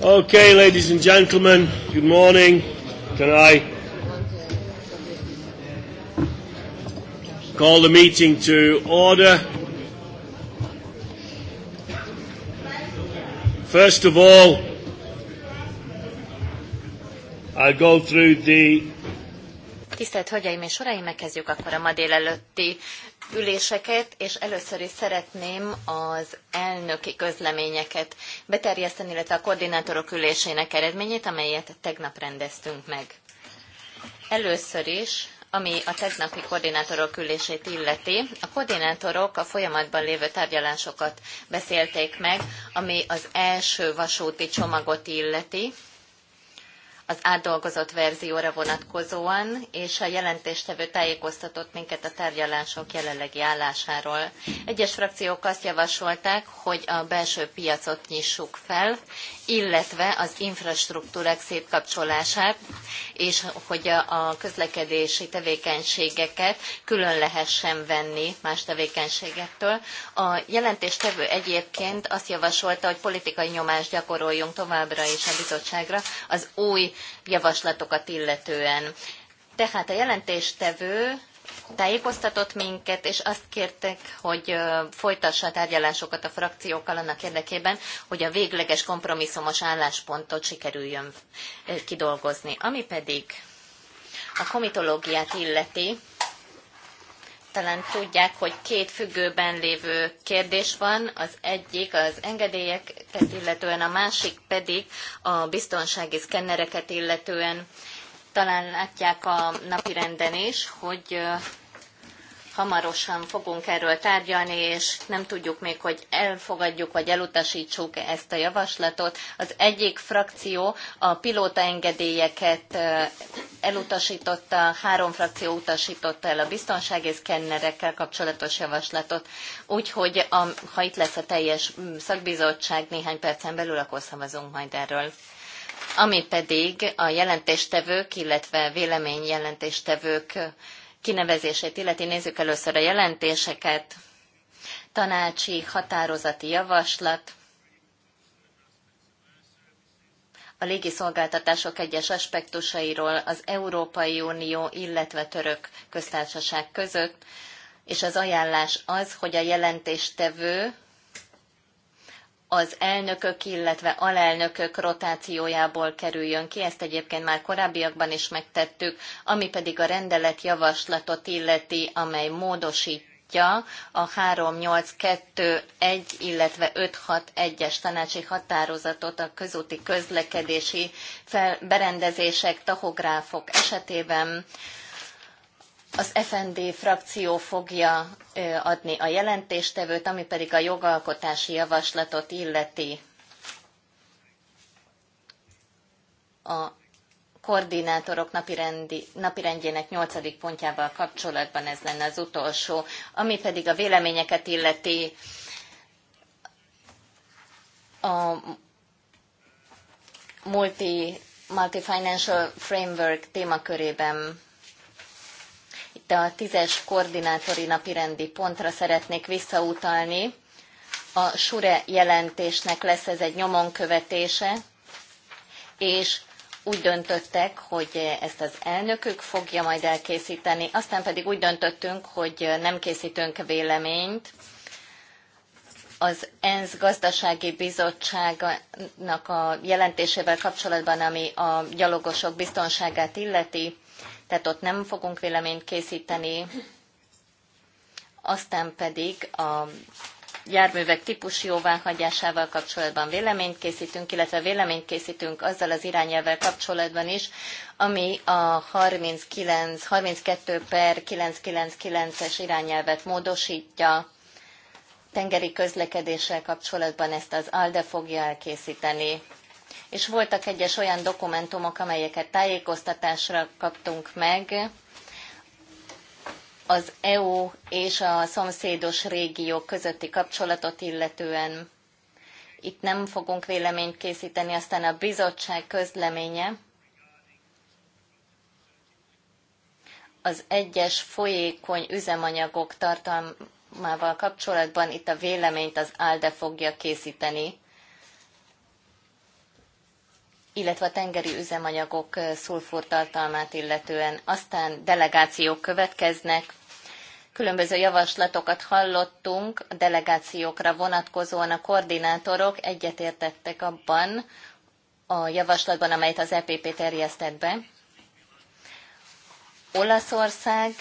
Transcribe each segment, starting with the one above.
Okay, ladies and gentlemen, good morning. Can I call the meeting to order? First of all, I go through the Tisztelt Hölgyeim és Uraim, megkezdjük akkor a ma délelőtti üléseket, és először is szeretném az elnöki közleményeket beterjeszteni, illetve a koordinátorok ülésének eredményét, amelyet tegnap rendeztünk meg. Először is ami a tegnapi koordinátorok ülését illeti. A koordinátorok a folyamatban lévő tárgyalásokat beszélték meg, ami az első vasúti csomagot illeti, az átdolgozott verzióra vonatkozóan, és a jelentéstevő tájékoztatott minket a tárgyalások jelenlegi állásáról. Egyes frakciók azt javasolták, hogy a belső piacot nyissuk fel, illetve az infrastruktúrák szétkapcsolását, és hogy a közlekedési tevékenységeket külön lehessen venni más tevékenységektől. A jelentéstevő egyébként azt javasolta, hogy politikai nyomást gyakoroljunk továbbra is a bizottságra az új javaslatokat illetően. Tehát a jelentéstevő tájékoztatott minket, és azt kértek, hogy folytassa a tárgyalásokat a frakciókkal annak érdekében, hogy a végleges kompromisszumos álláspontot sikerüljön kidolgozni. Ami pedig a komitológiát illeti, talán tudják, hogy két függőben lévő kérdés van, az egyik az engedélyeket illetően, a másik pedig a biztonsági szkennereket illetően talán látják a napirenden is, hogy hamarosan fogunk erről tárgyalni, és nem tudjuk még, hogy elfogadjuk vagy elutasítsuk ezt a javaslatot. Az egyik frakció a pilótaengedélyeket elutasította, három frakció utasította el a és kennerekkel kapcsolatos javaslatot. Úgyhogy a, ha itt lesz a teljes mm, szakbizottság néhány percen belül, akkor szavazunk majd erről ami pedig a jelentéstevők, illetve véleményjelentéstevők kinevezését illeti. Nézzük először a jelentéseket. Tanácsi határozati javaslat. a légiszolgáltatások egyes aspektusairól az Európai Unió, illetve török köztársaság között, és az ajánlás az, hogy a jelentéstevő az elnökök, illetve alelnökök rotációjából kerüljön ki. Ezt egyébként már korábbiakban is megtettük, ami pedig a rendelet javaslatot illeti, amely módosít a 3821, illetve 561-es tanácsi határozatot a közúti közlekedési berendezések, tahográfok esetében. Az FND frakció fogja adni a jelentéstevőt, ami pedig a jogalkotási javaslatot illeti. A koordinátorok napirendi, napirendjének 8. pontjával kapcsolatban ez lenne az utolsó, ami pedig a véleményeket illeti a multi, multi financial framework témakörében itt a tízes koordinátori napirendi pontra szeretnék visszautalni. A SURE jelentésnek lesz ez egy nyomon követése, és úgy döntöttek, hogy ezt az elnökük fogja majd elkészíteni, aztán pedig úgy döntöttünk, hogy nem készítünk véleményt. Az ENSZ gazdasági bizottságának a jelentésével kapcsolatban, ami a gyalogosok biztonságát illeti, tehát ott nem fogunk véleményt készíteni, aztán pedig a járművek típus jóváhagyásával kapcsolatban véleményt készítünk, illetve véleményt készítünk azzal az irányelvel kapcsolatban is, ami a 39, 32 per 999-es irányelvet módosítja. Tengeri közlekedéssel kapcsolatban ezt az ALDE fogja elkészíteni és voltak egyes olyan dokumentumok, amelyeket tájékoztatásra kaptunk meg, az EU és a szomszédos régiók közötti kapcsolatot illetően. Itt nem fogunk véleményt készíteni, aztán a bizottság közleménye az egyes folyékony üzemanyagok tartalmával kapcsolatban itt a véleményt az ALDE fogja készíteni illetve a tengeri üzemanyagok szulfurtartalmát illetően. Aztán delegációk következnek, Különböző javaslatokat hallottunk a delegációkra vonatkozóan a koordinátorok egyetértettek abban a javaslatban, amelyet az EPP terjesztett be. Olaszország,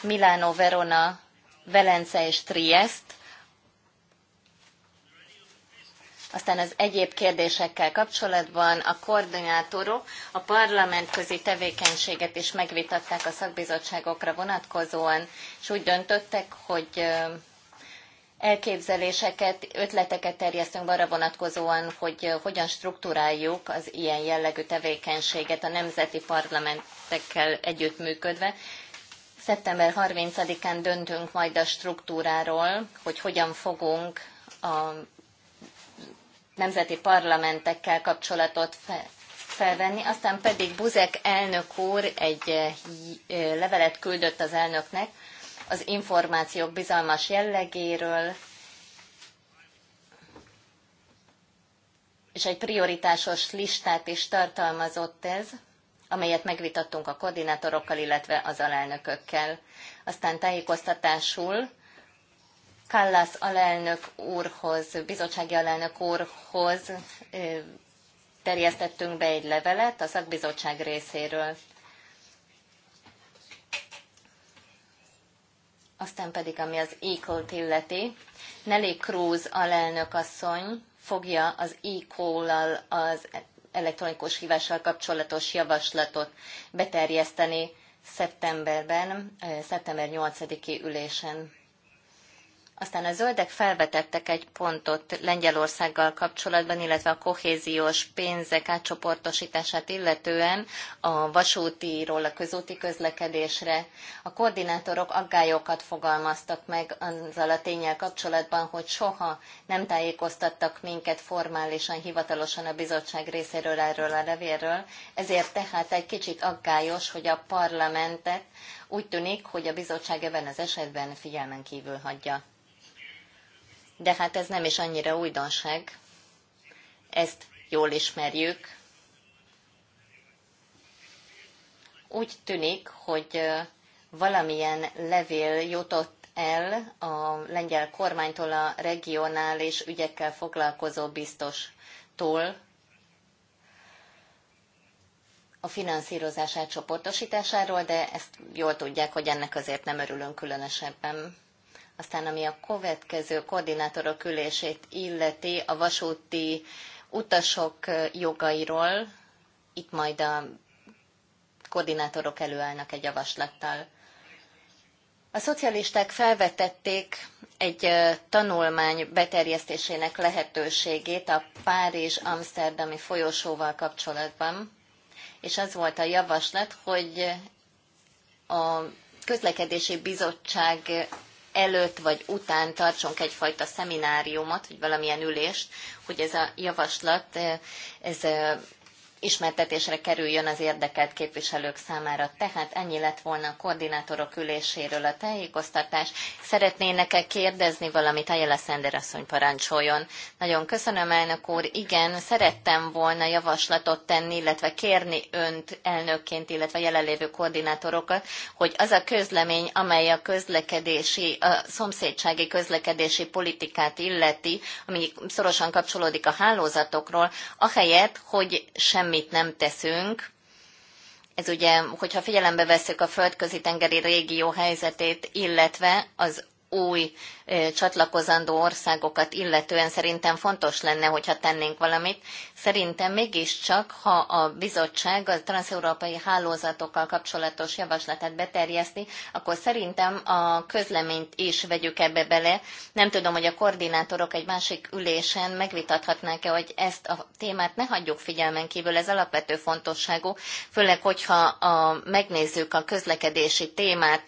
Milánó, Verona, Velence és Triest Aztán az egyéb kérdésekkel kapcsolatban a koordinátorok a parlament tevékenységet is megvitatták a szakbizottságokra vonatkozóan, és úgy döntöttek, hogy elképzeléseket, ötleteket terjesztünk arra vonatkozóan, hogy hogyan strukturáljuk az ilyen jellegű tevékenységet a nemzeti parlamentekkel együttműködve. Szeptember 30-án döntünk majd a struktúráról, hogy hogyan fogunk a nemzeti parlamentekkel kapcsolatot fel, felvenni, aztán pedig Buzek elnök úr egy eh, eh, levelet küldött az elnöknek az információk bizalmas jellegéről, és egy prioritásos listát is tartalmazott ez, amelyet megvitattunk a koordinátorokkal, illetve az alelnökökkel. Aztán tájékoztatásul Kallas alelnök úrhoz, bizottsági alelnök úrhoz terjesztettünk be egy levelet a szakbizottság részéről. Aztán pedig, ami az ecol t illeti, Nelly Cruz alelnök asszony fogja az ecol al az elektronikus hívással kapcsolatos javaslatot beterjeszteni szeptemberben, szeptember 8-i ülésen. Aztán a zöldek felvetettek egy pontot Lengyelországgal kapcsolatban, illetve a kohéziós pénzek átcsoportosítását illetően a vasútiról a közúti közlekedésre. A koordinátorok aggályokat fogalmaztak meg azzal a tényel kapcsolatban, hogy soha nem tájékoztattak minket formálisan, hivatalosan a bizottság részéről erről a levélről, ezért tehát egy kicsit aggályos, hogy a parlamentet úgy tűnik, hogy a bizottság ebben az esetben figyelmen kívül hagyja de hát ez nem is annyira újdonság. Ezt jól ismerjük. Úgy tűnik, hogy valamilyen levél jutott el a lengyel kormánytól a regionális ügyekkel foglalkozó biztostól a finanszírozását csoportosításáról, de ezt jól tudják, hogy ennek azért nem örülünk különösebben. Aztán ami a következő koordinátorok ülését illeti a vasúti utasok jogairól, itt majd a koordinátorok előállnak egy javaslattal. A szocialisták felvetették egy tanulmány beterjesztésének lehetőségét a Párizs-Amsterdami folyosóval kapcsolatban, és az volt a javaslat, hogy a közlekedési bizottság előtt vagy után tartsunk egyfajta szemináriumot, vagy valamilyen ülést, hogy ez a javaslat ez ismertetésre kerüljön az érdekelt képviselők számára. Tehát ennyi lett volna a koordinátorok üléséről a tájékoztatás. Szeretnének-e kérdezni valamit? Ajala Szender asszony parancsoljon. Nagyon köszönöm, elnök úr. Igen, szerettem volna javaslatot tenni, illetve kérni önt elnökként, illetve jelenlévő koordinátorokat, hogy az a közlemény, amely a közlekedési, a szomszédsági közlekedési politikát illeti, ami szorosan kapcsolódik a hálózatokról, ahelyett, hogy sem semmit nem teszünk, ez ugye, hogyha figyelembe veszük a földközi tengeri régió helyzetét, illetve az új csatlakozandó országokat illetően szerintem fontos lenne, hogyha tennénk valamit. Szerintem mégiscsak, ha a bizottság a transeurópai hálózatokkal kapcsolatos javaslatát beterjeszti, akkor szerintem a közleményt is vegyük ebbe bele. Nem tudom, hogy a koordinátorok egy másik ülésen megvitathatnák-e, hogy ezt a témát ne hagyjuk figyelmen kívül, ez alapvető fontosságú, főleg, hogyha a, megnézzük a közlekedési témát,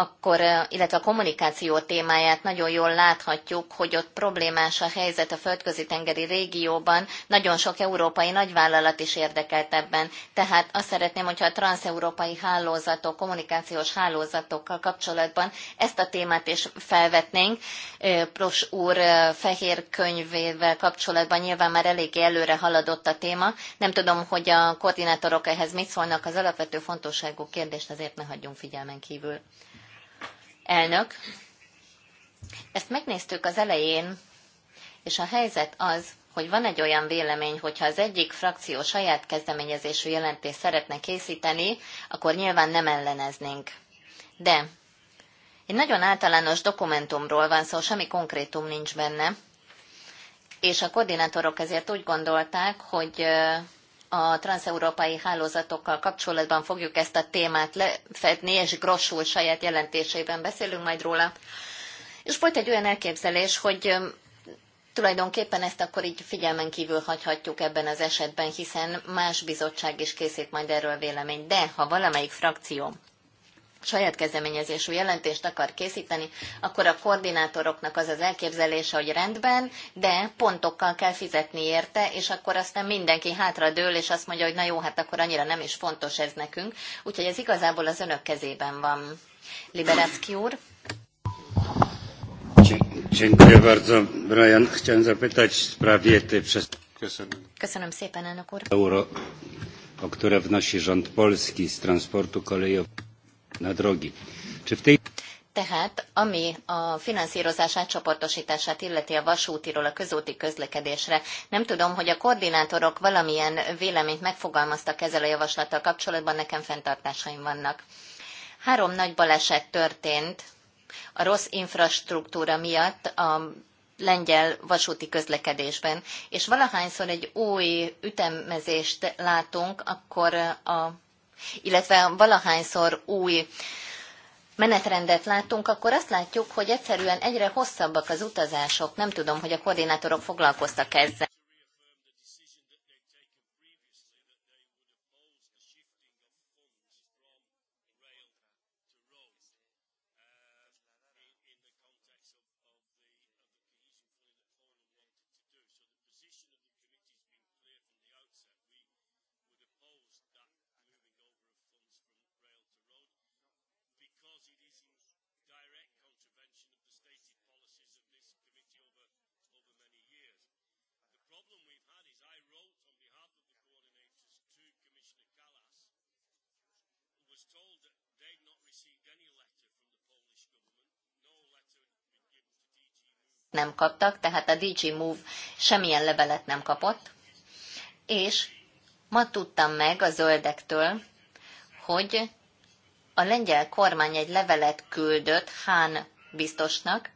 akkor, illetve a kommunikáció témáját nagyon jól láthatjuk, hogy ott problémás a helyzet a földközi tengeri régióban, nagyon sok európai nagyvállalat is érdekelt ebben. Tehát azt szeretném, hogyha a transeurópai hálózatok, kommunikációs hálózatokkal kapcsolatban ezt a témát is felvetnénk. Pros úr fehér könyvével kapcsolatban nyilván már eléggé előre haladott a téma. Nem tudom, hogy a koordinátorok ehhez mit szólnak, az alapvető fontosságú kérdést azért ne hagyjunk figyelmen kívül. Elnök, ezt megnéztük az elején, és a helyzet az, hogy van egy olyan vélemény, hogyha az egyik frakció saját kezdeményezésű jelentést szeretne készíteni, akkor nyilván nem elleneznénk. De egy nagyon általános dokumentumról van szó, semmi konkrétum nincs benne, és a koordinátorok ezért úgy gondolták, hogy a transeurópai hálózatokkal kapcsolatban fogjuk ezt a témát lefedni, és Grossul saját jelentésében beszélünk majd róla. És volt egy olyan elképzelés, hogy tulajdonképpen ezt akkor így figyelmen kívül hagyhatjuk ebben az esetben, hiszen más bizottság is készít majd erről véleményt. De ha valamelyik frakció saját kezdeményezésű jelentést akar készíteni, akkor a koordinátoroknak az az elképzelése, hogy rendben, de pontokkal kell fizetni érte, és akkor aztán mindenki hátra és azt mondja, hogy na jó, hát akkor annyira nem is fontos ez nekünk. Úgyhogy ez igazából az önök kezében van. Liberacki úr. Dziękuję bardzo. Brian, chciałem zapytać w sprawie tej przez... Köszönöm. Köszönöm szépen, elnök úr. Euro, o które wnosi rząd polski z transportu kolejowego na drogi. Tehát, ami a finanszírozás csoportosítását illeti a vasútiról a közúti közlekedésre, nem tudom, hogy a koordinátorok valamilyen véleményt megfogalmaztak ezzel a javaslattal kapcsolatban, nekem fenntartásaim vannak. Három nagy baleset történt a rossz infrastruktúra miatt a lengyel vasúti közlekedésben, és valahányszor egy új ütemezést látunk, akkor a illetve valahányszor új menetrendet látunk, akkor azt látjuk, hogy egyszerűen egyre hosszabbak az utazások. Nem tudom, hogy a koordinátorok foglalkoztak ezzel. nem kaptak, tehát a DG Move semmilyen levelet nem kapott, és ma tudtam meg a zöldektől, hogy a lengyel kormány egy levelet küldött Hán biztosnak,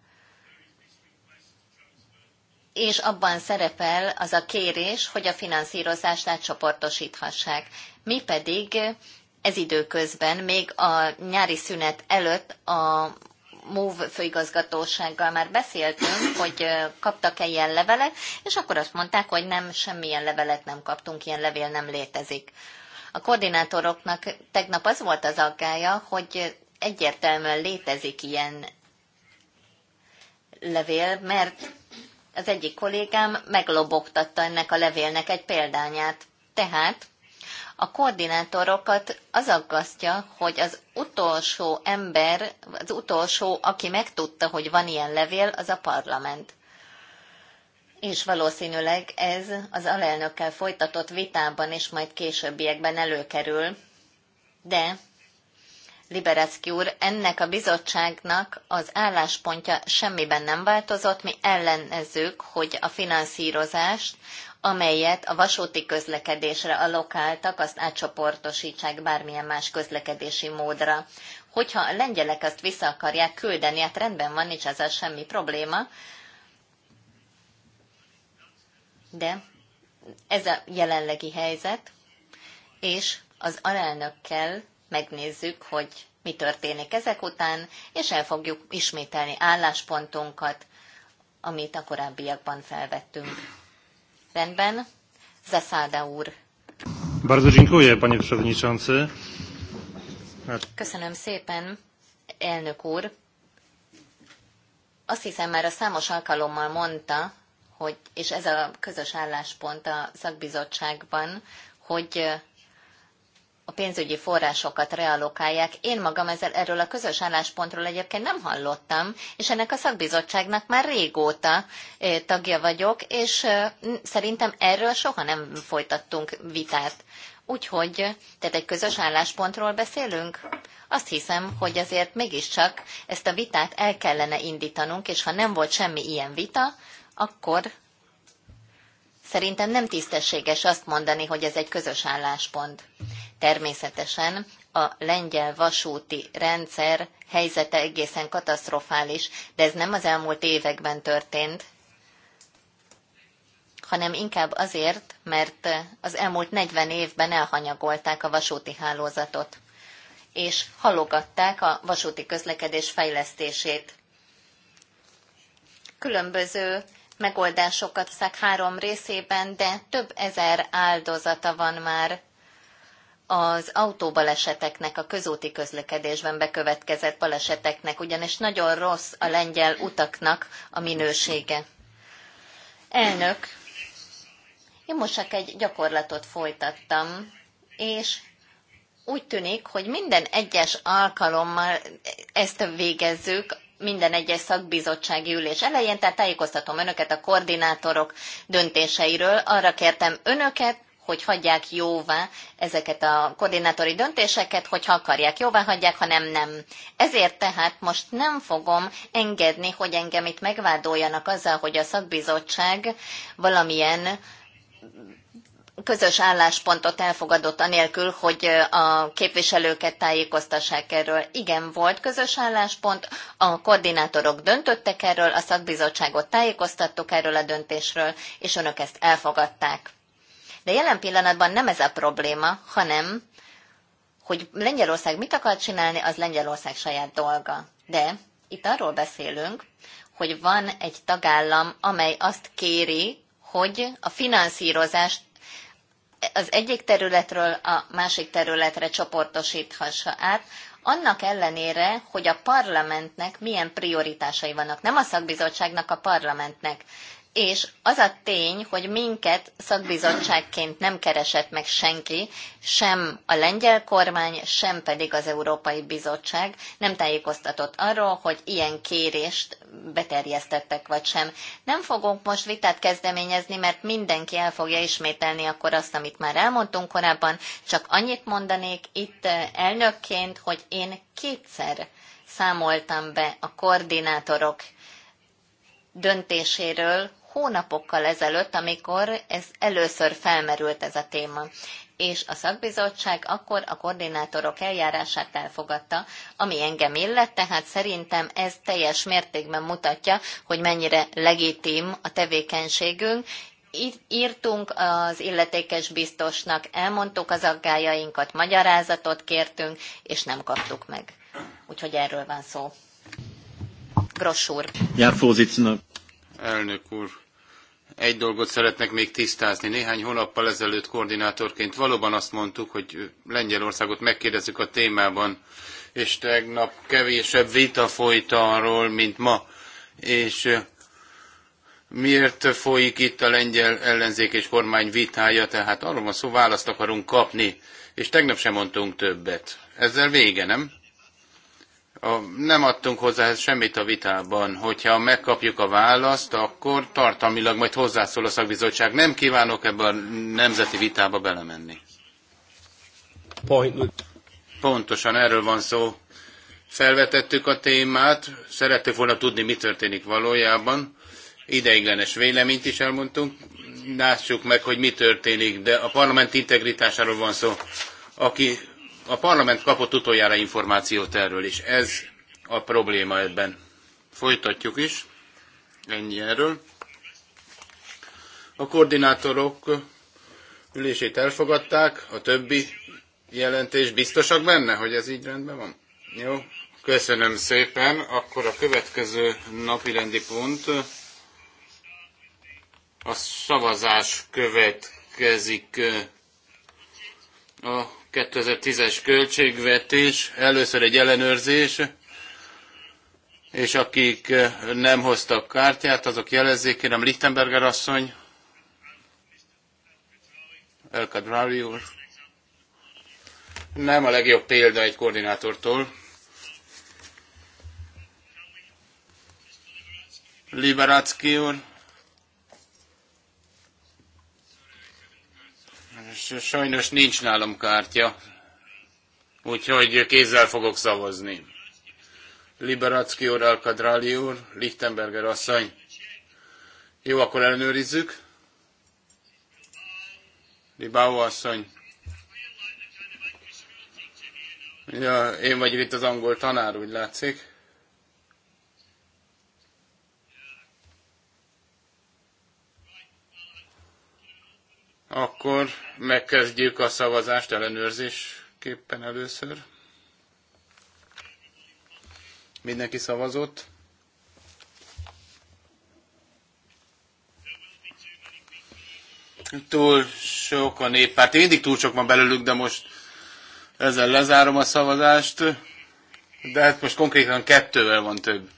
és abban szerepel az a kérés, hogy a finanszírozást átcsoportosíthassák. Mi pedig ez időközben, még a nyári szünet előtt a MOVE főigazgatósággal már beszéltünk, hogy kaptak-e ilyen levelet, és akkor azt mondták, hogy nem, semmilyen levelet nem kaptunk, ilyen levél nem létezik. A koordinátoroknak tegnap az volt az aggája, hogy egyértelműen létezik ilyen levél, mert az egyik kollégám meglobogtatta ennek a levélnek egy példányát. Tehát a koordinátorokat az aggasztja, hogy az utolsó ember, az utolsó, aki megtudta, hogy van ilyen levél, az a parlament. És valószínűleg ez az alelnökkel folytatott vitában és majd későbbiekben előkerül. De Liberecki úr, ennek a bizottságnak az álláspontja semmiben nem változott, mi ellenezzük, hogy a finanszírozást amelyet a vasúti közlekedésre alokáltak, azt átcsoportosítsák bármilyen más közlekedési módra. Hogyha a lengyelek azt vissza akarják küldeni, hát rendben van, nincs ezzel semmi probléma, de ez a jelenlegi helyzet, és az alelnökkel megnézzük, hogy mi történik ezek után, és el fogjuk ismételni álláspontunkat, amit a korábbiakban felvettünk. Rendben. Zaszáda úr. Bardzo dziękuję, panie przewodniczący. Köszönöm szépen, elnök úr. Azt hiszem már a számos alkalommal mondta, hogy, és ez a közös álláspont a szakbizottságban, hogy a pénzügyi forrásokat realokálják. Én magam ezzel erről a közös álláspontról egyébként nem hallottam, és ennek a szakbizottságnak már régóta tagja vagyok, és szerintem erről soha nem folytattunk vitát. Úgyhogy, tehát egy közös álláspontról beszélünk? Azt hiszem, hogy azért mégiscsak ezt a vitát el kellene indítanunk, és ha nem volt semmi ilyen vita, akkor Szerintem nem tisztességes azt mondani, hogy ez egy közös álláspont. Természetesen a lengyel vasúti rendszer helyzete egészen katasztrofális, de ez nem az elmúlt években történt, hanem inkább azért, mert az elmúlt 40 évben elhanyagolták a vasúti hálózatot, és halogatták a vasúti közlekedés fejlesztését. Különböző megoldásokat szek három részében, de több ezer áldozata van már az autóbaleseteknek, a közúti közlekedésben bekövetkezett baleseteknek, ugyanis nagyon rossz a lengyel utaknak a minősége. Elnök, én most csak egy gyakorlatot folytattam, és úgy tűnik, hogy minden egyes alkalommal ezt végezzük, minden egyes szakbizottsági ülés elején, tehát tájékoztatom önöket a koordinátorok döntéseiről. Arra kértem önöket, hogy hagyják jóvá ezeket a koordinátori döntéseket, hogyha akarják jóvá hagyják, ha nem, nem. Ezért tehát most nem fogom engedni, hogy engem itt megvádoljanak azzal, hogy a szakbizottság valamilyen közös álláspontot elfogadott anélkül, hogy a képviselőket tájékoztassák erről. Igen, volt közös álláspont, a koordinátorok döntöttek erről, a szakbizottságot tájékoztattuk erről a döntésről, és önök ezt elfogadták. De jelen pillanatban nem ez a probléma, hanem, hogy Lengyelország mit akar csinálni, az Lengyelország saját dolga. De itt arról beszélünk, hogy van egy tagállam, amely azt kéri, hogy a finanszírozást az egyik területről a másik területre csoportosíthassa át, annak ellenére, hogy a parlamentnek milyen prioritásai vannak, nem a szakbizottságnak, a parlamentnek és az a tény, hogy minket szakbizottságként nem keresett meg senki, sem a lengyel kormány, sem pedig az Európai Bizottság nem tájékoztatott arról, hogy ilyen kérést beterjesztettek vagy sem. Nem fogunk most vitát kezdeményezni, mert mindenki el fogja ismételni akkor azt, amit már elmondtunk korábban, csak annyit mondanék itt eh, elnökként, hogy én kétszer számoltam be a koordinátorok döntéséről, hónapokkal ezelőtt, amikor ez először felmerült ez a téma és a szakbizottság akkor a koordinátorok eljárását elfogadta, ami engem illet, tehát szerintem ez teljes mértékben mutatja, hogy mennyire legitim a tevékenységünk, írtunk az illetékes biztosnak, elmondtuk az aggájainkat, magyarázatot kértünk, és nem kaptuk meg. Úgyhogy erről van szó. Gross úr. Ja, Elnök úr, egy dolgot szeretnek még tisztázni. Néhány hónappal ezelőtt koordinátorként valóban azt mondtuk, hogy Lengyelországot megkérdezzük a témában, és tegnap kevésebb vita folyt arról, mint ma. És miért folyik itt a lengyel ellenzék és kormány vitája, tehát arról van szó, választ akarunk kapni, és tegnap sem mondtunk többet. Ezzel vége, nem? a, nem adtunk hozzá semmit a vitában. Hogyha megkapjuk a választ, akkor tartalmilag majd hozzászól a szakbizottság. Nem kívánok ebben a nemzeti vitába belemenni. Point. Pontosan erről van szó. Felvetettük a témát, szerettük volna tudni, mi történik valójában. Ideiglenes véleményt is elmondtunk. Lássuk meg, hogy mi történik, de a parlament integritásáról van szó. Aki a parlament kapott utoljára információt erről, és ez a probléma ebben. Folytatjuk is. Ennyi erről. A koordinátorok ülését elfogadták, a többi jelentés biztosak benne, hogy ez így rendben van? Jó, köszönöm szépen. Akkor a következő napi rendi pont a szavazás következik a 2010-es költségvetés, először egy ellenőrzés, és akik nem hoztak kártyát, azok jelezzék, kérem Lichtenberger asszony, Elkadrari úr. Nem a legjobb példa egy koordinátortól. Liberácki úr. Sajnos nincs nálam kártya, úgyhogy kézzel fogok szavazni. Liberacki úr, Alkadráli úr, Lichtenberger asszony. Jó, akkor ellenőrizzük. Libáó asszony. Ja, én vagyok itt az angol tanár, úgy látszik. Akkor megkezdjük a szavazást ellenőrzésképpen először. Mindenki szavazott. Túl sok a néppárt. Mindig túl sok van belőlük, de most ezzel lezárom a szavazást. De hát most konkrétan kettővel van több.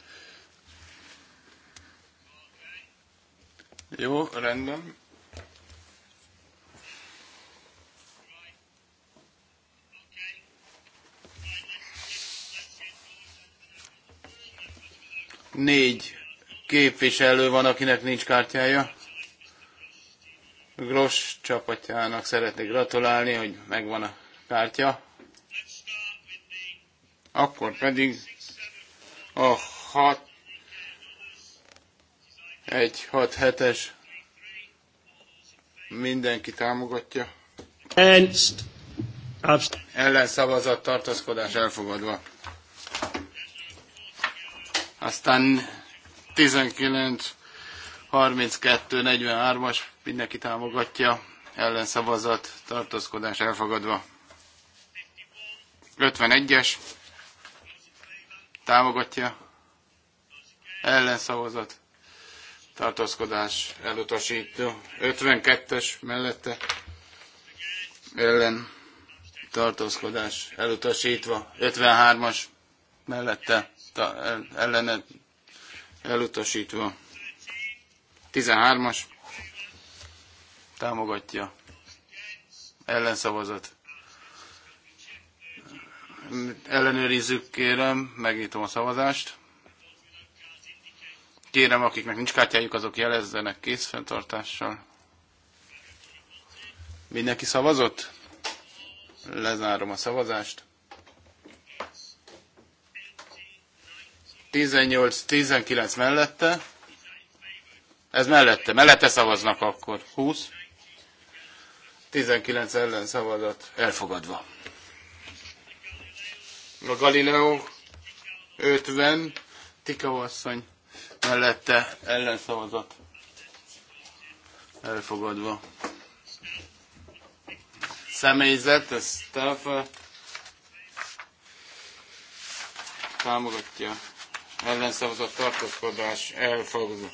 Jó, rendben. Négy képviselő van, akinek nincs kártyája. Gross csapatjának szeretnék gratulálni, hogy megvan a kártya. Akkor pedig a 6 egy 6 7-es mindenki támogatja. szavazat tartozkodás elfogadva. Aztán 19, 32, 43-as mindenki támogatja, ellenszavazat, tartózkodás elfogadva. 51-es támogatja, ellenszavazat, tartózkodás elutasító. 52-es mellette ellen tartózkodás elutasítva. 53-as mellette ellene elutasítva. 13-as támogatja ellenszavazat. Ellenőrizzük, kérem, megnyitom a szavazást. Kérem, akiknek nincs kártyájuk, azok jelezzenek készfenntartással. Mindenki szavazott? Lezárom a szavazást. 18-19 mellette. Ez mellette. Mellette szavaznak akkor. 20. 19 ellen szavazat elfogadva. A Galileo 50. Tika asszony mellette ellen szavazat elfogadva. Személyzet, ez staff támogatja ellenszavazott tartózkodás elfogadó.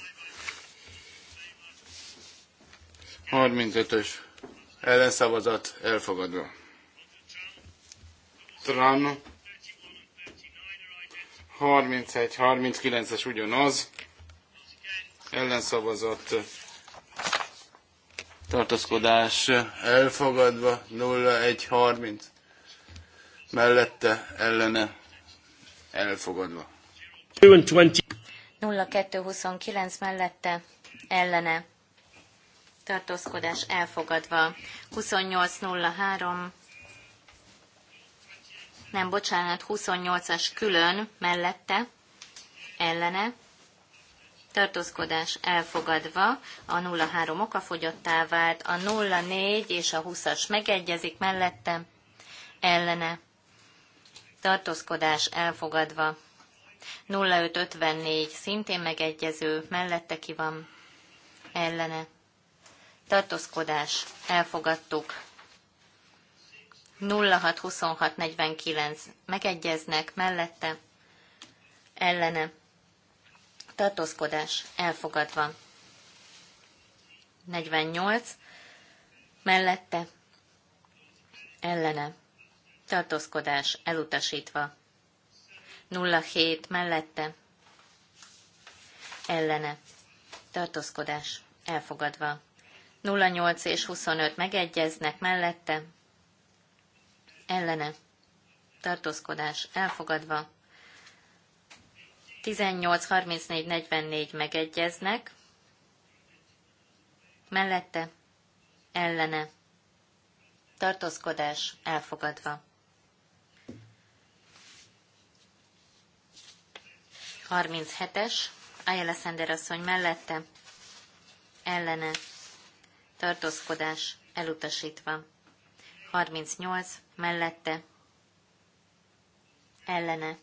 35-ös ellenszavazat elfogadva. Tran 31-39-es ugyanaz. Ellenszavazott tartózkodás elfogadva 0-1-30 mellette ellene elfogadva. 0229 mellette ellene tartózkodás elfogadva. 2803 nem bocsánat, 28-as külön mellette ellene tartózkodás elfogadva, a 03 okafogyottá vált, a 04 és a 20-as megegyezik mellette, ellene, tartózkodás elfogadva. 0554 szintén megegyező, mellette ki van, ellene. Tartózkodás, elfogadtuk. 062649 megegyeznek, mellette, ellene. Tartózkodás, elfogadva. 48 mellette, ellene. Tartózkodás, elutasítva. 07 mellette ellene tartózkodás elfogadva. 08 és 25 megegyeznek mellette ellene tartózkodás elfogadva. 18, 34, 44 megegyeznek, mellette, ellene, tartózkodás elfogadva. 37-es, Ayala Sender asszony mellette, ellene, tartózkodás, elutasítva. 38, mellette, ellene,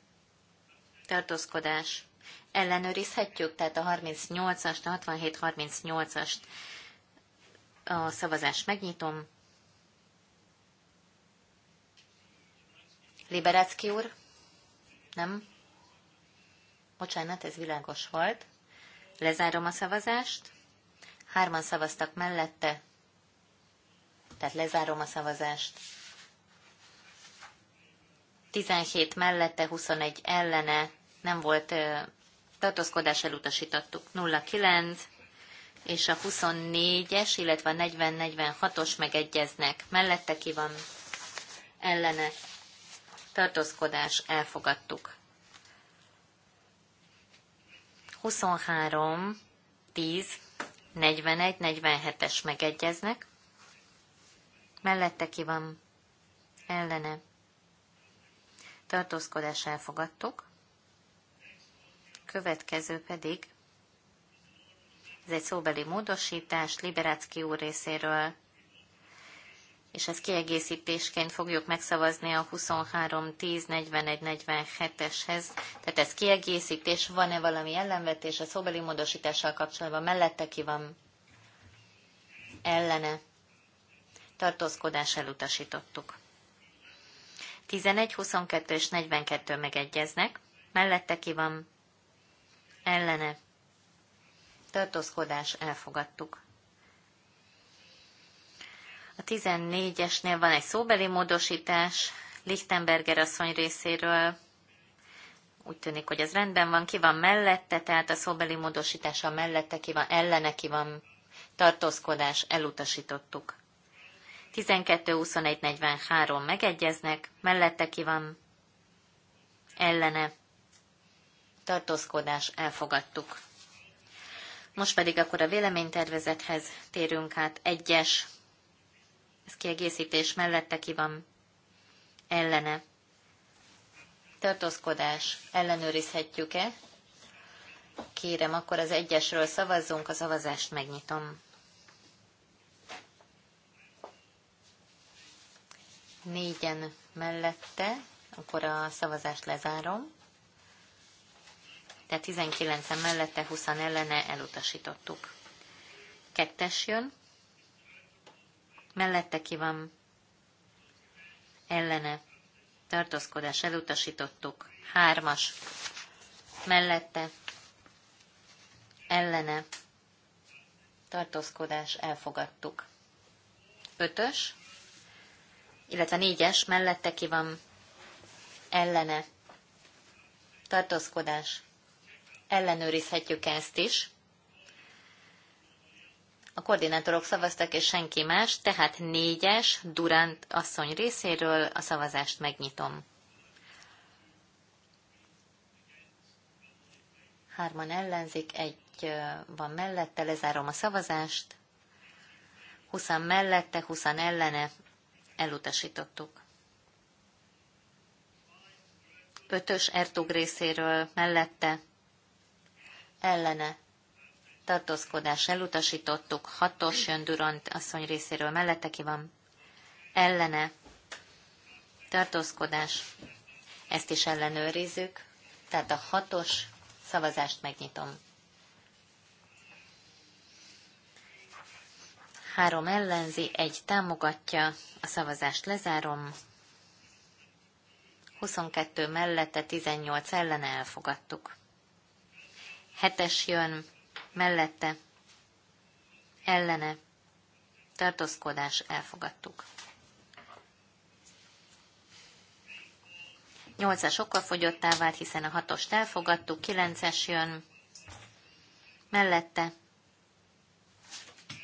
tartózkodás, ellenőrizhetjük, tehát a 38-ast, a 67-38-ast a szavazást megnyitom. Liberecki úr? Nem? Bocsánat, ez világos volt. Lezárom a szavazást. Hárman szavaztak mellette. Tehát lezárom a szavazást. 17 mellette, 21 ellene. Nem volt tartózkodás, elutasítottuk. 09 és a 24-es, illetve a 40-46-os megegyeznek. Mellette ki van ellene tartózkodás, elfogadtuk. 23, 10, 41, 47-es megegyeznek. Mellette ki van ellene. Tartózkodás elfogadtuk. Következő pedig, ez egy szóbeli módosítás Liberácki úr részéről és ezt kiegészítésként fogjuk megszavazni a 23 10 41 47-eshez. Tehát ez kiegészítés, van-e valami ellenvetés a szóbeli módosítással kapcsolatban? Mellette ki van? Ellene. Tartózkodás elutasítottuk. 11, 22 és 42 megegyeznek. Mellette ki van? Ellene. Tartózkodás elfogadtuk. A 14-esnél van egy szóbeli módosítás Lichtenberger asszony részéről. Úgy tűnik, hogy ez rendben van. Ki van mellette, tehát a szóbeli módosítása mellette, ki van ellene, ki van tartózkodás, elutasítottuk. 12-21-43 megegyeznek, mellette ki van ellene, tartózkodás, elfogadtuk. Most pedig akkor a véleménytervezethez térünk át. Egyes ez kiegészítés mellette ki van ellene. Tartózkodás. Ellenőrizhetjük-e? Kérem, akkor az egyesről szavazzunk, a szavazást megnyitom. Négyen mellette, akkor a szavazást lezárom. Tehát 19 mellette, 20 ellene elutasítottuk. Kettes jön, mellette ki van, ellene, tartózkodás elutasítottuk, hármas, mellette, ellene, tartózkodás elfogadtuk. Ötös, illetve négyes, mellette ki van, ellene, tartózkodás, ellenőrizhetjük ezt is, a koordinátorok szavaztak, és senki más, tehát négyes Durant asszony részéről a szavazást megnyitom. Hárman ellenzik, egy van mellette, lezárom a szavazást. 20 mellette, 20 ellene, elutasítottuk. Ötös Ertug részéről mellette, ellene, tartózkodás elutasítottuk, hatos jön Durant asszony részéről mellette ki van, ellene, tartózkodás, ezt is ellenőrizzük, tehát a hatos szavazást megnyitom. Három ellenzi, egy támogatja, a szavazást lezárom. 22 mellette, 18 ellen elfogadtuk. Hetes jön, mellette, ellene, tartózkodás, elfogadtuk. Nyolcas as sokkal fogyottá vált, hiszen a hatost elfogadtuk, kilences jön, mellette,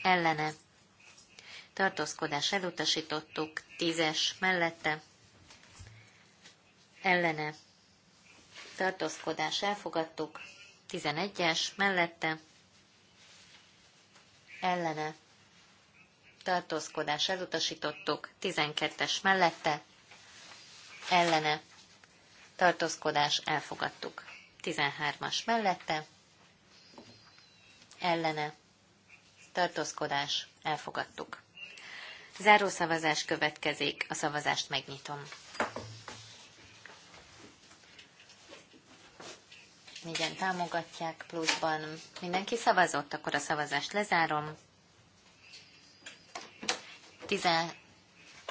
ellene, tartózkodás elutasítottuk, Tízes mellette, ellene, tartózkodás elfogadtuk, Tizenegyes mellette, ellene tartózkodás elutasítottuk, 12-es mellette ellene tartózkodás elfogadtuk, 13-as mellette ellene tartózkodás elfogadtuk. Zárószavazás következik, a szavazást megnyitom. négyen támogatják pluszban. Mindenki szavazott, akkor a szavazást lezárom.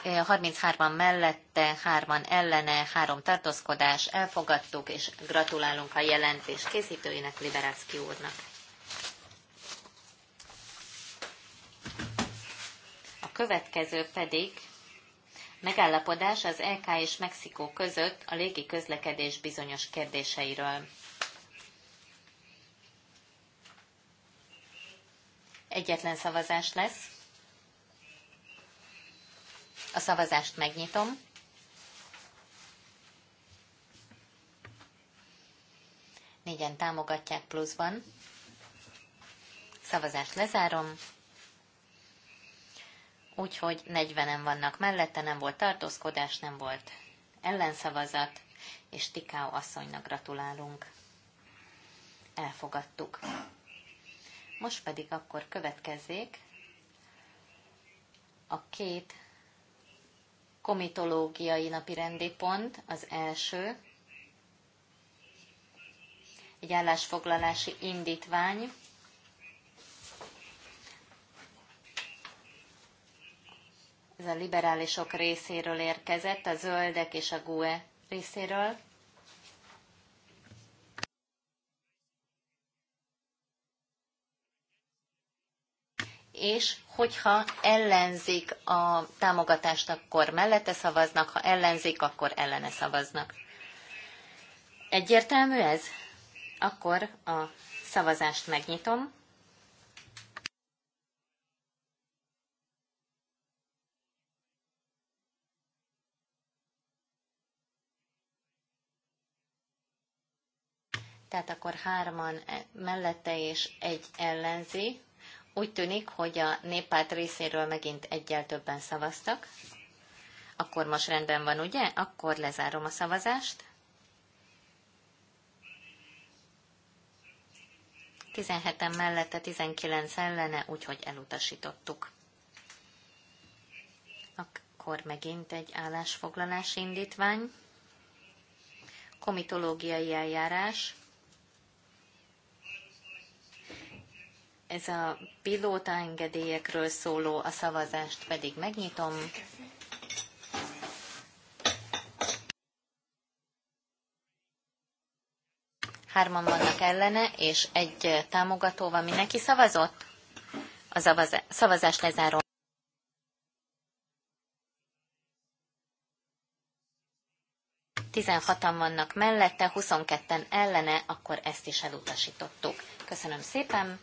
33-an mellette, 3-an ellene, 3 tartózkodás, elfogadtuk, és gratulálunk a jelentés készítőinek Liberácki úrnak. A következő pedig megállapodás az EK és Mexikó között a légi közlekedés bizonyos kérdéseiről. egyetlen szavazás lesz. A szavazást megnyitom. Négyen támogatják pluszban. Szavazást lezárom. Úgyhogy 40-en vannak mellette, nem volt tartózkodás, nem volt ellenszavazat, és Tikáó asszonynak gratulálunk. Elfogadtuk. Most pedig akkor következzék a két komitológiai napirendi pont, az első, egy állásfoglalási indítvány, ez a liberálisok részéről érkezett, a zöldek és a GUE részéről. és hogyha ellenzik a támogatást, akkor mellette szavaznak, ha ellenzik, akkor ellene szavaznak. Egyértelmű ez? Akkor a szavazást megnyitom. Tehát akkor hárman mellette és egy ellenzi. Úgy tűnik, hogy a néppárt részéről megint egyel többen szavaztak. Akkor most rendben van, ugye? Akkor lezárom a szavazást. 17-en mellette, 19 ellene, úgyhogy elutasítottuk. Akkor megint egy állásfoglalás indítvány. Komitológiai eljárás. Ez a pilótaengedélyekről szóló, a szavazást pedig megnyitom. Hárman vannak ellene, és egy támogató van. Mindenki szavazott? A szavazást lezárom. Tizenhatan vannak mellette, 22-en ellene, akkor ezt is elutasítottuk. Köszönöm szépen!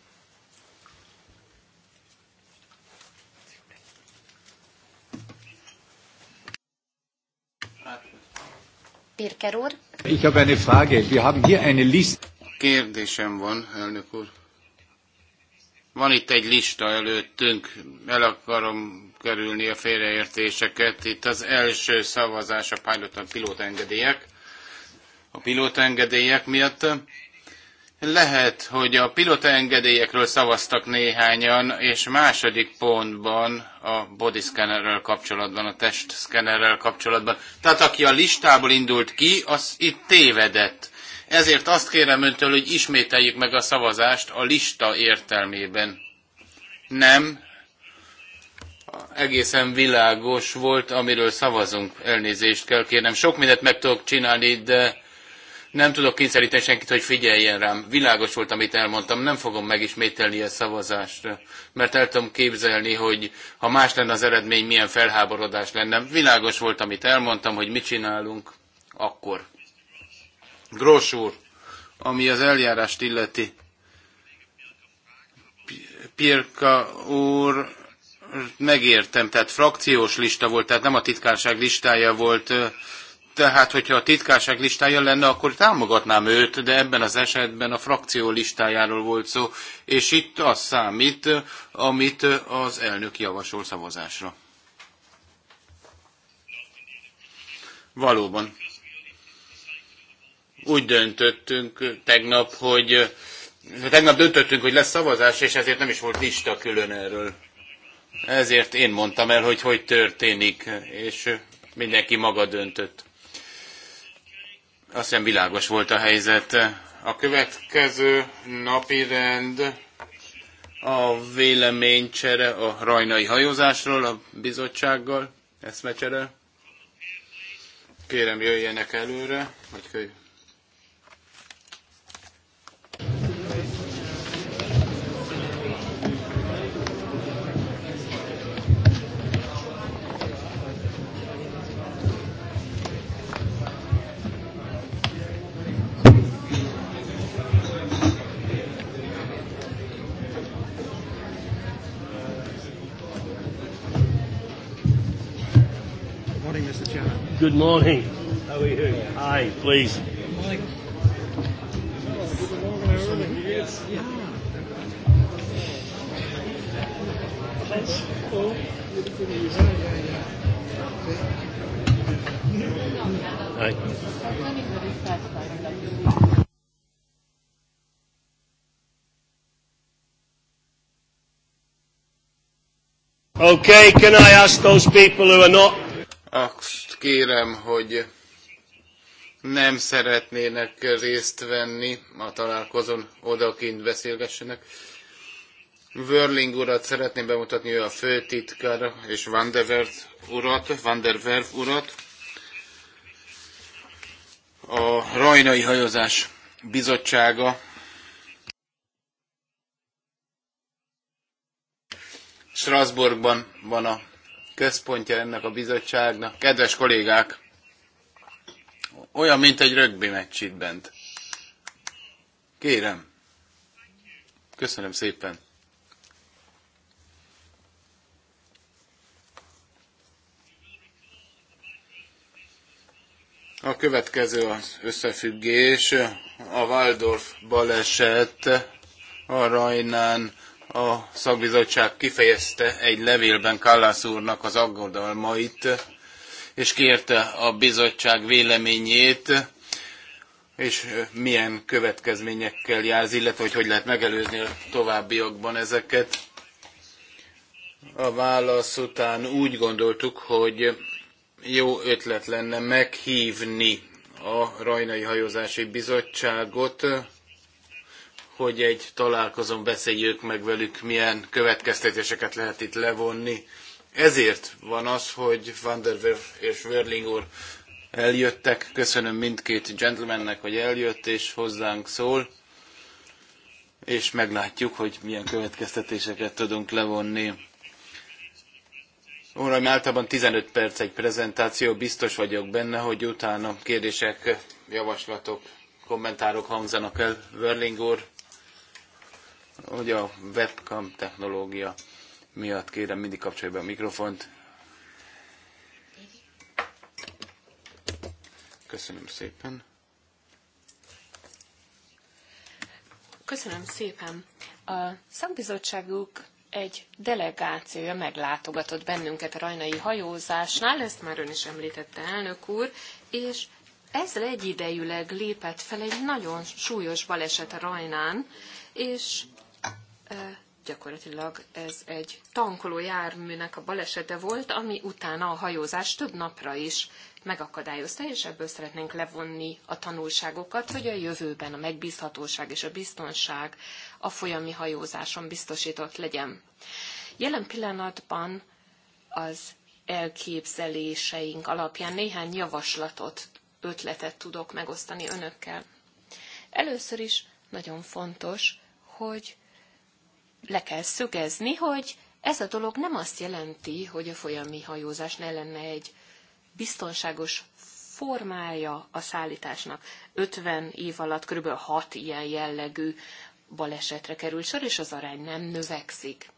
Pirker úr. Ich habe eine Frage. Wir haben hier eine List. Kérdésem van, elnök úr. Van itt egy lista előttünk, el akarom kerülni a félreértéseket. Itt az első szavazás a pilotengedélyek. a pilotengedélyek miatt lehet, hogy a pilota engedélyekről szavaztak néhányan, és második pontban a body scannerrel kapcsolatban, a test scannerrel kapcsolatban. Tehát aki a listából indult ki, az itt tévedett. Ezért azt kérem öntől, hogy ismételjük meg a szavazást a lista értelmében. Nem. Egészen világos volt, amiről szavazunk. Elnézést kell kérnem. Sok mindent meg tudok csinálni, de nem tudok kényszeríteni senkit, hogy figyeljen rám. Világos volt, amit elmondtam, nem fogom megismételni a szavazást, mert el tudom képzelni, hogy ha más lenne az eredmény, milyen felháborodás lenne. Világos volt, amit elmondtam, hogy mit csinálunk akkor. Gross úr, ami az eljárást illeti. Pirka úr, megértem, tehát frakciós lista volt, tehát nem a titkárság listája volt tehát, hogyha a titkárság listája lenne, akkor támogatnám őt, de ebben az esetben a frakció listájáról volt szó, és itt az számít, amit az elnök javasol szavazásra. Valóban. Úgy döntöttünk tegnap, hogy tegnap döntöttünk, hogy lesz szavazás, és ezért nem is volt lista külön erről. Ezért én mondtam el, hogy hogy történik, és mindenki maga döntött. Azt hiszem világos volt a helyzet. A következő napi rend a véleménycsere a rajnai hajózásról a bizottsággal, eszmecsere. Kérem jöjjenek előre, vagy hogy Good morning. How are you? Hi, please. Okay, can I ask those people who are not kérem, hogy nem szeretnének részt venni a találkozón, odakint beszélgessenek. Wörling urat szeretném bemutatni, ő a főtitkár, és Van der Werf urat, Van der Werf urat. A Rajnai Hajozás Bizottsága Strasbourgban van a központja ennek a bizottságnak. Kedves kollégák, olyan, mint egy rögbi meccs itt bent. Kérem. Köszönöm szépen. A következő az összefüggés. A Waldorf baleset a Rajnán a szakbizottság kifejezte egy levélben Kallász úrnak az aggodalmait, és kérte a bizottság véleményét, és milyen következményekkel jár illetve hogy hogy lehet megelőzni a továbbiakban ezeket. A válasz után úgy gondoltuk, hogy jó ötlet lenne meghívni a Rajnai Hajózási Bizottságot, hogy egy találkozón beszéljük meg velük, milyen következtetéseket lehet itt levonni. Ezért van az, hogy Van der Werf és Wörling úr eljöttek. Köszönöm mindkét gentlemannek, hogy eljött és hozzánk szól. És meglátjuk, hogy milyen következtetéseket tudunk levonni. Uram, általában 15 perc egy prezentáció, biztos vagyok benne, hogy utána kérdések, javaslatok, kommentárok hangzanak el. Wörling úr, hogy a webcam technológia miatt kérem mindig kapcsolja be a mikrofont. Köszönöm szépen. Köszönöm szépen. A szakbizottságuk egy delegációja meglátogatott bennünket a rajnai hajózásnál, ezt már ön is említette, elnök úr, és ezzel egyidejűleg lépett fel egy nagyon súlyos baleset a Rajnán, és gyakorlatilag ez egy tankoló járműnek a balesete volt, ami utána a hajózás több napra is megakadályozta, és ebből szeretnénk levonni a tanulságokat, hogy a jövőben a megbízhatóság és a biztonság a folyami hajózáson biztosított legyen. Jelen pillanatban az elképzeléseink alapján néhány javaslatot, ötletet tudok megosztani önökkel. Először is nagyon fontos, hogy le kell szögezni, hogy ez a dolog nem azt jelenti, hogy a folyami hajózás ne lenne egy biztonságos formája a szállításnak. 50 év alatt kb. 6 ilyen jellegű balesetre kerül sor, és az arány nem növekszik.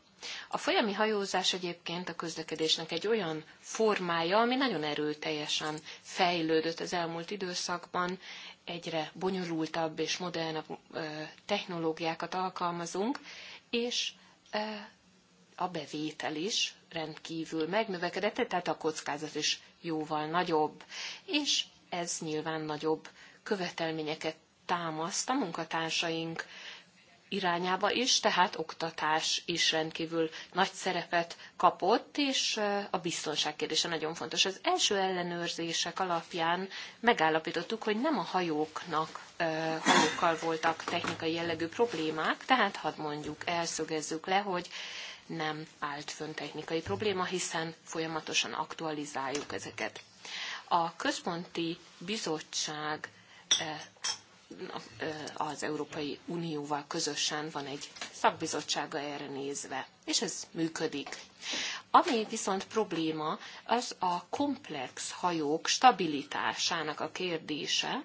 A folyami hajózás egyébként a közlekedésnek egy olyan formája, ami nagyon erőteljesen fejlődött az elmúlt időszakban, egyre bonyolultabb és modernabb technológiákat alkalmazunk, és e, a bevétel is rendkívül megnövekedett, tehát a kockázat is jóval nagyobb, és ez nyilván nagyobb követelményeket támaszt a munkatársaink irányába is, tehát oktatás is rendkívül nagy szerepet kapott, és a biztonság kérdése nagyon fontos. Az első ellenőrzések alapján megállapítottuk, hogy nem a hajóknak, hajókkal voltak technikai jellegű problémák, tehát hadd mondjuk, elszögezzük le, hogy nem állt fönn technikai probléma, hiszen folyamatosan aktualizáljuk ezeket. A központi bizottság az Európai Unióval közösen van egy szakbizottsága erre nézve, és ez működik. Ami viszont probléma, az a komplex hajók stabilitásának a kérdése,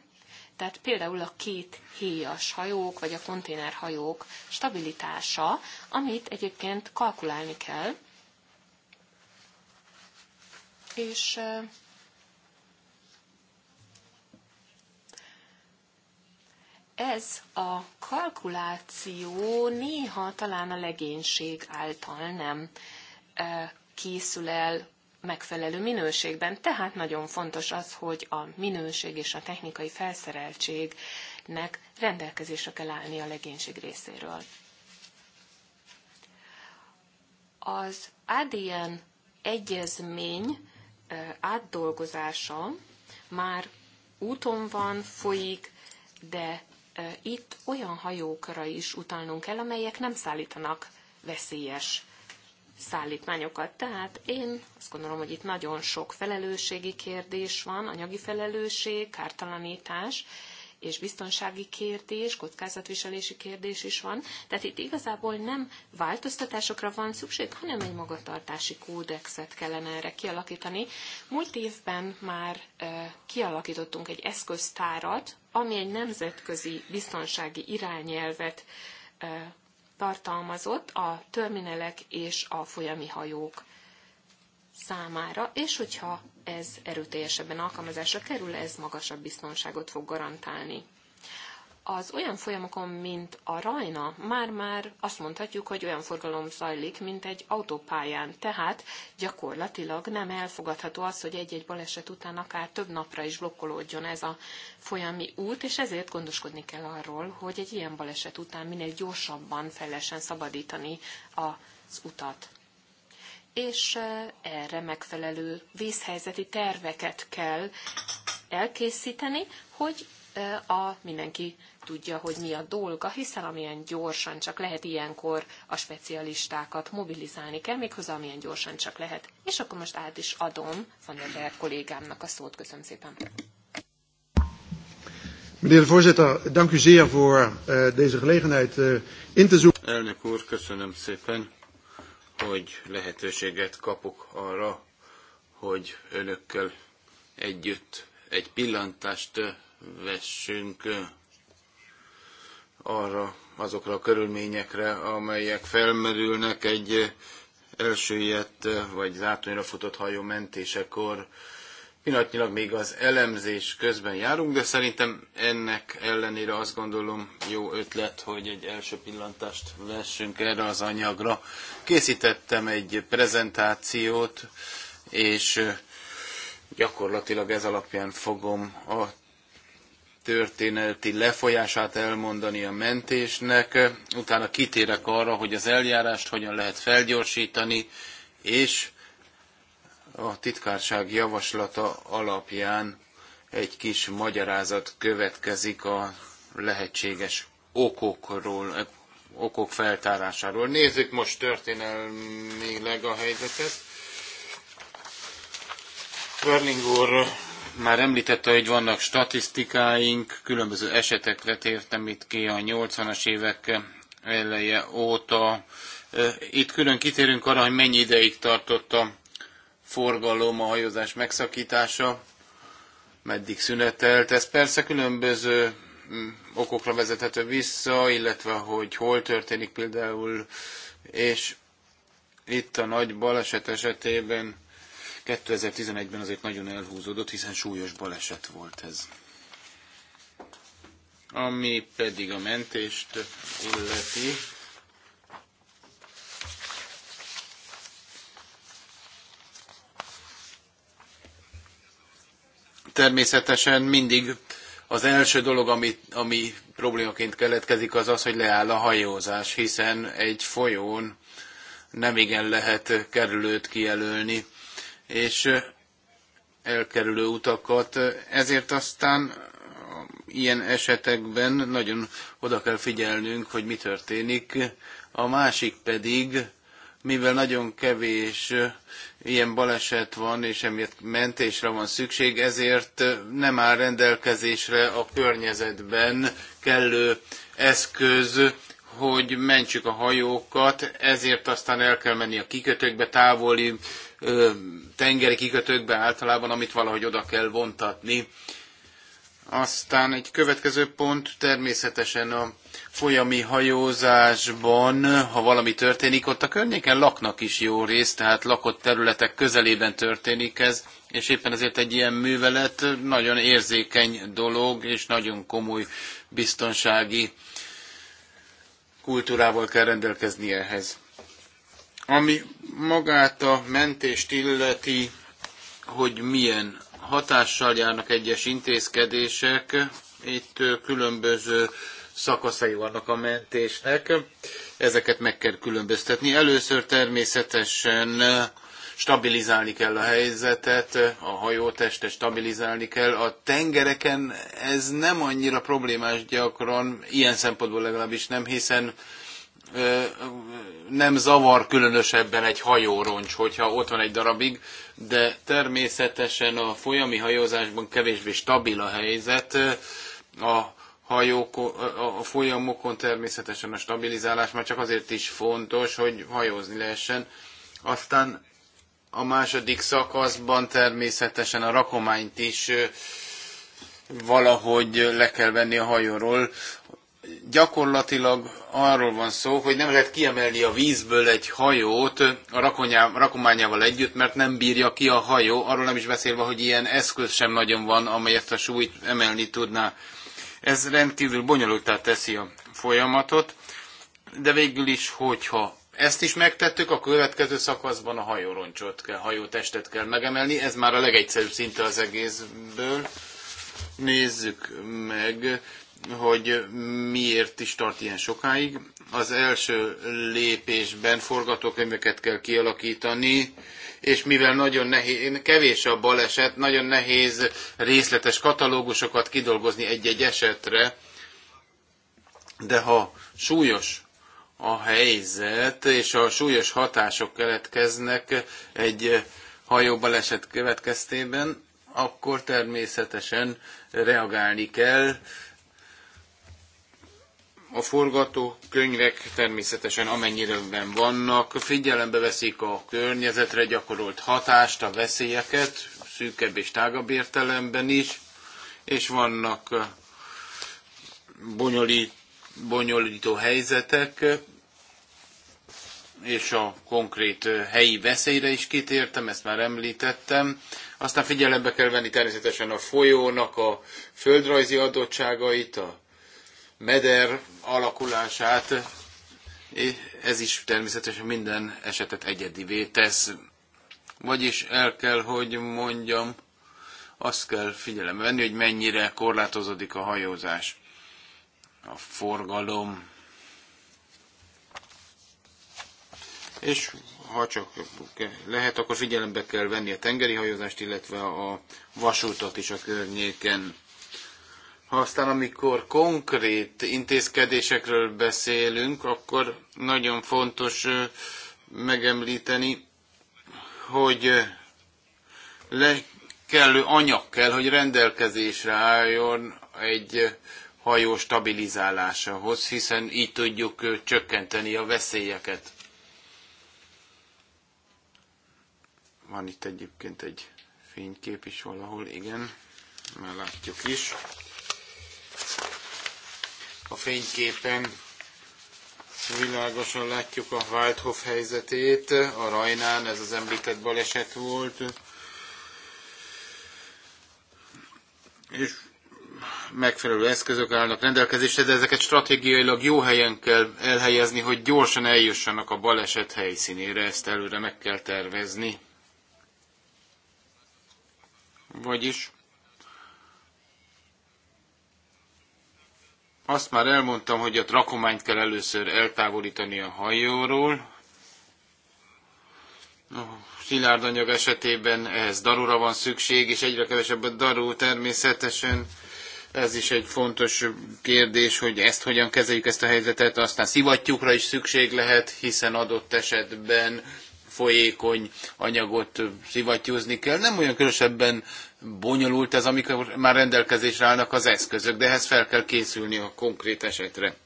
tehát például a két héjas hajók, vagy a konténerhajók stabilitása, amit egyébként kalkulálni kell, és ez a kalkuláció néha talán a legénység által nem készül el megfelelő minőségben. Tehát nagyon fontos az, hogy a minőség és a technikai felszereltségnek rendelkezésre kell állni a legénység részéről. Az ADN egyezmény átdolgozása már úton van, folyik, de itt olyan hajókra is utalnunk kell, amelyek nem szállítanak veszélyes szállítmányokat. Tehát én azt gondolom, hogy itt nagyon sok felelősségi kérdés van, anyagi felelősség, kártalanítás, és biztonsági kérdés, kockázatviselési kérdés is van. Tehát itt igazából nem változtatásokra van szükség, hanem egy magatartási kódexet kellene erre kialakítani. Múlt évben már kialakítottunk egy eszköztárat, ami egy nemzetközi biztonsági irányelvet tartalmazott a terminelek és a folyami hajók számára, és hogyha ez erőteljesebben alkalmazásra kerül, ez magasabb biztonságot fog garantálni. Az olyan folyamokon, mint a Rajna, már-már azt mondhatjuk, hogy olyan forgalom zajlik, mint egy autópályán, tehát gyakorlatilag nem elfogadható az, hogy egy-egy baleset után akár több napra is blokkolódjon ez a folyami út, és ezért gondoskodni kell arról, hogy egy ilyen baleset után minél gyorsabban fel lehessen szabadítani az utat és erre megfelelő vészhelyzeti terveket kell elkészíteni, hogy a mindenki tudja, hogy mi a dolga, hiszen amilyen gyorsan csak lehet ilyenkor a specialistákat mobilizálni kell, méghozzá amilyen gyorsan csak lehet. És akkor most át is adom van der kollégámnak a szót. Köszönöm szépen. Meneer de voorzitter, dank u zeer voor uh, deze gelegenheid uh, in te Elnök úr, köszönöm szépen hogy lehetőséget kapok arra, hogy önökkel együtt egy pillantást vessünk arra, azokra a körülményekre, amelyek felmerülnek egy elsőjett vagy zátonyra futott hajó mentésekor. Pillanatnyilag még az elemzés közben járunk, de szerintem ennek ellenére azt gondolom jó ötlet, hogy egy első pillantást vessünk erre az anyagra. Készítettem egy prezentációt, és gyakorlatilag ez alapján fogom a történeti lefolyását elmondani a mentésnek, utána kitérek arra, hogy az eljárást hogyan lehet felgyorsítani, és a titkárság javaslata alapján egy kis magyarázat következik a lehetséges okokról, okok feltárásáról. Nézzük most történelmileg a helyzetet. Verling úr már említette, hogy vannak statisztikáink, különböző esetekre tértem itt ki a 80-as évek eleje óta. Itt külön kitérünk arra, hogy mennyi ideig tartott a forgalom, a hajózás megszakítása, meddig szünetelt. Ez persze különböző mm, okokra vezethető vissza, illetve hogy hol történik például, és itt a nagy baleset esetében 2011-ben azért nagyon elhúzódott, hiszen súlyos baleset volt ez. Ami pedig a mentést illeti, természetesen mindig az első dolog, ami, ami problémaként keletkezik, az az, hogy leáll a hajózás, hiszen egy folyón nem igen lehet kerülőt kijelölni, és elkerülő utakat. Ezért aztán ilyen esetekben nagyon oda kell figyelnünk, hogy mi történik. A másik pedig mivel nagyon kevés ilyen baleset van, és emiatt mentésre van szükség, ezért nem áll rendelkezésre a környezetben kellő eszköz, hogy mentsük a hajókat, ezért aztán el kell menni a kikötőkbe, távoli ö, tengeri kikötőkbe általában, amit valahogy oda kell vontatni. Aztán egy következő pont természetesen a folyami hajózásban, ha valami történik, ott a környéken laknak is jó részt, tehát lakott területek közelében történik ez, és éppen ezért egy ilyen művelet nagyon érzékeny dolog, és nagyon komoly biztonsági kultúrával kell rendelkezni ehhez. Ami magát a mentést illeti, hogy milyen hatással járnak egyes intézkedések, itt különböző szakaszai vannak a mentésnek. Ezeket meg kell különböztetni. Először természetesen eh, stabilizálni kell a helyzetet, eh, a hajótestet stabilizálni kell. A tengereken ez nem annyira problémás gyakran, ilyen szempontból legalábbis nem, hiszen eh, nem zavar különösebben egy hajóroncs, hogyha ott van egy darabig, de természetesen a folyami hajózásban kevésbé stabil a helyzet, a hajók, a folyamokon természetesen a stabilizálás már csak azért is fontos, hogy hajózni lehessen. Aztán a második szakaszban természetesen a rakományt is valahogy le kell venni a hajóról. Gyakorlatilag arról van szó, hogy nem lehet kiemelni a vízből egy hajót a rakományával együtt, mert nem bírja ki a hajó, arról nem is beszélve, hogy ilyen eszköz sem nagyon van, amely ezt a súlyt emelni tudná ez rendkívül bonyolultá teszi a folyamatot, de végül is, hogyha ezt is megtettük, a következő szakaszban a hajóroncsot kell, hajótestet kell megemelni, ez már a legegyszerűbb szinte az egészből. Nézzük meg hogy miért is tart ilyen sokáig. Az első lépésben forgatókönyveket kell kialakítani, és mivel nagyon nehéz, kevés a baleset, nagyon nehéz részletes katalógusokat kidolgozni egy-egy esetre, de ha súlyos a helyzet, és a súlyos hatások keletkeznek egy hajóbaleset következtében, akkor természetesen reagálni kell, a forgatókönyvek természetesen amennyire vannak, figyelembe veszik a környezetre gyakorolt hatást, a veszélyeket, szűkebb és tágabb értelemben is, és vannak eh, bonyolít, bonyolító helyzetek, és a konkrét eh, helyi veszélyre is kitértem, ezt már említettem. Aztán figyelembe kell venni természetesen a folyónak a földrajzi adottságait, a meder alakulását, ez is természetesen minden esetet egyedivé tesz. Vagyis el kell, hogy mondjam, azt kell figyelembe venni, hogy mennyire korlátozódik a hajózás, a forgalom. És ha csak lehet, akkor figyelembe kell venni a tengeri hajózást, illetve a vasútat is a környéken. Aztán amikor konkrét intézkedésekről beszélünk, akkor nagyon fontos megemlíteni, hogy le kellő anyag kell, hogy rendelkezésre álljon egy hajó stabilizálásához, hiszen így tudjuk csökkenteni a veszélyeket. Van itt egyébként egy fénykép is valahol, igen, már látjuk is. A fényképen világosan látjuk a Waldhof helyzetét, a Rajnán ez az említett baleset volt, és megfelelő eszközök állnak rendelkezésre, de ezeket stratégiailag jó helyen kell elhelyezni, hogy gyorsan eljussanak a baleset helyszínére, ezt előre meg kell tervezni. Vagyis Azt már elmondtam, hogy a rakományt kell először eltávolítani a hajóról. A szilárd anyag esetében ehhez darura van szükség, és egyre kevesebb a darú természetesen ez is egy fontos kérdés, hogy ezt hogyan kezeljük ezt a helyzetet, aztán szivattyúkra is szükség lehet, hiszen adott esetben folyékony anyagot szivattyúzni kell. Nem olyan különösebben bonyolult ez, amikor már rendelkezésre állnak az eszközök, de ehhez fel kell készülni a konkrét esetre.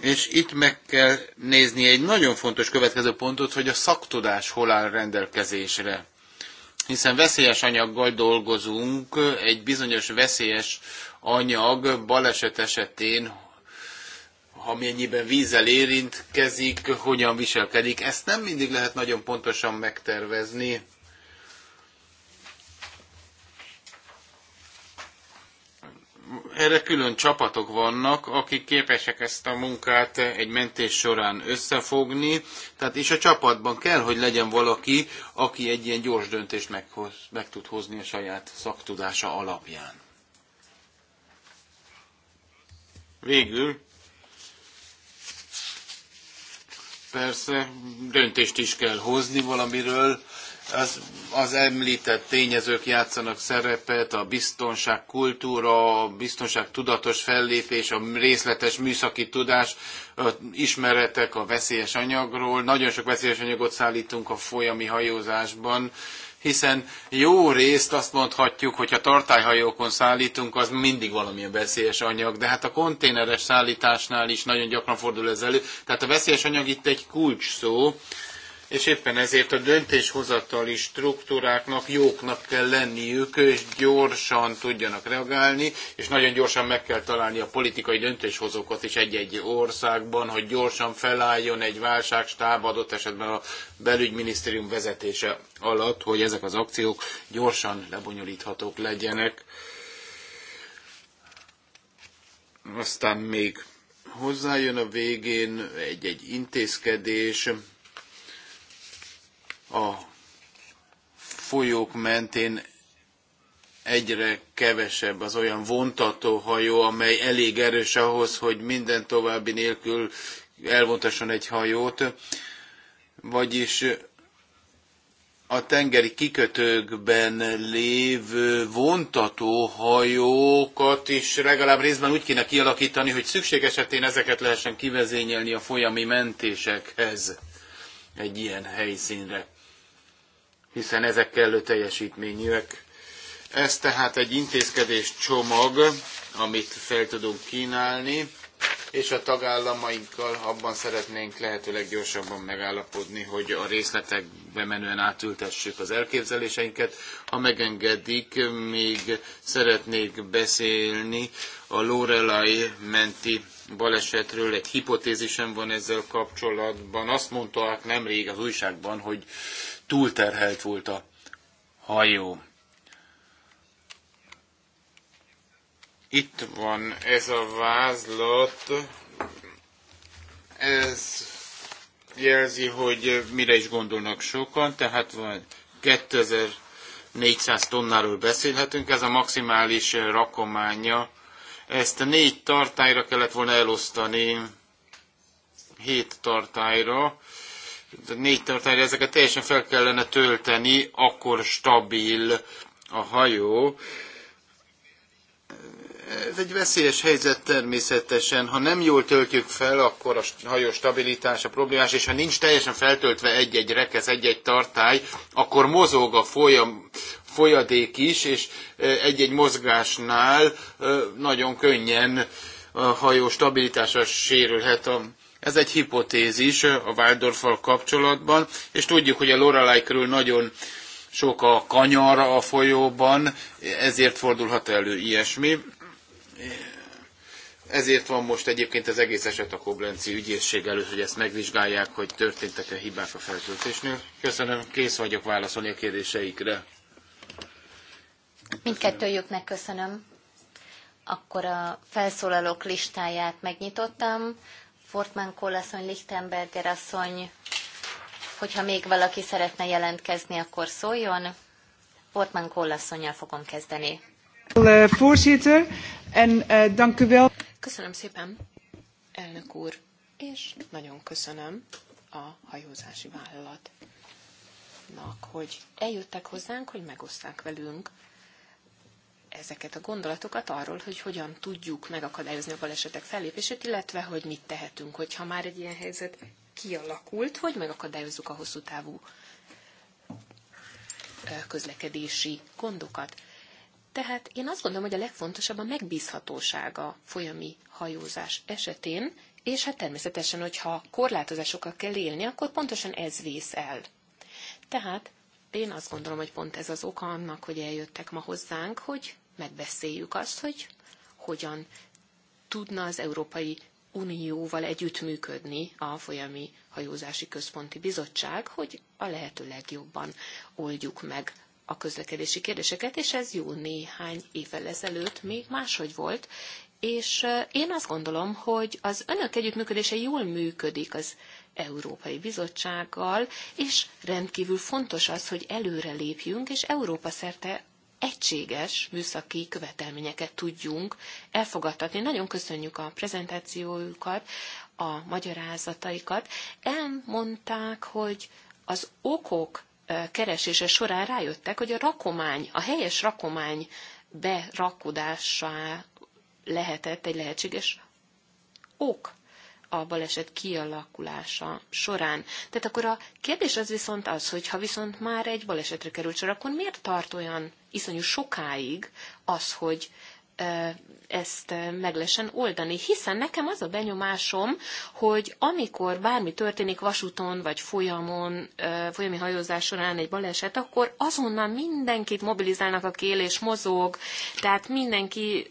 És itt meg kell nézni egy nagyon fontos következő pontot, hogy a szaktudás hol áll rendelkezésre. Hiszen veszélyes anyaggal dolgozunk, egy bizonyos veszélyes anyag baleset esetén, amennyiben vízzel érintkezik, hogyan viselkedik. Ezt nem mindig lehet nagyon pontosan megtervezni erre külön csapatok vannak, akik képesek ezt a munkát egy mentés során összefogni, tehát és a csapatban kell, hogy legyen valaki, aki egy ilyen gyors döntést meghoz, meg tud hozni a saját szaktudása alapján. Végül persze döntést is kell hozni valamiről, az, az említett tényezők játszanak szerepet, a biztonság kultúra, a biztonság tudatos fellépés, a részletes műszaki tudás, a ismeretek a veszélyes anyagról. Nagyon sok veszélyes anyagot szállítunk a folyami hajózásban, hiszen jó részt azt mondhatjuk, hogy ha tartályhajókon szállítunk, az mindig valamilyen veszélyes anyag, de hát a konténeres szállításnál is nagyon gyakran fordul ez elő. Tehát a veszélyes anyag itt egy kulcs szó, és éppen ezért a döntéshozatali struktúráknak jóknak kell lenniük, és gyorsan tudjanak reagálni, és nagyon gyorsan meg kell találni a politikai döntéshozókat is egy-egy országban, hogy gyorsan felálljon egy válságstáb, adott esetben a belügyminisztérium vezetése alatt, hogy ezek az akciók gyorsan lebonyolíthatók legyenek. Aztán még hozzájön a végén egy-egy intézkedés, a folyók mentén egyre kevesebb az olyan vontató hajó, amely elég erős ahhoz, hogy minden további nélkül elvontasson egy hajót. Vagyis a tengeri kikötőkben lévő vontató hajókat is legalább részben úgy kéne kialakítani, hogy szükség esetén ezeket lehessen kivezényelni a folyami mentésekhez egy ilyen helyszínre hiszen ezek kellő teljesítményűek. Ez tehát egy intézkedés csomag, amit fel tudunk kínálni, és a tagállamainkkal abban szeretnénk lehetőleg gyorsabban megállapodni, hogy a részletekbe menően átültessük az elképzeléseinket. Ha megengedik, még szeretnék beszélni a Lorelai menti balesetről. Egy hipotézisem van ezzel kapcsolatban. Azt mondták nemrég az újságban, hogy túlterhelt volt a hajó. Itt van ez a vázlat, ez jelzi, hogy mire is gondolnak sokan, tehát van 2400 tonnáról beszélhetünk, ez a maximális rakománya. Ezt négy tartályra kellett volna elosztani, hét tartályra, négy tartály, ezeket teljesen fel kellene tölteni, akkor stabil a hajó. Ez egy veszélyes helyzet természetesen. Ha nem jól töltjük fel, akkor a hajó stabilitása problémás, és ha nincs teljesen feltöltve egy-egy rekesz, egy-egy tartály, akkor mozog a folyam, folyadék is, és egy-egy mozgásnál nagyon könnyen a hajó stabilitása sérülhet a ez egy hipotézis a waldorf kapcsolatban, és tudjuk, hogy a Lorelei körül nagyon sok a kanyar a folyóban, ezért fordulhat elő ilyesmi. Ezért van most egyébként az egész eset a Koblenci ügyészség előtt, hogy ezt megvizsgálják, hogy történtek-e hibák a feltöltésnél. Köszönöm, kész vagyok válaszolni a kérdéseikre. Mindkettőjüknek köszönöm. Akkor a felszólalók listáját megnyitottam. Fortman Kollasszony, Lichtenberger asszony, hogyha még valaki szeretne jelentkezni, akkor szóljon. Fortman Kollasszonyjal fogom kezdeni. Eh, köszönöm szépen, elnök úr, és nagyon köszönöm a hajózási vállalatnak, hogy eljöttek hozzánk, hogy megoszták velünk ezeket a gondolatokat arról, hogy hogyan tudjuk megakadályozni a balesetek fellépését, illetve hogy mit tehetünk, hogyha már egy ilyen helyzet kialakult, hogy megakadályozzuk a hosszú távú közlekedési gondokat. Tehát én azt gondolom, hogy a legfontosabb a megbízhatósága folyami hajózás esetén, és hát természetesen, hogyha korlátozásokkal kell élni, akkor pontosan ez vész el. Tehát én azt gondolom, hogy pont ez az oka annak, hogy eljöttek ma hozzánk, hogy megbeszéljük azt, hogy hogyan tudna az Európai Unióval együttműködni a folyami hajózási központi bizottság, hogy a lehető legjobban oldjuk meg a közlekedési kérdéseket, és ez jó néhány évvel ezelőtt még máshogy volt, és én azt gondolom, hogy az önök együttműködése jól működik az Európai Bizottsággal, és rendkívül fontos az, hogy előre lépjünk, és Európa szerte egységes műszaki követelményeket tudjunk elfogadtatni. Nagyon köszönjük a prezentációjukat, a magyarázataikat. Elmondták, hogy az okok keresése során rájöttek, hogy a rakomány, a helyes rakomány berakodása lehetett egy lehetséges ok a baleset kialakulása során. Tehát akkor a kérdés az viszont az, hogy ha viszont már egy balesetre került sor, akkor miért tart olyan iszonyú sokáig az, hogy ezt meg lesen oldani. Hiszen nekem az a benyomásom, hogy amikor bármi történik vasúton vagy folyamon, folyami hajózás során egy baleset, akkor azonnal mindenkit mobilizálnak, a él és mozog, tehát mindenki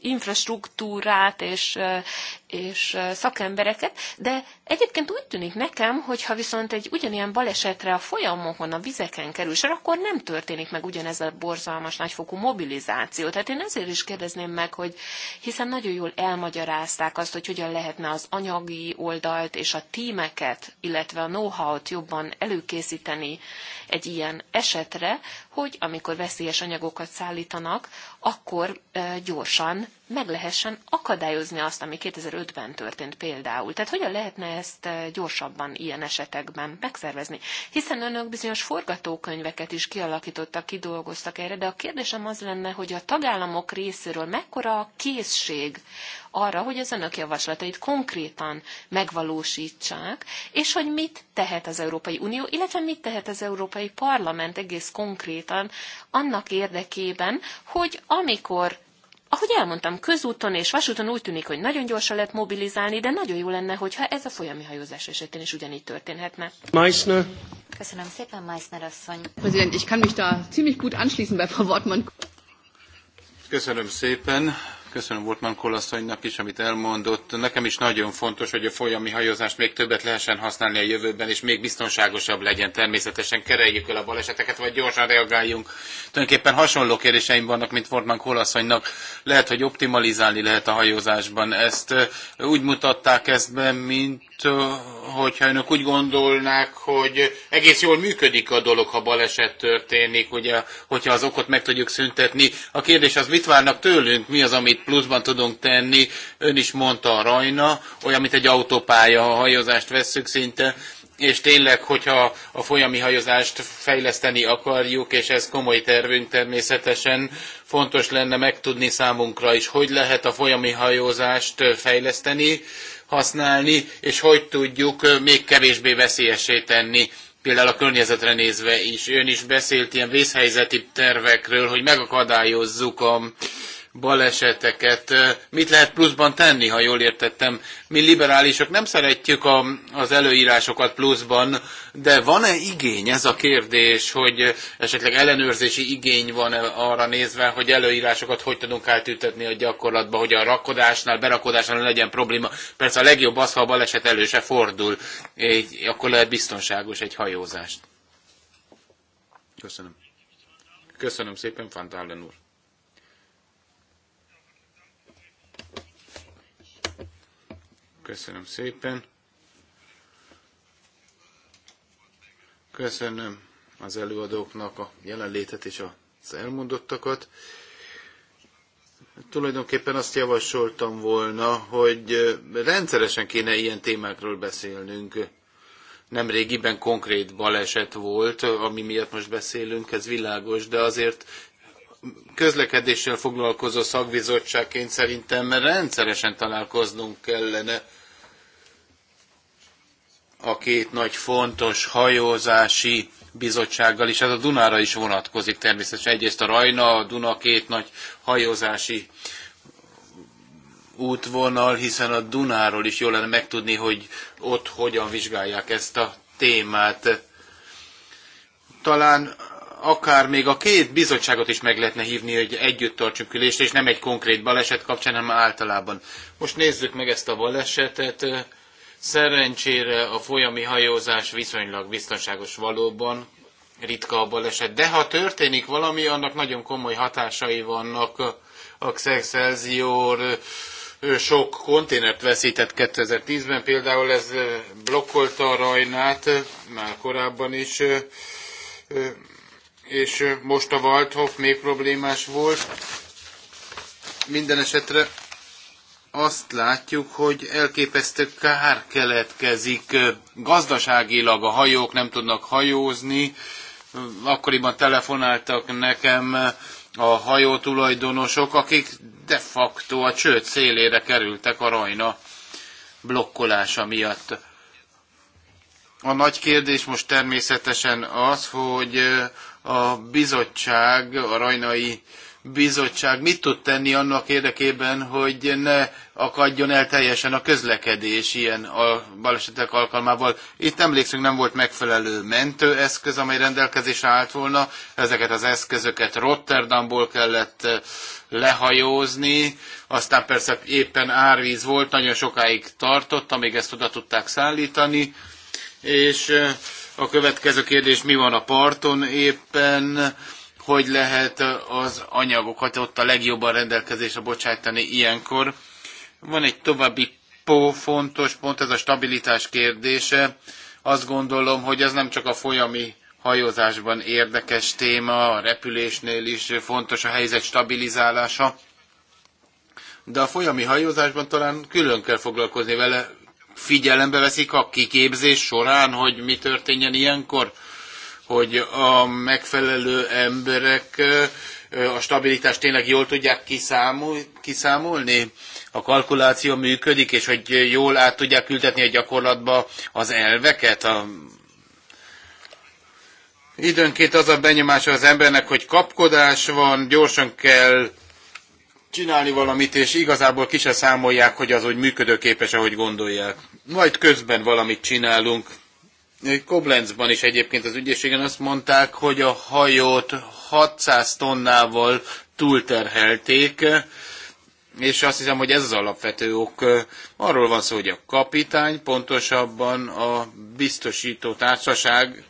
infrastruktúrát és, és szakembereket, de egyébként úgy tűnik nekem, hogy ha viszont egy ugyanilyen balesetre a folyamokon, a vizeken kerül és akkor nem történik meg ugyanez a borzalmas nagyfokú mobilizáció. Tehát én ezért is kérdezném meg, hogy hiszen nagyon jól elmagyarázták azt, hogy hogyan lehetne az anyagi oldalt és a tímeket, illetve a know-how-t jobban előkészíteni egy ilyen esetre, hogy amikor veszélyes anyagokat szállítanak, akkor gyorsan meg lehessen akadályozni azt, ami 2005-ben történt például. Tehát hogyan lehetne ezt eh, gyorsabban ilyen esetekben megszervezni? Hiszen önök bizonyos forgatókönyveket is kialakítottak, kidolgoztak erre, de a kérdésem az lenne, hogy a tagállamok részéről mekkora a készség arra, hogy az önök javaslatait konkrétan megvalósítsák, és hogy mit tehet az Európai Unió, illetve mit tehet az Európai Parlament egész konkrétan annak érdekében, hogy amikor ahogy elmondtam, közúton és vasúton úgy tűnik, hogy nagyon gyorsan lehet mobilizálni, de nagyon jó lenne, hogyha ez a folyami hajózás esetén is ugyanígy történhetne. Meissner. Köszönöm szépen, Meissner asszony. Präsident, ich kann mich da ziemlich gut anschließen bei Frau Wortmann. Köszönöm szépen. Köszönöm Wortmann Kolaszonynak is, amit elmondott. Nekem is nagyon fontos, hogy a folyami hajózást még többet lehessen használni a jövőben, és még biztonságosabb legyen. Természetesen kereljük el a baleseteket, vagy gyorsan reagáljunk. Tulajdonképpen hasonló kérdéseim vannak, mint Wortmann Kolaszonynak. Lehet, hogy optimalizálni lehet a hajózásban. Ezt úgy mutatták ezt be, mint hogyha önök úgy gondolnák, hogy egész jól működik a dolog, ha baleset történik, ugye, hogyha az okot meg tudjuk szüntetni. A kérdés az, mit várnak tőlünk, mi az, amit pluszban tudunk tenni. Ön is mondta a rajna, olyan, mint egy autópálya, ha a hajózást vesszük szinte, és tényleg, hogyha a folyami hajozást fejleszteni akarjuk, és ez komoly tervünk természetesen, fontos lenne megtudni számunkra is, hogy lehet a folyami hajózást fejleszteni, használni, és hogy tudjuk még kevésbé veszélyessé tenni például a környezetre nézve is. Ön is beszélt ilyen vészhelyzeti tervekről, hogy megakadályozzuk a baleseteket. Mit lehet pluszban tenni, ha jól értettem? Mi liberálisok nem szeretjük a, az előírásokat pluszban, de van-e igény ez a kérdés, hogy esetleg ellenőrzési igény van arra nézve, hogy előírásokat hogy tudunk átütetni a gyakorlatba, hogy a rakodásnál, berakodásnál legyen probléma. Persze a legjobb az, ha a baleset elő se fordul, így, akkor lehet biztonságos egy hajózást. Köszönöm. Köszönöm szépen, Fantálen úr. Köszönöm szépen. Köszönöm az előadóknak a jelenlétet és az elmondottakat. Tulajdonképpen azt javasoltam volna, hogy rendszeresen kéne ilyen témákról beszélnünk. Nem régiben konkrét baleset volt, ami miatt most beszélünk, ez világos, de azért közlekedéssel foglalkozó szakbizottságként szerintem rendszeresen találkoznunk kellene a két nagy fontos hajózási bizottsággal is, ez a Dunára is vonatkozik természetesen. Egyrészt a Rajna, a Duna két nagy hajózási útvonal, hiszen a Dunáról is jól lenne megtudni, hogy ott hogyan vizsgálják ezt a témát. Talán akár még a két bizottságot is meg lehetne hívni, hogy együtt tartsunk ülést, és nem egy konkrét baleset kapcsán, hanem általában. Most nézzük meg ezt a balesetet. Szerencsére a folyami hajózás viszonylag biztonságos valóban, ritka a baleset, de ha történik valami, annak nagyon komoly hatásai vannak. A Excelsior sok konténert veszített 2010-ben, például ez blokkolta a rajnát, már korábban is és most a Waldhof még problémás volt. Minden esetre azt látjuk, hogy elképesztő kár keletkezik. Gazdaságilag a hajók nem tudnak hajózni. Akkoriban telefonáltak nekem a hajó tulajdonosok, akik de facto a csőd szélére kerültek a rajna blokkolása miatt. A nagy kérdés most természetesen az, hogy a bizottság, a rajnai bizottság mit tud tenni annak érdekében, hogy ne akadjon el teljesen a közlekedés ilyen a balesetek alkalmával. Itt emlékszünk, nem volt megfelelő mentőeszköz, amely rendelkezésre állt volna. Ezeket az eszközöket Rotterdamból kellett eh, lehajózni, aztán persze éppen árvíz volt, nagyon sokáig tartott, amíg ezt oda tudták szállítani, és eh, a következő kérdés, mi van a parton éppen, hogy lehet az anyagokat ott a legjobban rendelkezésre bocsájtani ilyenkor. Van egy további fontos pont, ez a stabilitás kérdése. Azt gondolom, hogy ez nem csak a folyami hajózásban érdekes téma, a repülésnél is fontos a helyzet stabilizálása. De a folyami hajózásban talán külön kell foglalkozni vele, figyelembe veszik a kiképzés során, hogy mi történjen ilyenkor, hogy a megfelelő emberek a stabilitást tényleg jól tudják kiszámol, kiszámolni, a kalkuláció működik, és hogy jól át tudják ültetni a gyakorlatba az elveket, a Időnként az a benyomása az embernek, hogy kapkodás van, gyorsan kell csinálni valamit, és igazából ki se számolják, hogy az úgy működőképes, ahogy gondolják. Majd közben valamit csinálunk. Koblenzban is egyébként az ügyészségen azt mondták, hogy a hajót 600 tonnával túlterhelték, és azt hiszem, hogy ez az alapvető ok. Arról van szó, hogy a kapitány, pontosabban a biztosító társaság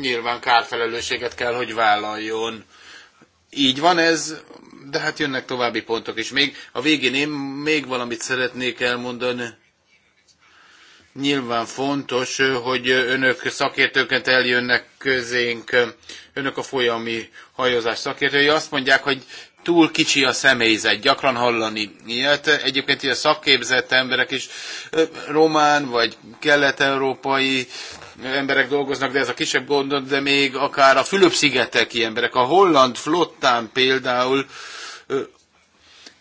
nyilván kárfelelősséget kell, hogy vállaljon. Így van ez, de hát jönnek további pontok is. Még a végén én még valamit szeretnék elmondani. Nyilván fontos, hogy önök szakértőként eljönnek közénk, önök a folyami hajózás szakértői. Azt mondják, hogy túl kicsi a személyzet, gyakran hallani ilyet. Egyébként a szakképzett emberek is román vagy kelet-európai emberek dolgoznak, de ez a kisebb gond, de még akár a Fülöp-szigeteki emberek, a holland flottán például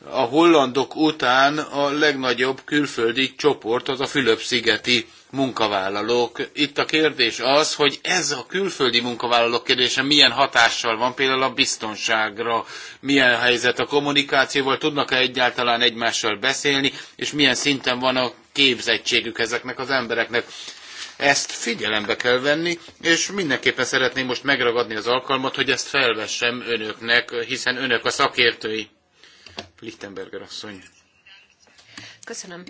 a hollandok után a legnagyobb külföldi csoport az a Fülöp-szigeti munkavállalók. Itt a kérdés az, hogy ez a külföldi munkavállalók kérdése milyen hatással van például a biztonságra, milyen helyzet a kommunikációval, tudnak-e egyáltalán egymással beszélni, és milyen szinten van a képzettségük ezeknek az embereknek. Ezt figyelembe kell venni, és mindenképpen szeretném most megragadni az alkalmat, hogy ezt felvessem önöknek, hiszen önök a szakértői. Lichtenberger asszony. Köszönöm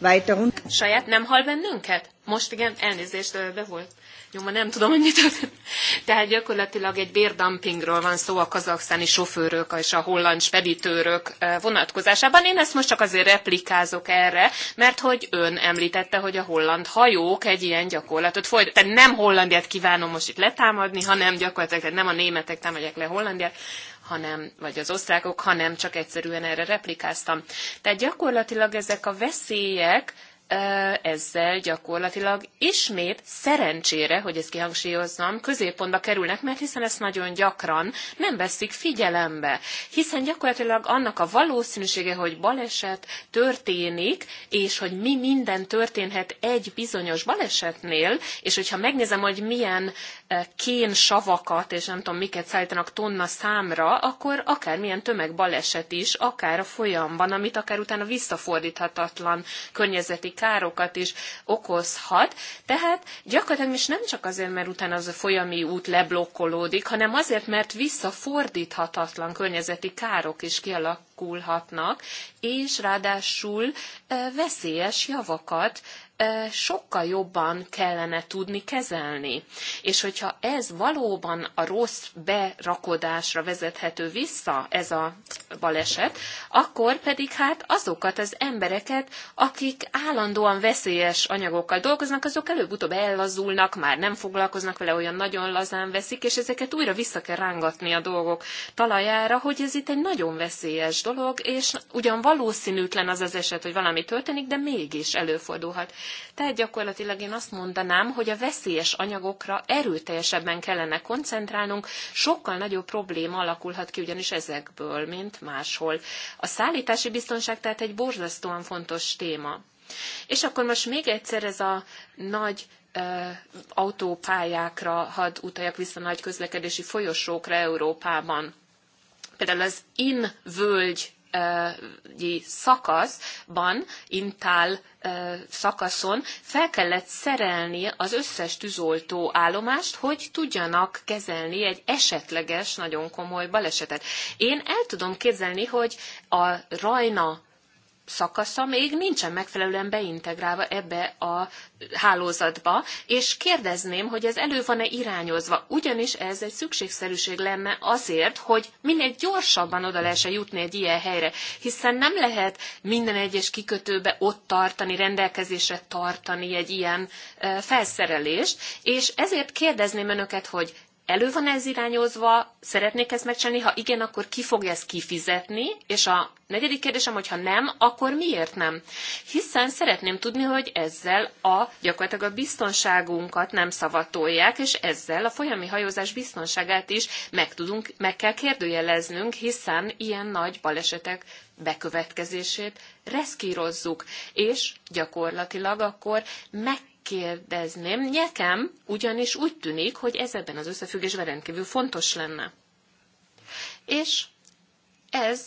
Weiter Saját nem hall bennünket? Most igen, elnézést, be volt Jó, ma nem tudom, hogy mit történt. Tehát gyakorlatilag egy bérdumpingról van szó a kazaksztáni sofőrök és a holland speditőrök vonatkozásában. Én ezt most csak azért replikázok erre, mert hogy ön említette, hogy a holland hajók egy ilyen gyakorlatot folyt. Tehát nem Hollandiát kívánom most itt letámadni, hanem gyakorlatilag nem a németek támadják le Hollandiát, hanem, vagy az osztrákok, hanem csak egyszerűen erre replikáztam. Tehát gyakorlatilag ezek a veszélyek ezzel gyakorlatilag ismét szerencsére, hogy ezt kihangsúlyozzam, középpontba kerülnek, mert hiszen ezt nagyon gyakran nem veszik figyelembe. Hiszen gyakorlatilag annak a valószínűsége, hogy baleset történik, és hogy mi minden történhet egy bizonyos balesetnél, és hogyha megnézem, hogy milyen kén savakat, és nem tudom, miket szállítanak tonna számra, akkor akár milyen tömegbaleset is, akár a folyamban, amit akár utána visszafordíthatatlan környezeti károkat is okozhat. Tehát gyakorlatilag is nem csak azért, mert utána az a folyami út leblokkolódik, hanem azért, mert visszafordíthatatlan környezeti károk is kialakulhatnak, és ráadásul veszélyes javakat sokkal jobban kellene tudni kezelni. És hogyha ez valóban a rossz berakodásra vezethető vissza, ez a baleset, akkor pedig hát azokat az embereket, akik állandóan veszélyes anyagokkal dolgoznak, azok előbb-utóbb ellazulnak, már nem foglalkoznak vele, olyan nagyon lazán veszik, és ezeket újra vissza kell rángatni a dolgok talajára, hogy ez itt egy nagyon veszélyes dolog, és ugyan valószínűtlen az az eset, hogy valami történik, de mégis előfordulhat. Tehát gyakorlatilag én azt mondanám, hogy a veszélyes anyagokra erőteljesebben kellene koncentrálnunk, sokkal nagyobb probléma alakulhat ki ugyanis ezekből, mint máshol. A szállítási biztonság tehát egy borzasztóan fontos téma. És akkor most még egyszer ez a nagy autópályákra had utaljak vissza nagy közlekedési folyosókra Európában. Például az IN völgy szakaszban, Intál szakaszon fel kellett szerelni az összes tűzoltó állomást, hogy tudjanak kezelni egy esetleges, nagyon komoly balesetet. Én el tudom képzelni, hogy a Rajna szakasza még nincsen megfelelően beintegrálva ebbe a hálózatba, és kérdezném, hogy ez elő van-e irányozva, ugyanis ez egy szükségszerűség lenne azért, hogy minél gyorsabban oda lehessen jutni egy ilyen helyre, hiszen nem lehet minden egyes kikötőbe ott tartani, rendelkezésre tartani egy ilyen felszerelést, és ezért kérdezném önöket, hogy elő van ez irányozva, szeretnék ezt megcsinálni, ha igen, akkor ki fogja ezt kifizetni, és a negyedik kérdésem, hogyha nem, akkor miért nem? Hiszen szeretném tudni, hogy ezzel a gyakorlatilag a biztonságunkat nem szavatolják, és ezzel a folyami hajózás biztonságát is meg, tudunk, meg kell kérdőjeleznünk, hiszen ilyen nagy balesetek bekövetkezését reszkírozzuk, és gyakorlatilag akkor meg kérdezném. Nekem ugyanis úgy tűnik, hogy ez ebben az összefüggésben rendkívül fontos lenne. És ez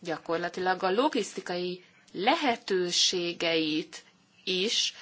gyakorlatilag a logisztikai lehetőségeit is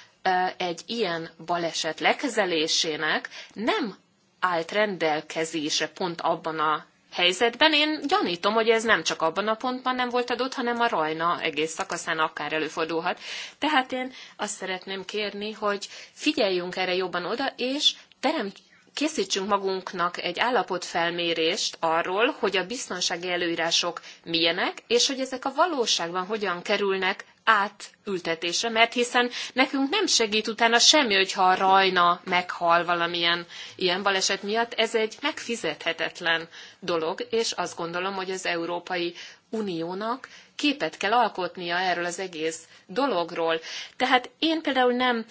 egy ilyen baleset lekezelésének nem állt rendelkezésre pont abban a helyzetben. Én gyanítom, hogy ez nem csak abban a pontban nem volt adott, hanem a rajna egész szakaszán akár előfordulhat. Tehát én azt szeretném kérni, hogy figyeljünk erre jobban oda, és terem, készítsünk magunknak egy állapotfelmérést arról, hogy a biztonsági előírások milyenek, és hogy ezek a valóságban hogyan kerülnek átültetése, mert hiszen nekünk nem segít utána semmi, hogyha a rajna meghal valamilyen ilyen baleset miatt. Ez egy megfizethetetlen dolog, és azt gondolom, hogy az Európai Uniónak képet kell alkotnia erről az egész dologról. Tehát én például nem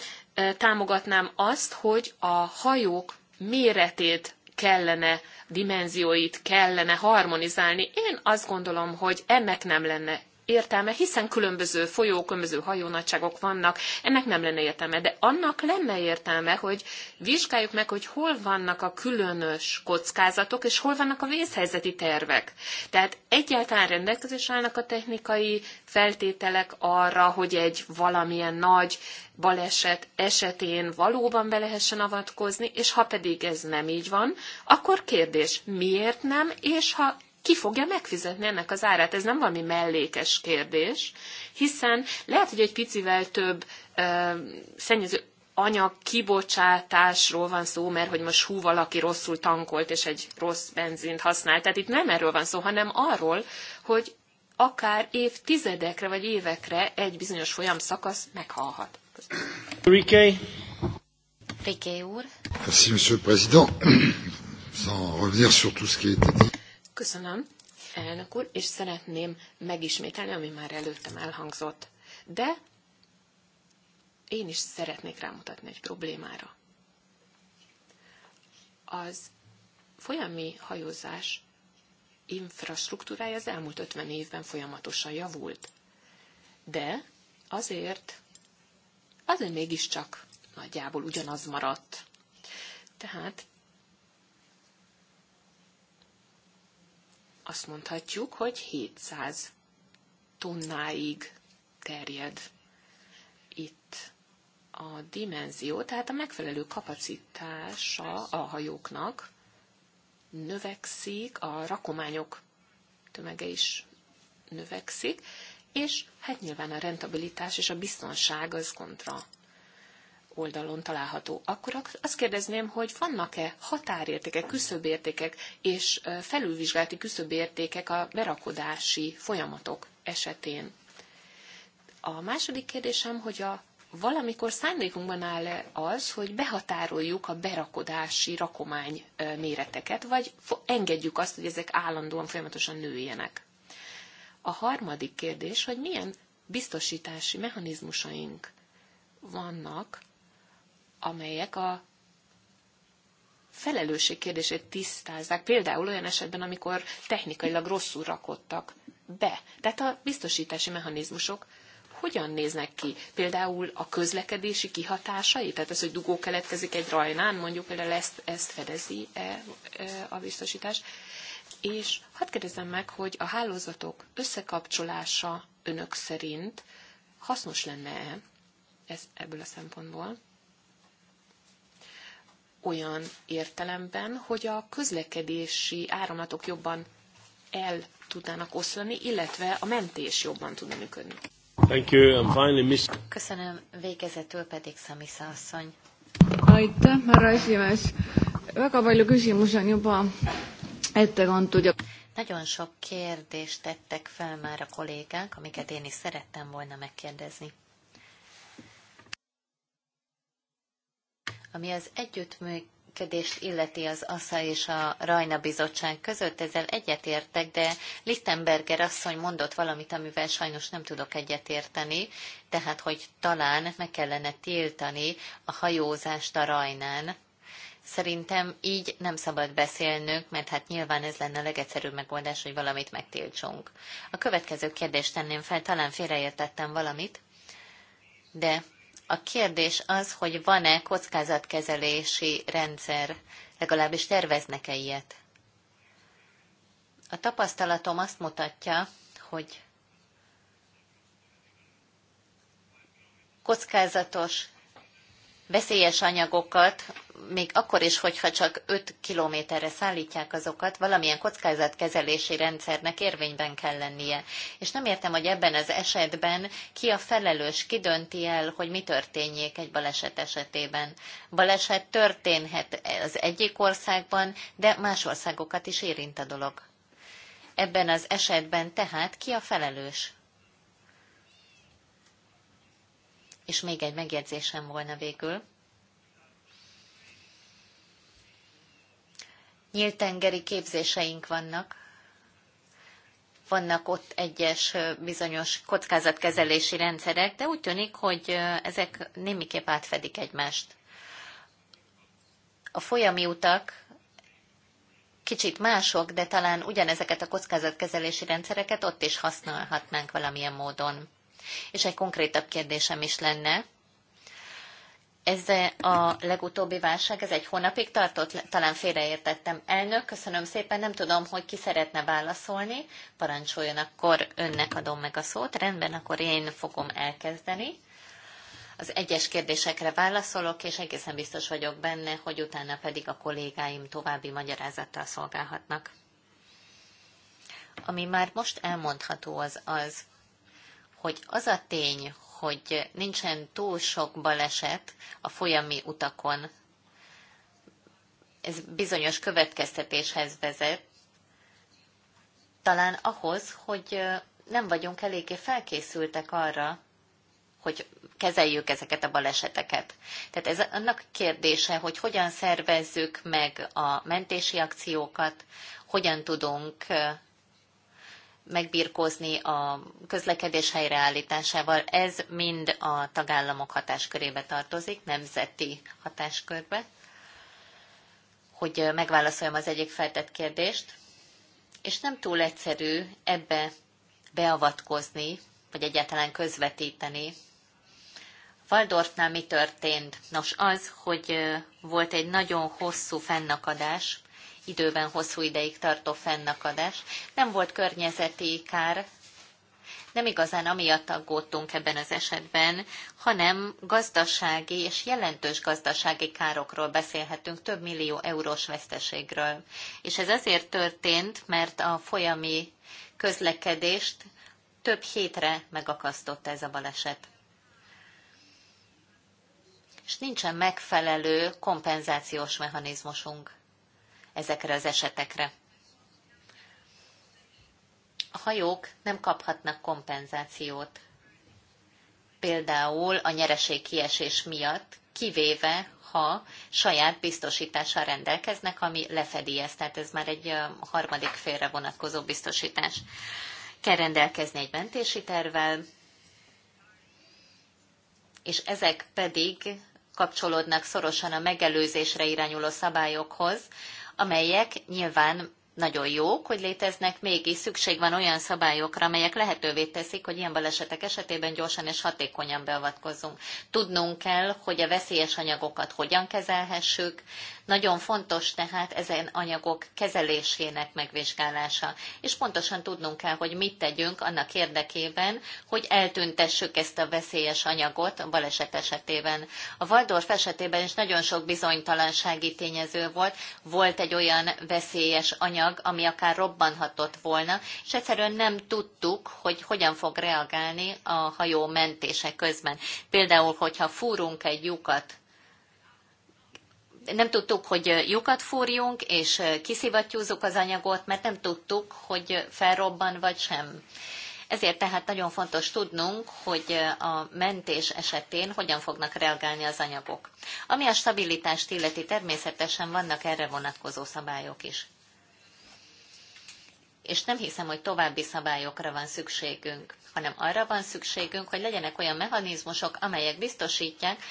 támogatnám azt, hogy a hajók méretét kellene, dimenzióit kellene harmonizálni. Én azt gondolom, hogy ennek nem lenne értelme, hiszen különböző folyók, különböző hajónagyságok vannak, ennek nem lenne értelme, de annak lenne értelme, hogy vizsgáljuk meg, hogy hol vannak a különös kockázatok, és hol vannak a vészhelyzeti tervek. Tehát egyáltalán rendelkezés állnak a technikai feltételek arra, hogy egy valamilyen nagy baleset esetén valóban be lehessen avatkozni, és ha pedig ez nem így van, akkor kérdés, miért nem, és ha ki fogja megfizetni ennek az árát? Ez nem valami mellékes kérdés, hiszen lehet, hogy egy picivel több ö, szennyező anyag kibocsátásról van szó, mert hogy most hú valaki rosszul tankolt, és egy rossz benzint használ. Tehát itt nem erről van szó, hanem arról, hogy akár évtizedekre vagy évekre egy bizonyos folyam szakasz meghalhat. Riké. Riké úr. Merci, monsieur le président. Sans revenir sur tout ce qui a été dit. Köszönöm, elnök úr, és szeretném megismételni, ami már előttem elhangzott. De én is szeretnék rámutatni egy problémára. Az folyami hajózás infrastruktúrája az elmúlt 50 évben folyamatosan javult. De azért, azért mégiscsak nagyjából ugyanaz maradt. Tehát azt mondhatjuk, hogy 700 tonnáig terjed itt a dimenzió, tehát a megfelelő kapacitása a hajóknak növekszik, a rakományok tömege is növekszik, és hát nyilván a rentabilitás és a biztonság az kontra oldalon található. Akkor azt kérdezném, hogy vannak-e határértékek, küszöbértékek és felülvizsgálati küszöbértékek a berakodási folyamatok esetén? A második kérdésem, hogy a valamikor szándékunkban áll -e az, hogy behatároljuk a berakodási rakomány méreteket, vagy engedjük azt, hogy ezek állandóan folyamatosan nőjenek. A harmadik kérdés, hogy milyen biztosítási mechanizmusaink vannak amelyek a felelősség kérdését tisztázzák, például olyan esetben, amikor technikailag rosszul rakottak be. Tehát a biztosítási mechanizmusok hogyan néznek ki? Például a közlekedési kihatásai, tehát az, hogy dugó keletkezik egy rajnán, mondjuk például ezt, ezt fedezi -e a biztosítás. És hadd kérdezem meg, hogy a hálózatok összekapcsolása önök szerint hasznos lenne-e ebből a szempontból? olyan értelemben, hogy a közlekedési áramlatok jobban el tudnának oszlani, illetve a mentés jobban tudna működni. Thank you, and finally, Miss... Köszönöm, végezetül pedig Szamisza asszony. Aitäh, härra esimees. Väga palju küsimus on juba ette kantud. Nagyon sok kérdést tettek fel már a kollégák, amiket én is szerettem volna megkérdezni. Ami az együttműködést illeti az ASZA és a Rajna Bizottság között, ezzel egyetértek, de Lichtenberger asszony mondott valamit, amivel sajnos nem tudok egyetérteni, tehát hogy talán meg kellene tiltani a hajózást a Rajnán. Szerintem így nem szabad beszélnünk, mert hát nyilván ez lenne a legegyszerűbb megoldás, hogy valamit megtiltsunk. A következő kérdést tenném fel, talán félreértettem valamit, de a kérdés az, hogy van-e kockázatkezelési rendszer, legalábbis terveznek-e ilyet. A tapasztalatom azt mutatja, hogy kockázatos veszélyes anyagokat, még akkor is, hogyha csak 5 kilométerre szállítják azokat, valamilyen kockázatkezelési rendszernek érvényben kell lennie. És nem értem, hogy ebben az esetben ki a felelős, ki dönti el, hogy mi történjék egy baleset esetében. Baleset történhet az egyik országban, de más országokat is érint a dolog. Ebben az esetben tehát ki a felelős? És még egy megjegyzésem volna végül. Nyíltengeri képzéseink vannak, vannak ott egyes bizonyos kockázatkezelési rendszerek, de úgy tűnik, hogy ezek némiképp átfedik egymást. A folyami utak kicsit mások, de talán ugyanezeket a kockázatkezelési rendszereket ott is használhatnánk valamilyen módon. És egy konkrétabb kérdésem is lenne. Ez a legutóbbi válság, ez egy hónapig tartott, talán félreértettem. Elnök, köszönöm szépen, nem tudom, hogy ki szeretne válaszolni. Parancsoljon, akkor önnek adom meg a szót. Rendben, akkor én fogom elkezdeni. Az egyes kérdésekre válaszolok, és egészen biztos vagyok benne, hogy utána pedig a kollégáim további magyarázattal szolgálhatnak. Ami már most elmondható az az, hogy az a tény, hogy nincsen túl sok baleset a folyami utakon, ez bizonyos következtetéshez vezet, talán ahhoz, hogy nem vagyunk eléggé felkészültek arra, hogy kezeljük ezeket a baleseteket. Tehát ez annak kérdése, hogy hogyan szervezzük meg a mentési akciókat, hogyan tudunk megbirkózni a közlekedés helyreállításával. Ez mind a tagállamok hatáskörébe tartozik, nemzeti hatáskörbe. Hogy megválaszoljam az egyik feltett kérdést. És nem túl egyszerű ebbe beavatkozni, vagy egyáltalán közvetíteni. Waldorfnál mi történt? Nos, az, hogy volt egy nagyon hosszú fennakadás időben hosszú ideig tartó fennakadás. Nem volt környezeti kár, nem igazán amiatt aggódtunk ebben az esetben, hanem gazdasági és jelentős gazdasági károkról beszélhetünk, több millió eurós veszteségről. És ez azért történt, mert a folyami közlekedést több hétre megakasztotta ez a baleset. És nincsen megfelelő kompenzációs mechanizmusunk ezekre az esetekre. A hajók nem kaphatnak kompenzációt, például a kiesés miatt, kivéve, ha saját biztosítással rendelkeznek, ami lefedi ezt, tehát ez már egy harmadik félre vonatkozó biztosítás. Kell rendelkezni egy mentési tervvel, és ezek pedig kapcsolódnak szorosan a megelőzésre irányuló szabályokhoz, amelyek nyilván nagyon jók, hogy léteznek, mégis szükség van olyan szabályokra, amelyek lehetővé teszik, hogy ilyen balesetek esetében gyorsan és hatékonyan beavatkozzunk. Tudnunk kell, hogy a veszélyes anyagokat hogyan kezelhessük, nagyon fontos tehát ezen anyagok kezelésének megvizsgálása, és pontosan tudnunk kell, hogy mit tegyünk annak érdekében, hogy eltüntessük ezt a veszélyes anyagot a baleset esetében. A Waldorf esetében is nagyon sok bizonytalansági tényező volt, volt egy olyan veszélyes anyag, ami akár robbanhatott volna, és egyszerűen nem tudtuk, hogy hogyan fog reagálni a hajó mentése közben. Például, hogyha fúrunk egy lyukat nem tudtuk, hogy lyukat fúrjunk, és kiszivattyúzzuk az anyagot, mert nem tudtuk, hogy felrobban vagy sem. Ezért tehát nagyon fontos tudnunk, hogy a mentés esetén hogyan fognak reagálni az anyagok. Ami a stabilitást illeti, természetesen vannak erre vonatkozó szabályok is. És nem hiszem, hogy további szabályokra van szükségünk, hanem arra van szükségünk, hogy legyenek olyan mechanizmusok, amelyek biztosítják,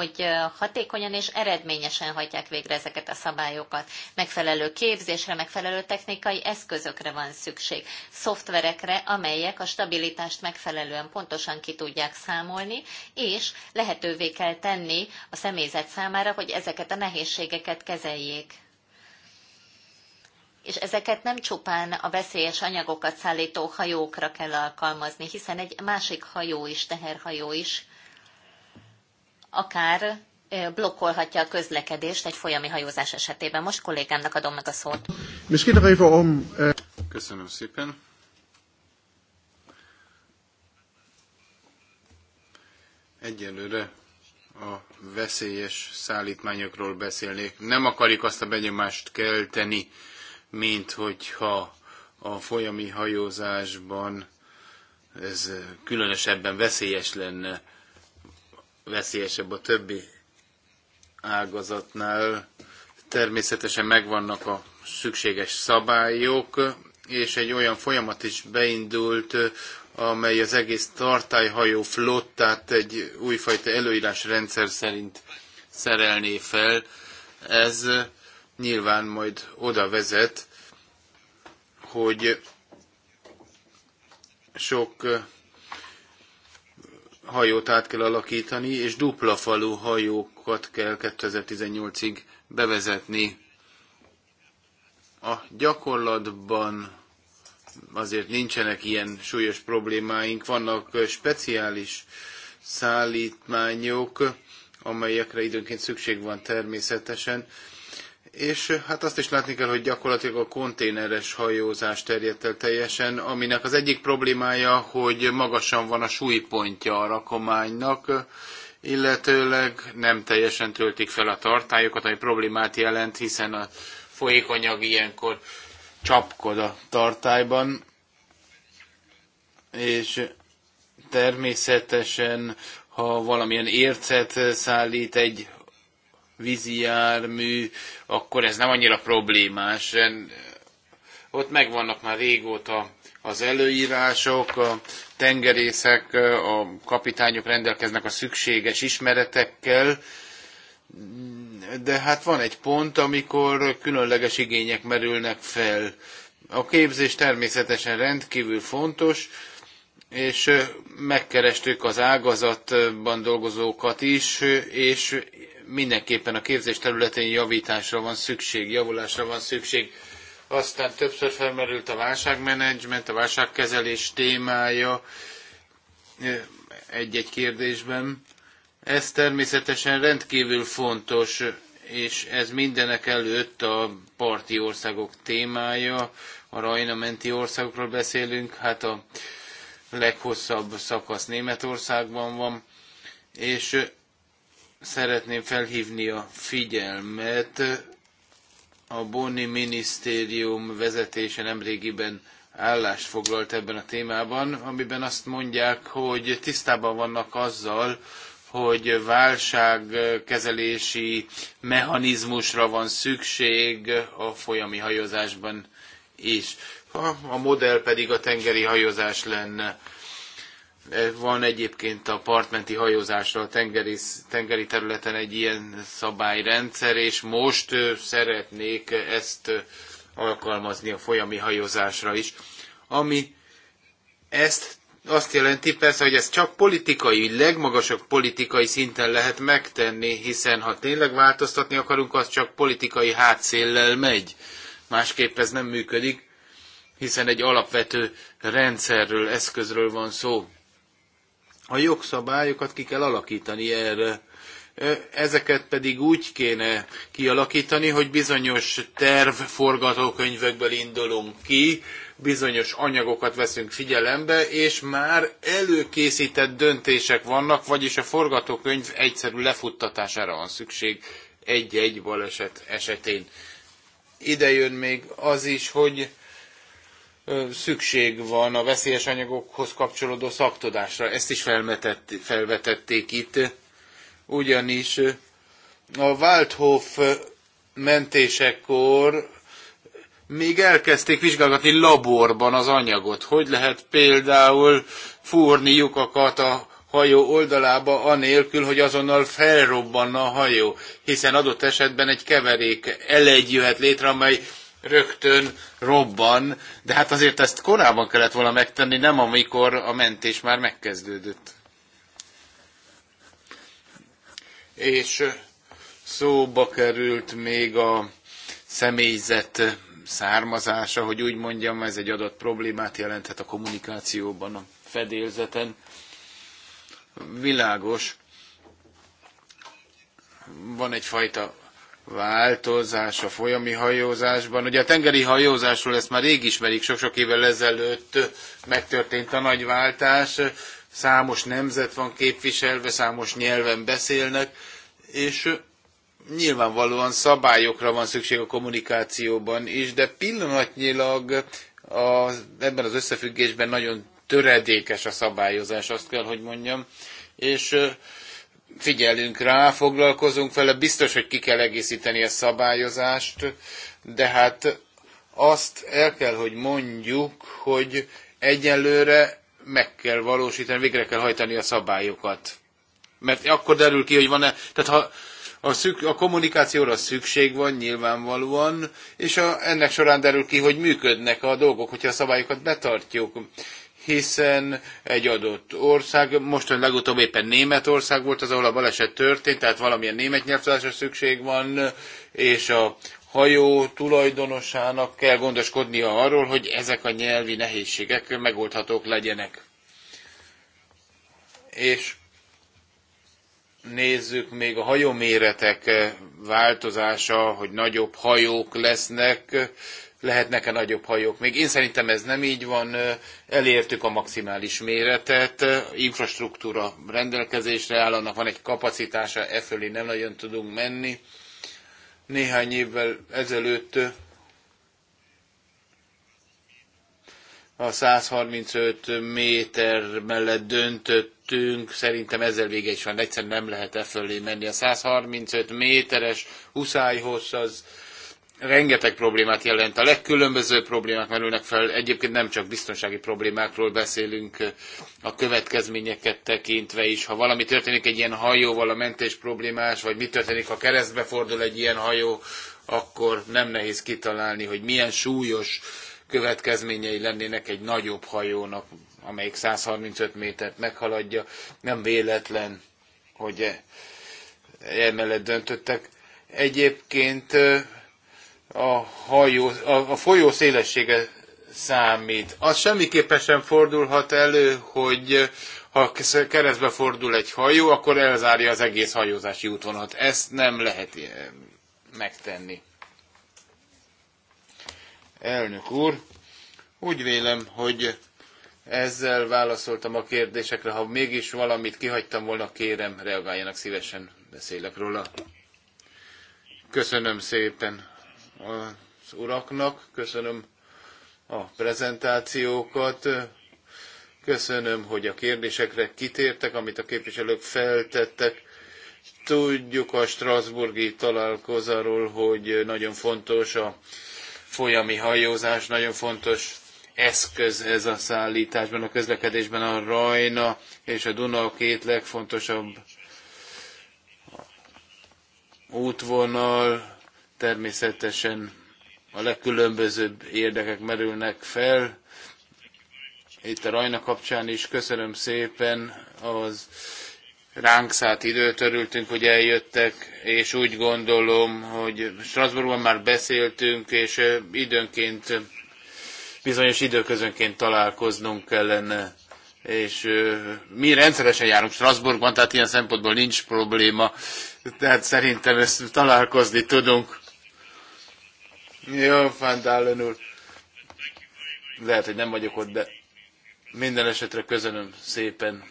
hogy hatékonyan és eredményesen hagyják végre ezeket a szabályokat. Megfelelő képzésre, megfelelő technikai eszközökre van szükség, szoftverekre, amelyek a stabilitást megfelelően pontosan ki tudják számolni, és lehetővé kell tenni a személyzet számára, hogy ezeket a nehézségeket kezeljék és ezeket nem csupán a veszélyes anyagokat szállító hajókra kell alkalmazni, hiszen egy másik hajó is, teherhajó is akár blokkolhatja a közlekedést egy folyami hajózás esetében. Most kollégámnak adom meg a szót. Eh, Köszönöm szépen. Egyelőre a veszélyes szállítmányokról beszélnék. Nem akarik azt a benyomást kelteni, mint hogyha a folyami hajózásban ez eh, különösebben veszélyes lenne veszélyesebb a többi ágazatnál. Természetesen megvannak a szükséges szabályok, és egy olyan folyamat is beindult, amely az egész tartályhajó flottát egy újfajta előírásrendszer szerint szerelné fel. Ez nyilván majd oda vezet, hogy sok hajót át kell alakítani, és dupla falu hajókat kell 2018-ig bevezetni. A gyakorlatban azért nincsenek ilyen súlyos problémáink, vannak speciális szállítmányok, amelyekre időnként szükség van természetesen, és hát azt is látni kell, hogy gyakorlatilag a konténeres hajózás terjedt el teljesen, aminek az egyik problémája, hogy magasan van a súlypontja a rakománynak, illetőleg nem teljesen töltik fel a tartályokat, ami problémát jelent, hiszen a folyékonyag ilyenkor csapkod a tartályban, és természetesen, ha valamilyen ércet szállít egy vízi jármű, akkor ez nem annyira problémás. Ott megvannak már régóta az előírások, a tengerészek, a kapitányok rendelkeznek a szükséges ismeretekkel, de hát van egy pont, amikor különleges igények merülnek fel. A képzés természetesen rendkívül fontos, és megkerestük az ágazatban dolgozókat is, és mindenképpen a képzés területén javításra van szükség, javulásra van szükség. Aztán többször felmerült a válságmenedzsment, a válságkezelés témája egy-egy kérdésben. Ez természetesen rendkívül fontos, és ez mindenek előtt a parti országok témája. A Rajna menti országokról beszélünk, hát a leghosszabb szakasz Németországban van, és szeretném felhívni a figyelmet. A Boni Minisztérium vezetése nemrégiben állást foglalt ebben a témában, amiben azt mondják, hogy tisztában vannak azzal, hogy válságkezelési mechanizmusra van szükség a folyami hajózásban is. A modell pedig a tengeri hajózás lenne van egyébként a partmenti hajózásra a tengeri, tengeri területen egy ilyen szabályrendszer, és most szeretnék ezt alkalmazni a folyami hajózásra is, ami ezt azt jelenti persze, hogy ez csak politikai, legmagasabb politikai szinten lehet megtenni, hiszen ha tényleg változtatni akarunk, az csak politikai hátszéllel megy. Másképp ez nem működik, hiszen egy alapvető rendszerről, eszközről van szó a jogszabályokat ki kell alakítani erre. Ezeket pedig úgy kéne kialakítani, hogy bizonyos terv forgatókönyvekből indulunk ki, bizonyos anyagokat veszünk figyelembe, és már előkészített döntések vannak, vagyis a forgatókönyv egyszerű lefuttatására van szükség egy-egy baleset esetén. Ide jön még az is, hogy szükség van a veszélyes anyagokhoz kapcsolódó szaktudásra. Ezt is felvetették itt, ugyanis a Waldhof mentésekor még elkezdték vizsgálgatni laborban az anyagot. Hogy lehet például fúrni lyukakat a hajó oldalába anélkül, hogy azonnal felrobbanna a hajó, hiszen adott esetben egy keverék elegy jöhet létre, amely rögtön robban, de hát azért ezt korábban kellett volna megtenni, nem amikor a mentés már megkezdődött. És szóba került még a személyzet származása, hogy úgy mondjam, ez egy adott problémát jelenthet a kommunikációban, a fedélzeten. Világos. Van egyfajta változás a folyami hajózásban. Ugye a tengeri hajózásról ezt már rég ismerik, sok-sok évvel ezelőtt megtörtént a nagy váltás, számos nemzet van képviselve, számos nyelven beszélnek, és nyilvánvalóan szabályokra van szükség a kommunikációban is, de pillanatnyilag a, ebben az összefüggésben nagyon töredékes a szabályozás, azt kell, hogy mondjam, és figyelünk rá, foglalkozunk vele, biztos, hogy ki kell egészíteni a szabályozást, de hát azt el kell, hogy mondjuk, hogy egyelőre meg kell valósítani, végre kell hajtani a szabályokat. Mert akkor derül ki, hogy van-e, tehát ha a, szük, a kommunikációra szükség van nyilvánvalóan, és a, ennek során derül ki, hogy működnek a dolgok, hogyha a szabályokat betartjuk hiszen egy adott ország, most legutóbb éppen Németország volt az, ahol a baleset történt, tehát valamilyen német nyelvtudásra szükség van, és a hajó tulajdonosának kell gondoskodnia arról, hogy ezek a nyelvi nehézségek megoldhatók legyenek. És nézzük még a hajóméretek változása, hogy nagyobb hajók lesznek, lehetnek-e nagyobb hajók. Még én szerintem ez nem így van, elértük a maximális méretet, infrastruktúra rendelkezésre áll, annak van egy kapacitása, e fölé nem nagyon tudunk menni. Néhány évvel ezelőtt a 135 méter mellett döntöttünk, szerintem ezzel vége is van, egyszerűen nem lehet e fölé menni. A 135 méteres huszályhossz az rengeteg problémát jelent. A legkülönbözőbb problémák merülnek fel. Egyébként nem csak biztonsági problémákról beszélünk, a következményeket tekintve is. Ha valami történik egy ilyen hajóval, a mentés problémás, vagy mi történik, ha keresztbe fordul egy ilyen hajó, akkor nem nehéz kitalálni, hogy milyen súlyos következményei lennének egy nagyobb hajónak, amelyik 135 métert meghaladja. Nem véletlen, hogy e- emellett döntöttek. Egyébként a, hajó, a, a folyó szélessége számít. Az semmiképpen sem fordulhat elő, hogy ha keresztbe fordul egy hajó, akkor elzárja az egész hajózási útvonalat. Ezt nem lehet eh, megtenni. Elnök úr, úgy vélem, hogy ezzel válaszoltam a kérdésekre. Ha mégis valamit kihagytam volna, kérem, reagáljanak szívesen, beszélek róla. Köszönöm szépen az uraknak, köszönöm a prezentációkat, köszönöm, hogy a kérdésekre kitértek, amit a képviselők feltettek. Tudjuk a Strasburgi találkozáról, hogy nagyon fontos a folyami hajózás, nagyon fontos eszköz ez a szállításban, a közlekedésben a Rajna és a Duna a két legfontosabb útvonal, természetesen a legkülönbözőbb érdekek merülnek fel. Itt a Rajna kapcsán is köszönöm szépen az ránk szállt időt, örültünk, hogy eljöttek, és úgy gondolom, hogy Strasbourgban már beszéltünk, és időnként, bizonyos időközönként találkoznunk kellene és mi rendszeresen járunk Strasbourgban, tehát ilyen szempontból nincs probléma, tehát szerintem ezt találkozni tudunk. Jó, Fantálen úr. Lehet, hogy nem vagyok ott, de minden esetre köszönöm szépen.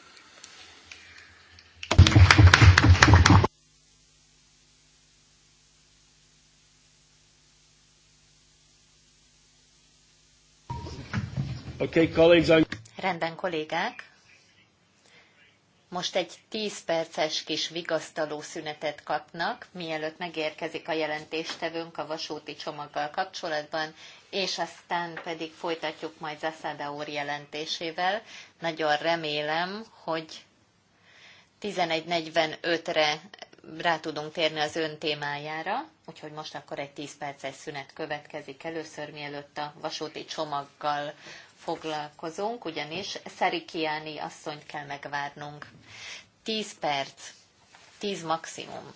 Okay, colleagues, I... Rendben, kollégák. Most egy 10 perces kis vigasztaló szünetet kapnak, mielőtt megérkezik a jelentéstevőnk a vasúti csomaggal kapcsolatban, és aztán pedig folytatjuk majd Zaszada úr jelentésével. Nagyon remélem, hogy 11.45-re rá tudunk térni az ön témájára, úgyhogy most akkor egy 10 perces szünet következik először, mielőtt a vasúti csomaggal foglalkozunk, ugyanis Szerikiáni asszonyt kell megvárnunk. 10 perc, 10 maximum.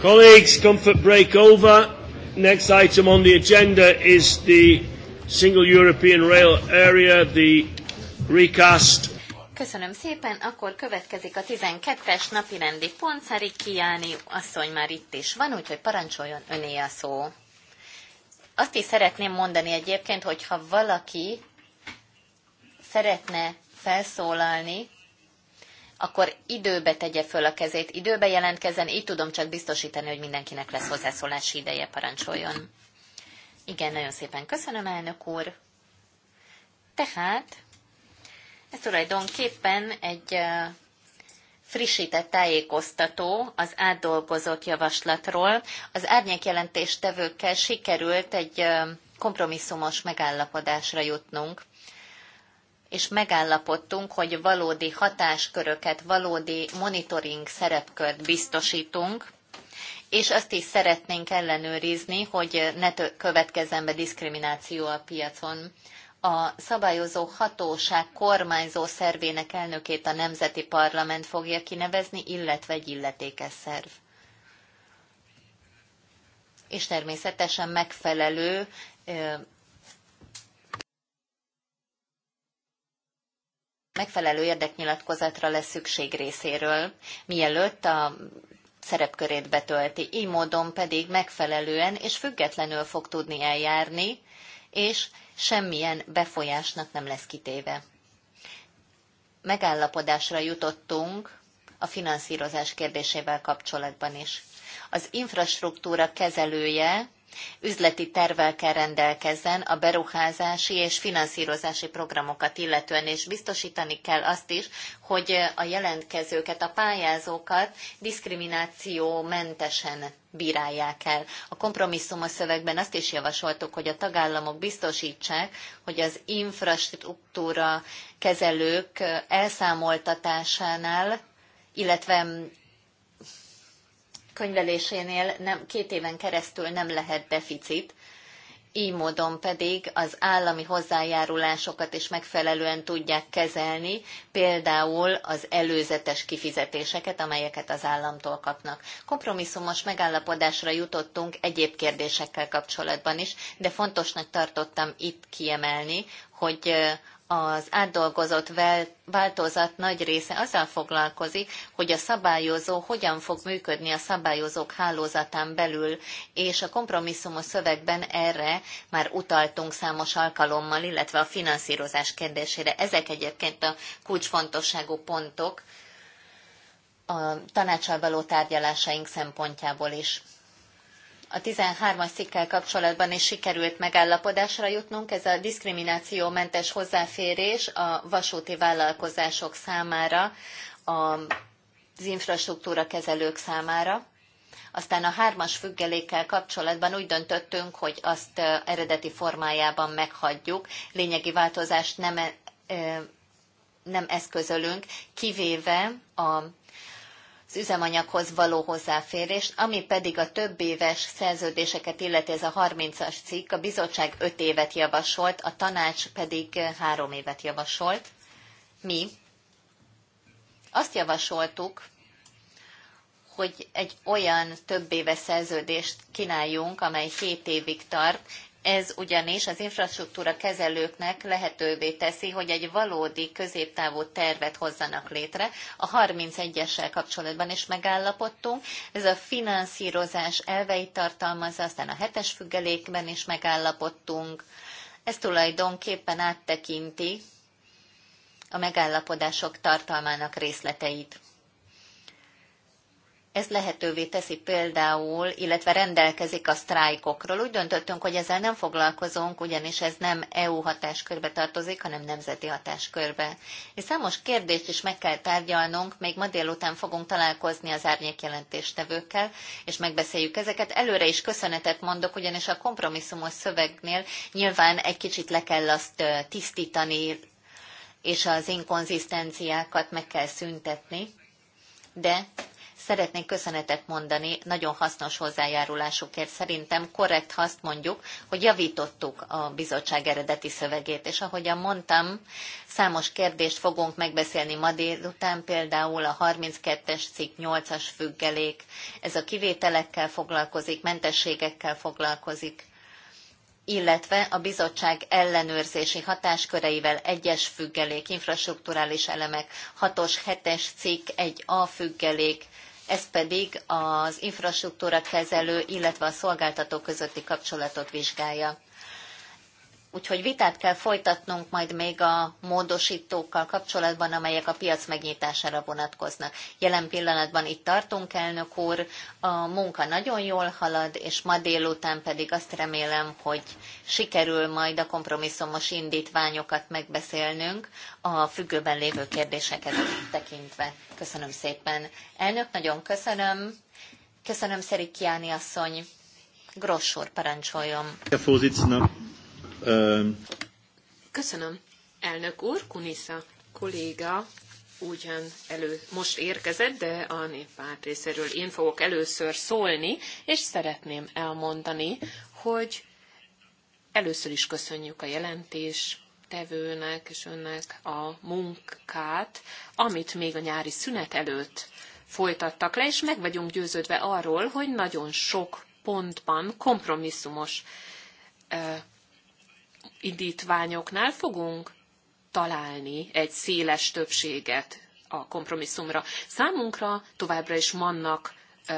Colleagues, comfort break over. Next item on the agenda is the Single European Rail Area, the recast. Köszönöm szépen, akkor következik a 12-es napi rendi pont, Szári Kiáni asszony már itt is van, úgyhogy parancsoljon öné a szó. Azt is szeretném mondani egyébként, hogyha valaki szeretne felszólalni, akkor időbe tegye föl a kezét, időbe jelentkezzen, így tudom csak biztosítani, hogy mindenkinek lesz hozzászólási ideje, parancsoljon. Igen, nagyon szépen köszönöm, elnök úr. Tehát, ez tulajdonképpen egy frissített tájékoztató az átdolgozott javaslatról. Az árnyékjelentéstevőkkel sikerült egy kompromisszumos megállapodásra jutnunk és megállapodtunk, hogy valódi hatásköröket, valódi monitoring szerepkört biztosítunk, és azt is szeretnénk ellenőrizni, hogy ne következzen be diszkrimináció a piacon. A szabályozó hatóság kormányzó szervének elnökét a Nemzeti Parlament fogja kinevezni, illetve egy illetékes szerv és természetesen megfelelő megfelelő érdeknyilatkozatra lesz szükség részéről, mielőtt a szerepkörét betölti. Így módon pedig megfelelően és függetlenül fog tudni eljárni, és semmilyen befolyásnak nem lesz kitéve. Megállapodásra jutottunk a finanszírozás kérdésével kapcsolatban is. Az infrastruktúra kezelője üzleti tervel kell rendelkezzen a beruházási és finanszírozási programokat illetően, és biztosítani kell azt is, hogy a jelentkezőket, a pályázókat diszkriminációmentesen bírálják el. A kompromisszumos szövegben azt is javasoltuk, hogy a tagállamok biztosítsák, hogy az infrastruktúra kezelők elszámoltatásánál illetve könyvelésénél nem, két éven keresztül nem lehet deficit, így módon pedig az állami hozzájárulásokat is megfelelően tudják kezelni, például az előzetes kifizetéseket, amelyeket az államtól kapnak. Kompromisszumos megállapodásra jutottunk egyéb kérdésekkel kapcsolatban is, de fontosnak tartottam itt kiemelni, hogy az átdolgozott változat nagy része azzal foglalkozik, hogy a szabályozó hogyan fog működni a szabályozók hálózatán belül, és a kompromisszumos szövegben erre már utaltunk számos alkalommal, illetve a finanszírozás kérdésére. Ezek egyébként a kulcsfontosságú pontok a tanácsal való tárgyalásaink szempontjából is a 13-as cikkel kapcsolatban is sikerült megállapodásra jutnunk. Ez a diszkriminációmentes hozzáférés a vasúti vállalkozások számára, az infrastruktúra kezelők számára. Aztán a hármas függelékkel kapcsolatban úgy döntöttünk, hogy azt eredeti formájában meghagyjuk. Lényegi változást nem, nem eszközölünk, kivéve a az üzemanyaghoz való hozzáférést, ami pedig a több éves szerződéseket illeti ez a 30-as cikk, a bizottság 5 évet javasolt, a tanács pedig 3 évet javasolt. Mi azt javasoltuk, hogy egy olyan több éves szerződést kínáljunk, amely 7 évig tart, ez ugyanis az infrastruktúra kezelőknek lehetővé teszi, hogy egy valódi középtávú tervet hozzanak létre. A 31-essel kapcsolatban is megállapodtunk. Ez a finanszírozás elveit tartalmazza, aztán a hetes függelékben is megállapodtunk. Ez tulajdonképpen áttekinti a megállapodások tartalmának részleteit. Ez lehetővé teszi például, illetve rendelkezik a sztrájkokról. Úgy döntöttünk, hogy ezzel nem foglalkozunk, ugyanis ez nem EU hatáskörbe tartozik, hanem nemzeti hatáskörbe. És számos kérdést is meg kell tárgyalnunk, még ma délután fogunk találkozni az árnyékjelentéstevőkkel, és megbeszéljük ezeket. Előre is köszönetet mondok, ugyanis a kompromisszumos szövegnél nyilván egy kicsit le kell azt tisztítani, és az inkonzisztenciákat meg kell szüntetni, de Szeretnék köszönetet mondani nagyon hasznos hozzájárulásukért. Szerintem korrekt, ha azt mondjuk, hogy javítottuk a bizottság eredeti szövegét, és ahogyan mondtam, számos kérdést fogunk megbeszélni ma délután, például a 32-es cikk 8-as függelék, ez a kivételekkel foglalkozik, mentességekkel foglalkozik, illetve a bizottság ellenőrzési hatásköreivel egyes függelék, infrastrukturális elemek, 6-os, 7-es cikk, 1A függelék, ez pedig az infrastruktúra kezelő, illetve a szolgáltató közötti kapcsolatot vizsgálja. Úgyhogy vitát kell folytatnunk majd még a módosítókkal kapcsolatban, amelyek a piac megnyitására vonatkoznak. Jelen pillanatban itt tartunk, elnök úr, a munka nagyon jól halad, és ma délután pedig azt remélem, hogy sikerül majd a kompromisszumos indítványokat megbeszélnünk a függőben lévő kérdéseket tekintve. Köszönöm szépen. Elnök, nagyon köszönöm. Köszönöm Szerik Kiáni asszony. Grossor parancsoljon. Herr Köszönöm, elnök úr, Kunisza kolléga ugyan elő, most érkezett, de a néppárt részéről én fogok először szólni, és szeretném elmondani, hogy először is köszönjük a jelentés tevőnek és önnek a munkát, amit még a nyári szünet előtt folytattak le, és meg vagyunk győződve arról, hogy nagyon sok pontban kompromisszumos indítványoknál fogunk találni egy széles többséget a kompromisszumra. Számunkra továbbra is vannak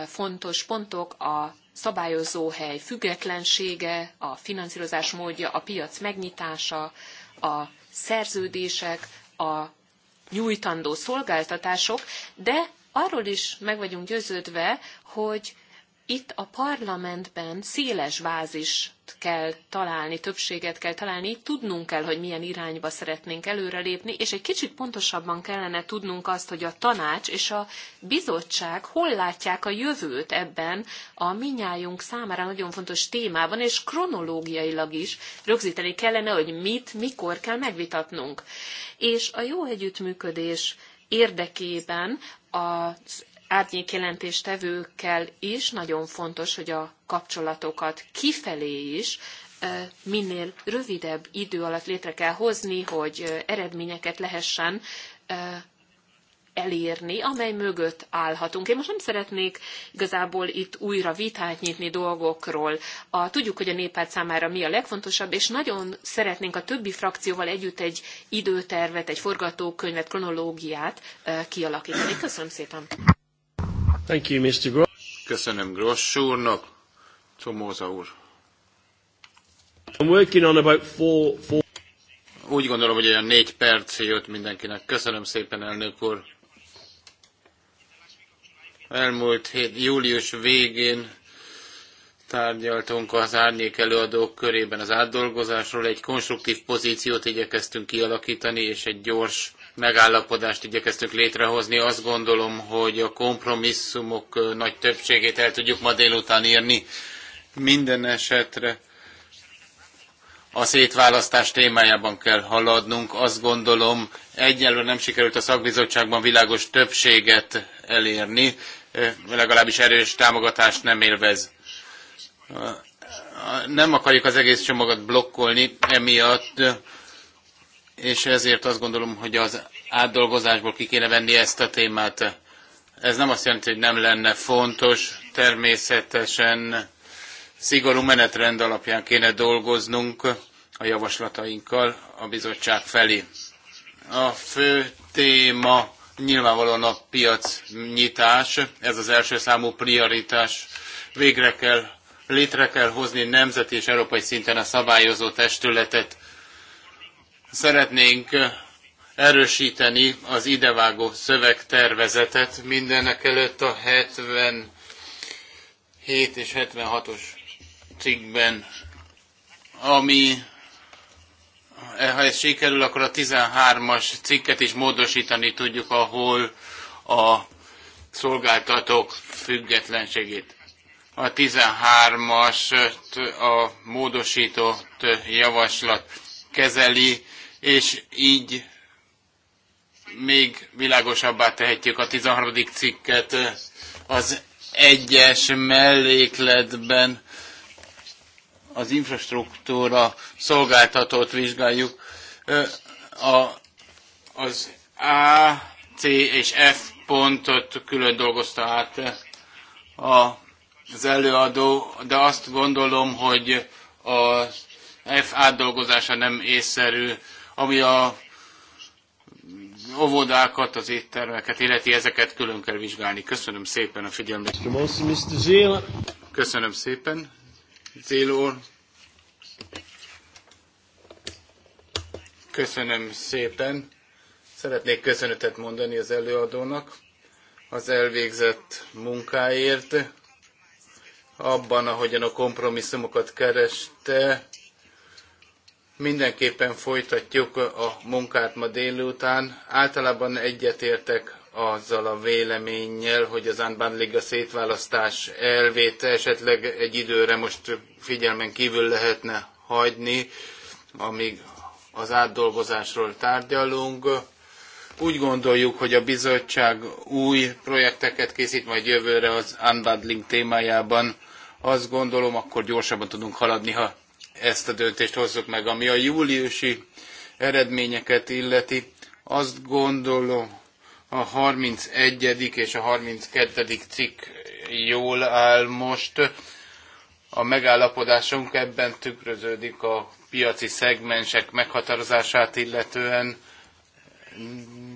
fontos pontok a szabályozóhely függetlensége, a finanszírozás módja, a piac megnyitása, a szerződések, a nyújtandó szolgáltatások, de arról is meg vagyunk győződve, hogy itt a parlamentben széles bázist kell találni, többséget kell találni, így tudnunk kell, hogy milyen irányba szeretnénk előrelépni, és egy kicsit pontosabban kellene tudnunk azt, hogy a tanács és a bizottság hol látják a jövőt ebben a minnyájunk számára nagyon fontos témában, és kronológiailag is rögzíteni kellene, hogy mit, mikor kell megvitatnunk. És a jó együttműködés érdekében az árnyékjelentéstevőkkel is nagyon fontos, hogy a kapcsolatokat kifelé is minél rövidebb idő alatt létre kell hozni, hogy eredményeket lehessen elérni, amely mögött állhatunk. Én most nem szeretnék igazából itt újra vitát nyitni dolgokról. A, tudjuk, hogy a néppárt számára mi a legfontosabb, és nagyon szeretnénk a többi frakcióval együtt egy időtervet, egy forgatókönyvet, kronológiát e, kialakítani. Köszönöm szépen! Thank you, Mr. Gross. Köszönöm Gross úrnak. Tomóza úr. I'm working on about four, four... Úgy gondolom, hogy olyan négy perc jött mindenkinek. Köszönöm szépen, elnök úr. Elmúlt hét, július végén tárgyaltunk az árnyék előadók körében az átdolgozásról, egy konstruktív pozíciót igyekeztünk kialakítani, és egy gyors megállapodást igyekeztünk létrehozni. Azt gondolom, hogy a kompromisszumok nagy többségét el tudjuk ma délután írni. Minden esetre a szétválasztás témájában kell haladnunk. Azt gondolom, egyelőre nem sikerült a szakbizottságban világos többséget elérni, legalábbis erős támogatást nem élvez. Nem akarjuk az egész csomagot blokkolni, emiatt és ezért azt gondolom, hogy az átdolgozásból ki kéne venni ezt a témát. Ez nem azt jelenti, hogy nem lenne fontos, természetesen szigorú menetrend alapján kéne dolgoznunk a javaslatainkkal a bizottság felé. A fő téma nyilvánvalóan a piac nyitás, ez az első számú prioritás. Végre kell, létre kell hozni nemzeti és európai szinten a szabályozó testületet, Szeretnénk erősíteni az idevágó szövegtervezetet mindenek előtt a 77 és 76-os cikkben, ami e, ha ez sikerül, akkor a 13-as cikket is módosítani tudjuk, ahol a szolgáltatók függetlenségét. A 13-as a módosított javaslat kezeli, és így még világosabbá tehetjük a 13. cikket az egyes mellékletben az infrastruktúra szolgáltatót vizsgáljuk. A, az A, C és F pontot külön dolgozta át a, az előadó, de azt gondolom, hogy a F átdolgozása nem észszerű ami a óvodákat, az éttermeket, illeti ezeket külön kell vizsgálni. Köszönöm szépen a figyelmet. Köszönöm szépen, Zélo. Köszönöm szépen. Szeretnék köszönetet mondani az előadónak az elvégzett munkáért, abban, ahogyan a kompromisszumokat kereste, Mindenképpen folytatjuk a munkát ma délután. Általában egyetértek azzal a véleménnyel, hogy az Unban Liga szétválasztás elvét esetleg egy időre most figyelmen kívül lehetne hagyni, amíg az átdolgozásról tárgyalunk. Úgy gondoljuk, hogy a bizottság új projekteket készít majd jövőre az unbundling témájában. Azt gondolom, akkor gyorsabban tudunk haladni, ha ezt a döntést hozzuk meg. Ami a júliusi eredményeket illeti, azt gondolom, a 31. és a 32. cikk jól áll most. A megállapodásunk ebben tükröződik a piaci szegmensek meghatározását illetően,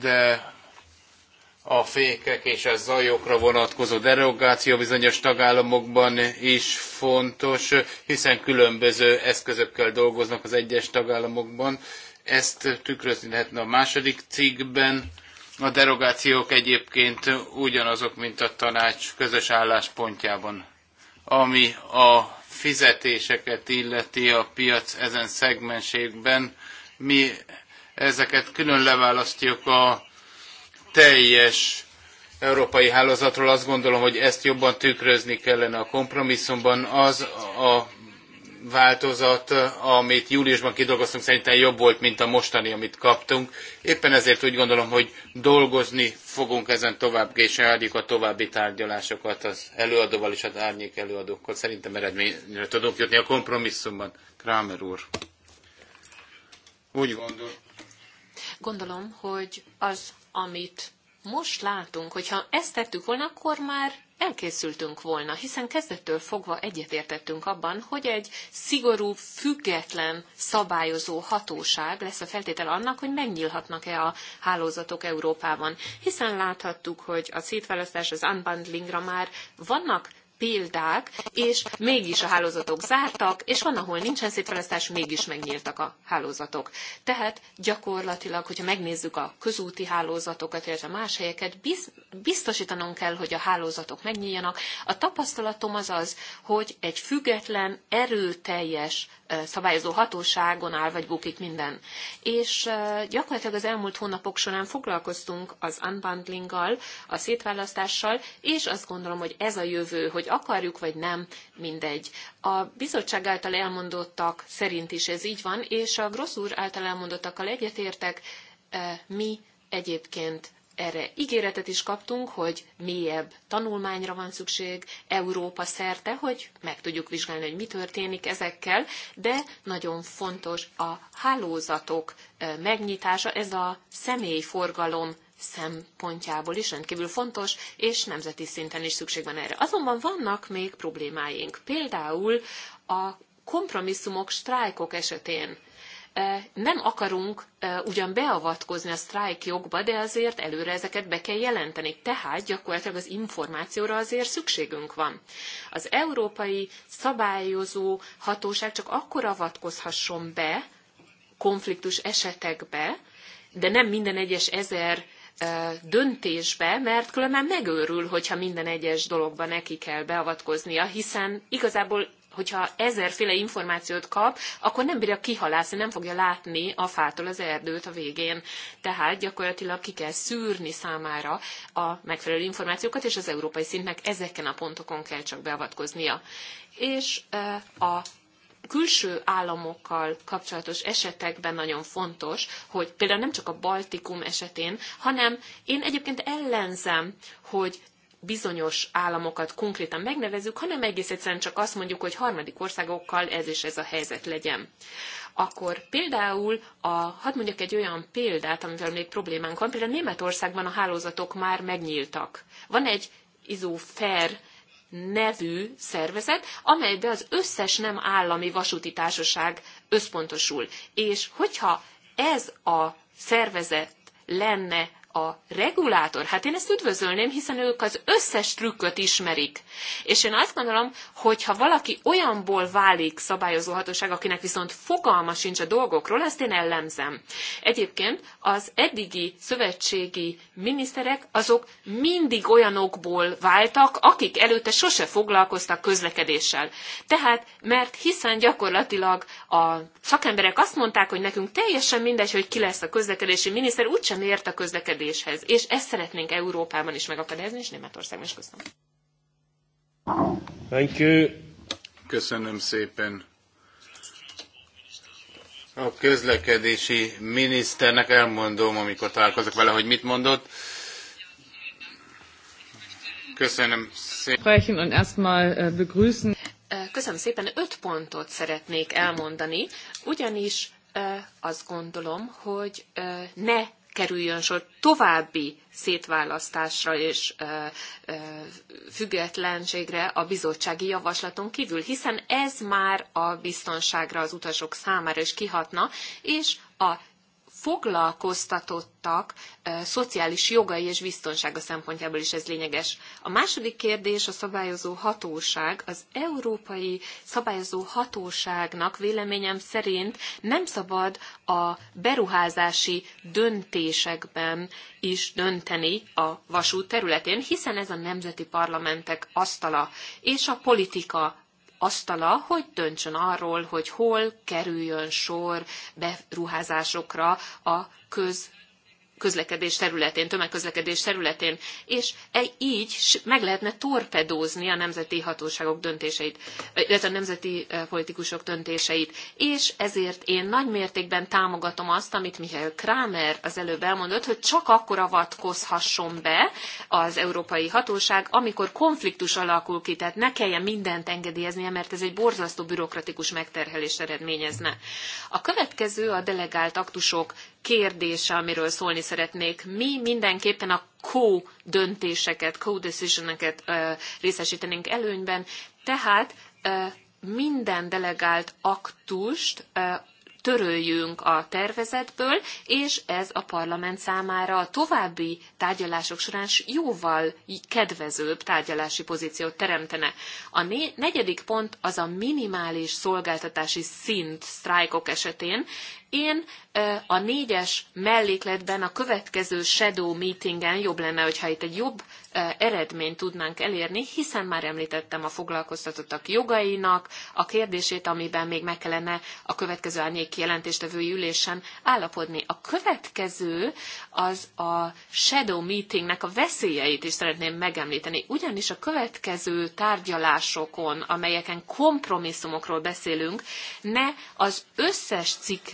de a fékek és a zajokra vonatkozó derogáció bizonyos tagállamokban is fontos, hiszen különböző eszközökkel dolgoznak az egyes tagállamokban. Ezt tükrözni lehetne a második cikkben. A derogációk egyébként ugyanazok, mint a tanács közös álláspontjában, ami a fizetéseket illeti a piac ezen szegmensében, Mi ezeket külön leválasztjuk a teljes európai hálózatról azt gondolom, hogy ezt jobban tükrözni kellene a kompromisszumban. Az a változat, amit júliusban kidolgoztunk, szerintem jobb volt, mint a mostani, amit kaptunk. Éppen ezért úgy gondolom, hogy dolgozni fogunk ezen tovább, és eladjuk a további tárgyalásokat az előadóval és az árnyék előadókkal. Szerintem eredményre tudunk jutni a kompromisszumban. Kramer úr. Úgy gondol. Gondolom, hogy az amit most látunk, hogyha ezt tettük volna, akkor már elkészültünk volna, hiszen kezdettől fogva egyetértettünk abban, hogy egy szigorú, független szabályozó hatóság lesz a feltétel annak, hogy megnyílhatnak-e a hálózatok Európában. Hiszen láthattuk, hogy a szétválasztás, az unbundlingra már vannak példák, és mégis a hálózatok zártak, és van, ahol nincsen szétválasztás, mégis megnyíltak a hálózatok. Tehát gyakorlatilag, hogyha megnézzük a közúti hálózatokat, illetve más helyeket, biztosítanunk kell, hogy a hálózatok megnyíljanak. A tapasztalatom az az, hogy egy független, erőteljes szabályozó hatóságon áll vagy bukik minden. És gyakorlatilag az elmúlt hónapok során foglalkoztunk az unbundlinggal, a szétválasztással, és azt gondolom, hogy ez a jövő, hogy hogy akarjuk vagy nem, mindegy. A bizottság által elmondottak szerint is ez így van, és a Grossz úr által elmondottakkal egyetértek, e, mi egyébként erre ígéretet is kaptunk, hogy mélyebb tanulmányra van szükség Európa szerte, hogy meg tudjuk vizsgálni, hogy mi történik ezekkel, de nagyon fontos a hálózatok e, megnyitása, ez a személyforgalom szempontjából is rendkívül fontos, és nemzeti szinten is szükség van erre. Azonban vannak még problémáink. Például a kompromisszumok, sztrájkok esetén nem akarunk ugyan beavatkozni a sztrájk jogba, de azért előre ezeket be kell jelenteni. Tehát gyakorlatilag az információra azért szükségünk van. Az európai szabályozó hatóság csak akkor avatkozhasson be konfliktus esetekbe, de nem minden egyes ezer döntésbe, mert különben megőrül, hogyha minden egyes dologba neki kell beavatkoznia, hiszen igazából hogyha ezerféle információt kap, akkor nem bírja kihalászni, nem fogja látni a fától az erdőt a végén. Tehát gyakorlatilag ki kell szűrni számára a megfelelő információkat, és az európai szintnek ezeken a pontokon kell csak beavatkoznia. És a külső államokkal kapcsolatos esetekben nagyon fontos, hogy például nem csak a Baltikum esetén, hanem én egyébként ellenzem, hogy bizonyos államokat konkrétan megnevezünk, hanem egész egyszerűen csak azt mondjuk, hogy harmadik országokkal ez és ez a helyzet legyen. Akkor például, a, hadd mondjak egy olyan példát, amivel még problémánk van, például Németországban a hálózatok már megnyíltak. Van egy izófer nevű szervezet, amelybe az összes nem állami vasúti társaság összpontosul. És hogyha ez a szervezet lenne a regulátor, hát én ezt üdvözölném, hiszen ők az összes trükköt ismerik. És én azt gondolom, hogy ha valaki olyanból válik szabályozó hatóság, akinek viszont fogalma sincs a dolgokról, ezt én ellenzem. Egyébként az eddigi szövetségi miniszterek azok mindig olyanokból váltak, akik előtte sose foglalkoztak közlekedéssel. Tehát, mert hiszen gyakorlatilag a szakemberek azt mondták, hogy nekünk teljesen mindegy, hogy ki lesz a közlekedési miniszter, úgysem ért a közlekedés hozzáféréshez. És ezt szeretnénk Európában is megakadályozni, és Németországban is köszönöm. Thank you. Köszönöm szépen. A közlekedési miniszternek elmondom, amikor találkozok vele, hogy mit mondott. Köszönöm szépen. Äh, köszönöm szépen. Öt pontot szeretnék elmondani, ugyanis azt gondolom, hogy ne kerüljön sor további szétválasztásra és függetlenségre a bizottsági javaslaton kívül, hiszen ez már a biztonságra az utasok számára is kihatna, és a foglalkoztatottak szociális jogai és biztonsága szempontjából is ez lényeges. A második kérdés a szabályozó hatóság. Az európai szabályozó hatóságnak véleményem szerint nem szabad a beruházási döntésekben is dönteni a vasút területén, hiszen ez a nemzeti parlamentek asztala és a politika asztala, hogy döntsön arról, hogy hol kerüljön sor beruházásokra a köz közlekedés területén, tömegközlekedés területén, és e így meg lehetne torpedózni a nemzeti hatóságok döntéseit, illetve a nemzeti e, politikusok döntéseit. És ezért én nagy mértékben támogatom azt, amit Mihály Kramer az előbb elmondott, hogy csak akkor avatkozhasson be az európai hatóság, amikor konfliktus alakul ki, tehát ne kelljen mindent engedélyeznie, mert ez egy borzasztó bürokratikus megterhelést eredményezne. A következő a delegált aktusok kérdése, amiről szólni szeretnék. Mi mindenképpen a co-döntéseket, co-decision-eket részesítenénk előnyben, tehát minden delegált aktust töröljünk a tervezetből, és ez a parlament számára a további tárgyalások során jóval kedvezőbb tárgyalási pozíciót teremtene. A negyedik pont az a minimális szolgáltatási szint sztrájkok esetén, én a négyes mellékletben a következő shadow meetingen jobb lenne, hogyha itt egy jobb eredményt tudnánk elérni, hiszen már említettem a foglalkoztatottak jogainak a kérdését, amiben még meg kellene a következő árnyék jelentéstevői ülésen állapodni. A következő az a shadow meetingnek a veszélyeit is szeretném megemlíteni, ugyanis a következő tárgyalásokon, amelyeken kompromisszumokról beszélünk, ne az összes cikk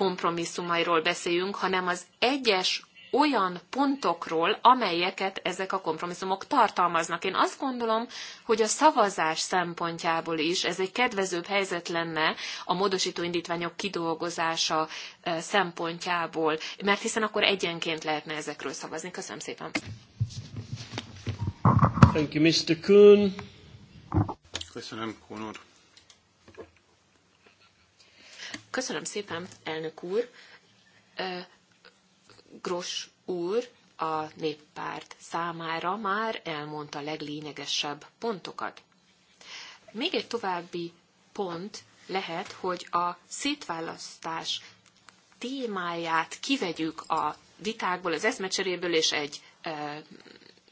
kompromisszumairól beszéljünk, hanem az egyes olyan pontokról, amelyeket ezek a kompromisszumok tartalmaznak. Én azt gondolom, hogy a szavazás szempontjából is ez egy kedvezőbb helyzet lenne a módosító indítványok kidolgozása szempontjából, mert hiszen akkor egyenként lehetne ezekről szavazni. Köszönöm szépen. Thank you, Mr. Kuhn. Köszönöm, Kuhn úr. Köszönöm szépen, elnök úr. Gros úr a néppárt számára már elmondta a leglényegesebb pontokat. Még egy további pont lehet, hogy a szétválasztás témáját kivegyük a vitákból, az eszmecseréből, és egy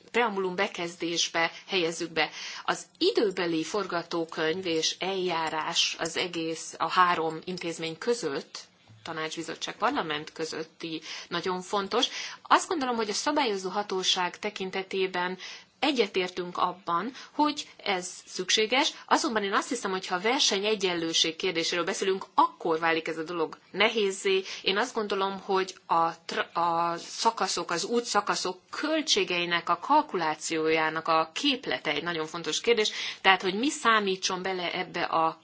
preambulum bekezdésbe helyezzük be. Az időbeli forgatókönyv és eljárás az egész a három intézmény között, tanácsbizottság parlament közötti nagyon fontos. Azt gondolom, hogy a szabályozó hatóság tekintetében egyetértünk abban, hogy ez szükséges, azonban én azt hiszem, hogy ha verseny egyenlőség kérdéséről beszélünk, akkor válik ez a dolog nehézé. Én azt gondolom, hogy a, a szakaszok, az útszakaszok költségeinek a kalkulációjának a képlete egy nagyon fontos kérdés, tehát hogy mi számítson bele ebbe a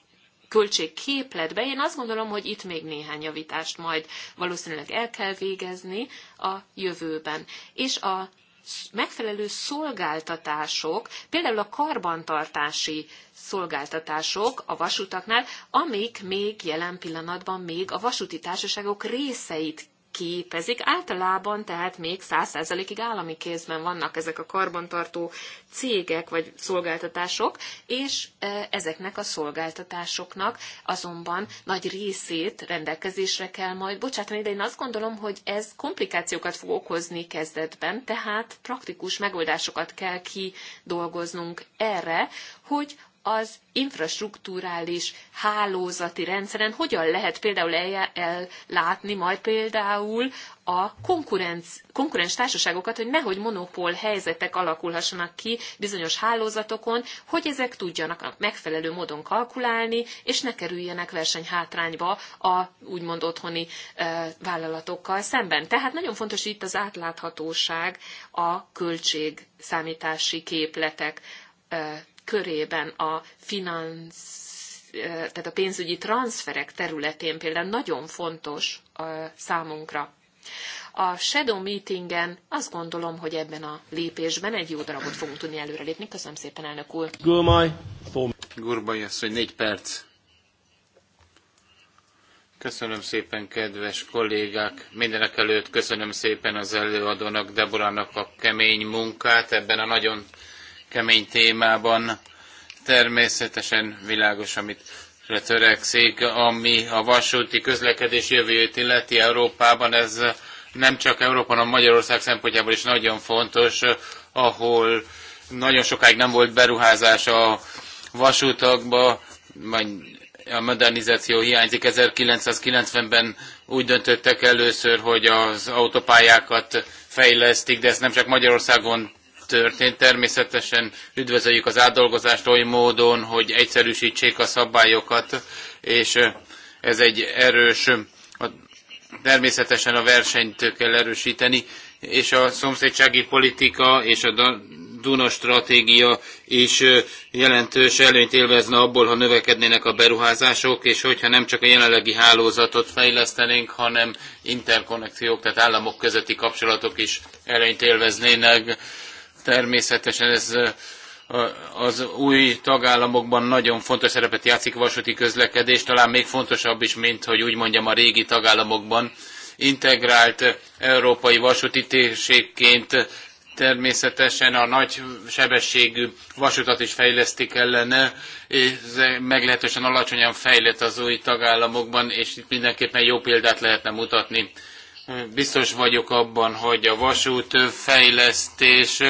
költségképletbe. Én azt gondolom, hogy itt még néhány javítást majd valószínűleg el kell végezni a jövőben. És a megfelelő szolgáltatások, például a karbantartási szolgáltatások a vasutaknál, amik még jelen pillanatban még a vasúti társaságok részeit képezik. Általában tehát még 100%-ig állami kézben vannak ezek a karbantartó cégek vagy szolgáltatások, és e, ezeknek a szolgáltatásoknak azonban nagy részét rendelkezésre kell majd bocsátani, de én azt gondolom, hogy ez komplikációkat fog okozni kezdetben, tehát praktikus megoldásokat kell kidolgoznunk erre, hogy az infrastruktúrális hálózati rendszeren hogyan lehet például ellátni majd például a konkurenc, konkurens társaságokat, hogy nehogy monopól helyzetek alakulhassanak ki bizonyos hálózatokon, hogy ezek tudjanak megfelelő módon kalkulálni, és ne kerüljenek versenyhátrányba a úgymond otthoni e, vállalatokkal szemben. Tehát nagyon fontos itt az átláthatóság, a költségszámítási képletek e, körében a finansz tehát a pénzügyi transferek területén például nagyon fontos számunkra. A shadow meetingen azt gondolom, hogy ebben a lépésben egy jó darabot fogunk tudni előrelépni. Köszönöm szépen, elnök úr. Gurmai. Gurmai azt, hogy négy perc. Köszönöm szépen, kedves kollégák! Mindenek előtt köszönöm szépen az előadónak, Deborának a kemény munkát ebben a nagyon kemény témában. Természetesen világos, amit törekszik, ami a vasúti közlekedés jövőjét illeti Európában. Ez nem csak Európa, hanem Magyarország szempontjából is nagyon fontos, ahol nagyon sokáig nem volt beruházás a vasútakba, majd a modernizáció hiányzik. 1990-ben úgy döntöttek először, hogy az autópályákat fejlesztik, de ez nem csak Magyarországon történt. Természetesen üdvözöljük az átdolgozást oly módon, hogy egyszerűsítsék a szabályokat, és ez egy erős, természetesen a versenyt kell erősíteni, és a szomszédsági politika és a Duna stratégia is jelentős előnyt élvezne abból, ha növekednének a beruházások, és hogyha nem csak a jelenlegi hálózatot fejlesztenénk, hanem interkonnekciók, tehát államok közötti kapcsolatok is előnyt élveznének. Természetesen ez az új tagállamokban nagyon fontos szerepet játszik a vasúti közlekedés, talán még fontosabb is, mint hogy úgy mondjam a régi tagállamokban integrált európai vasúti térségként természetesen a nagy sebességű vasutat is fejlesztik ellene, és meglehetősen alacsonyan fejlett az új tagállamokban, és itt mindenképpen jó példát lehetne mutatni Biztos vagyok abban, hogy a vasút fejlesztés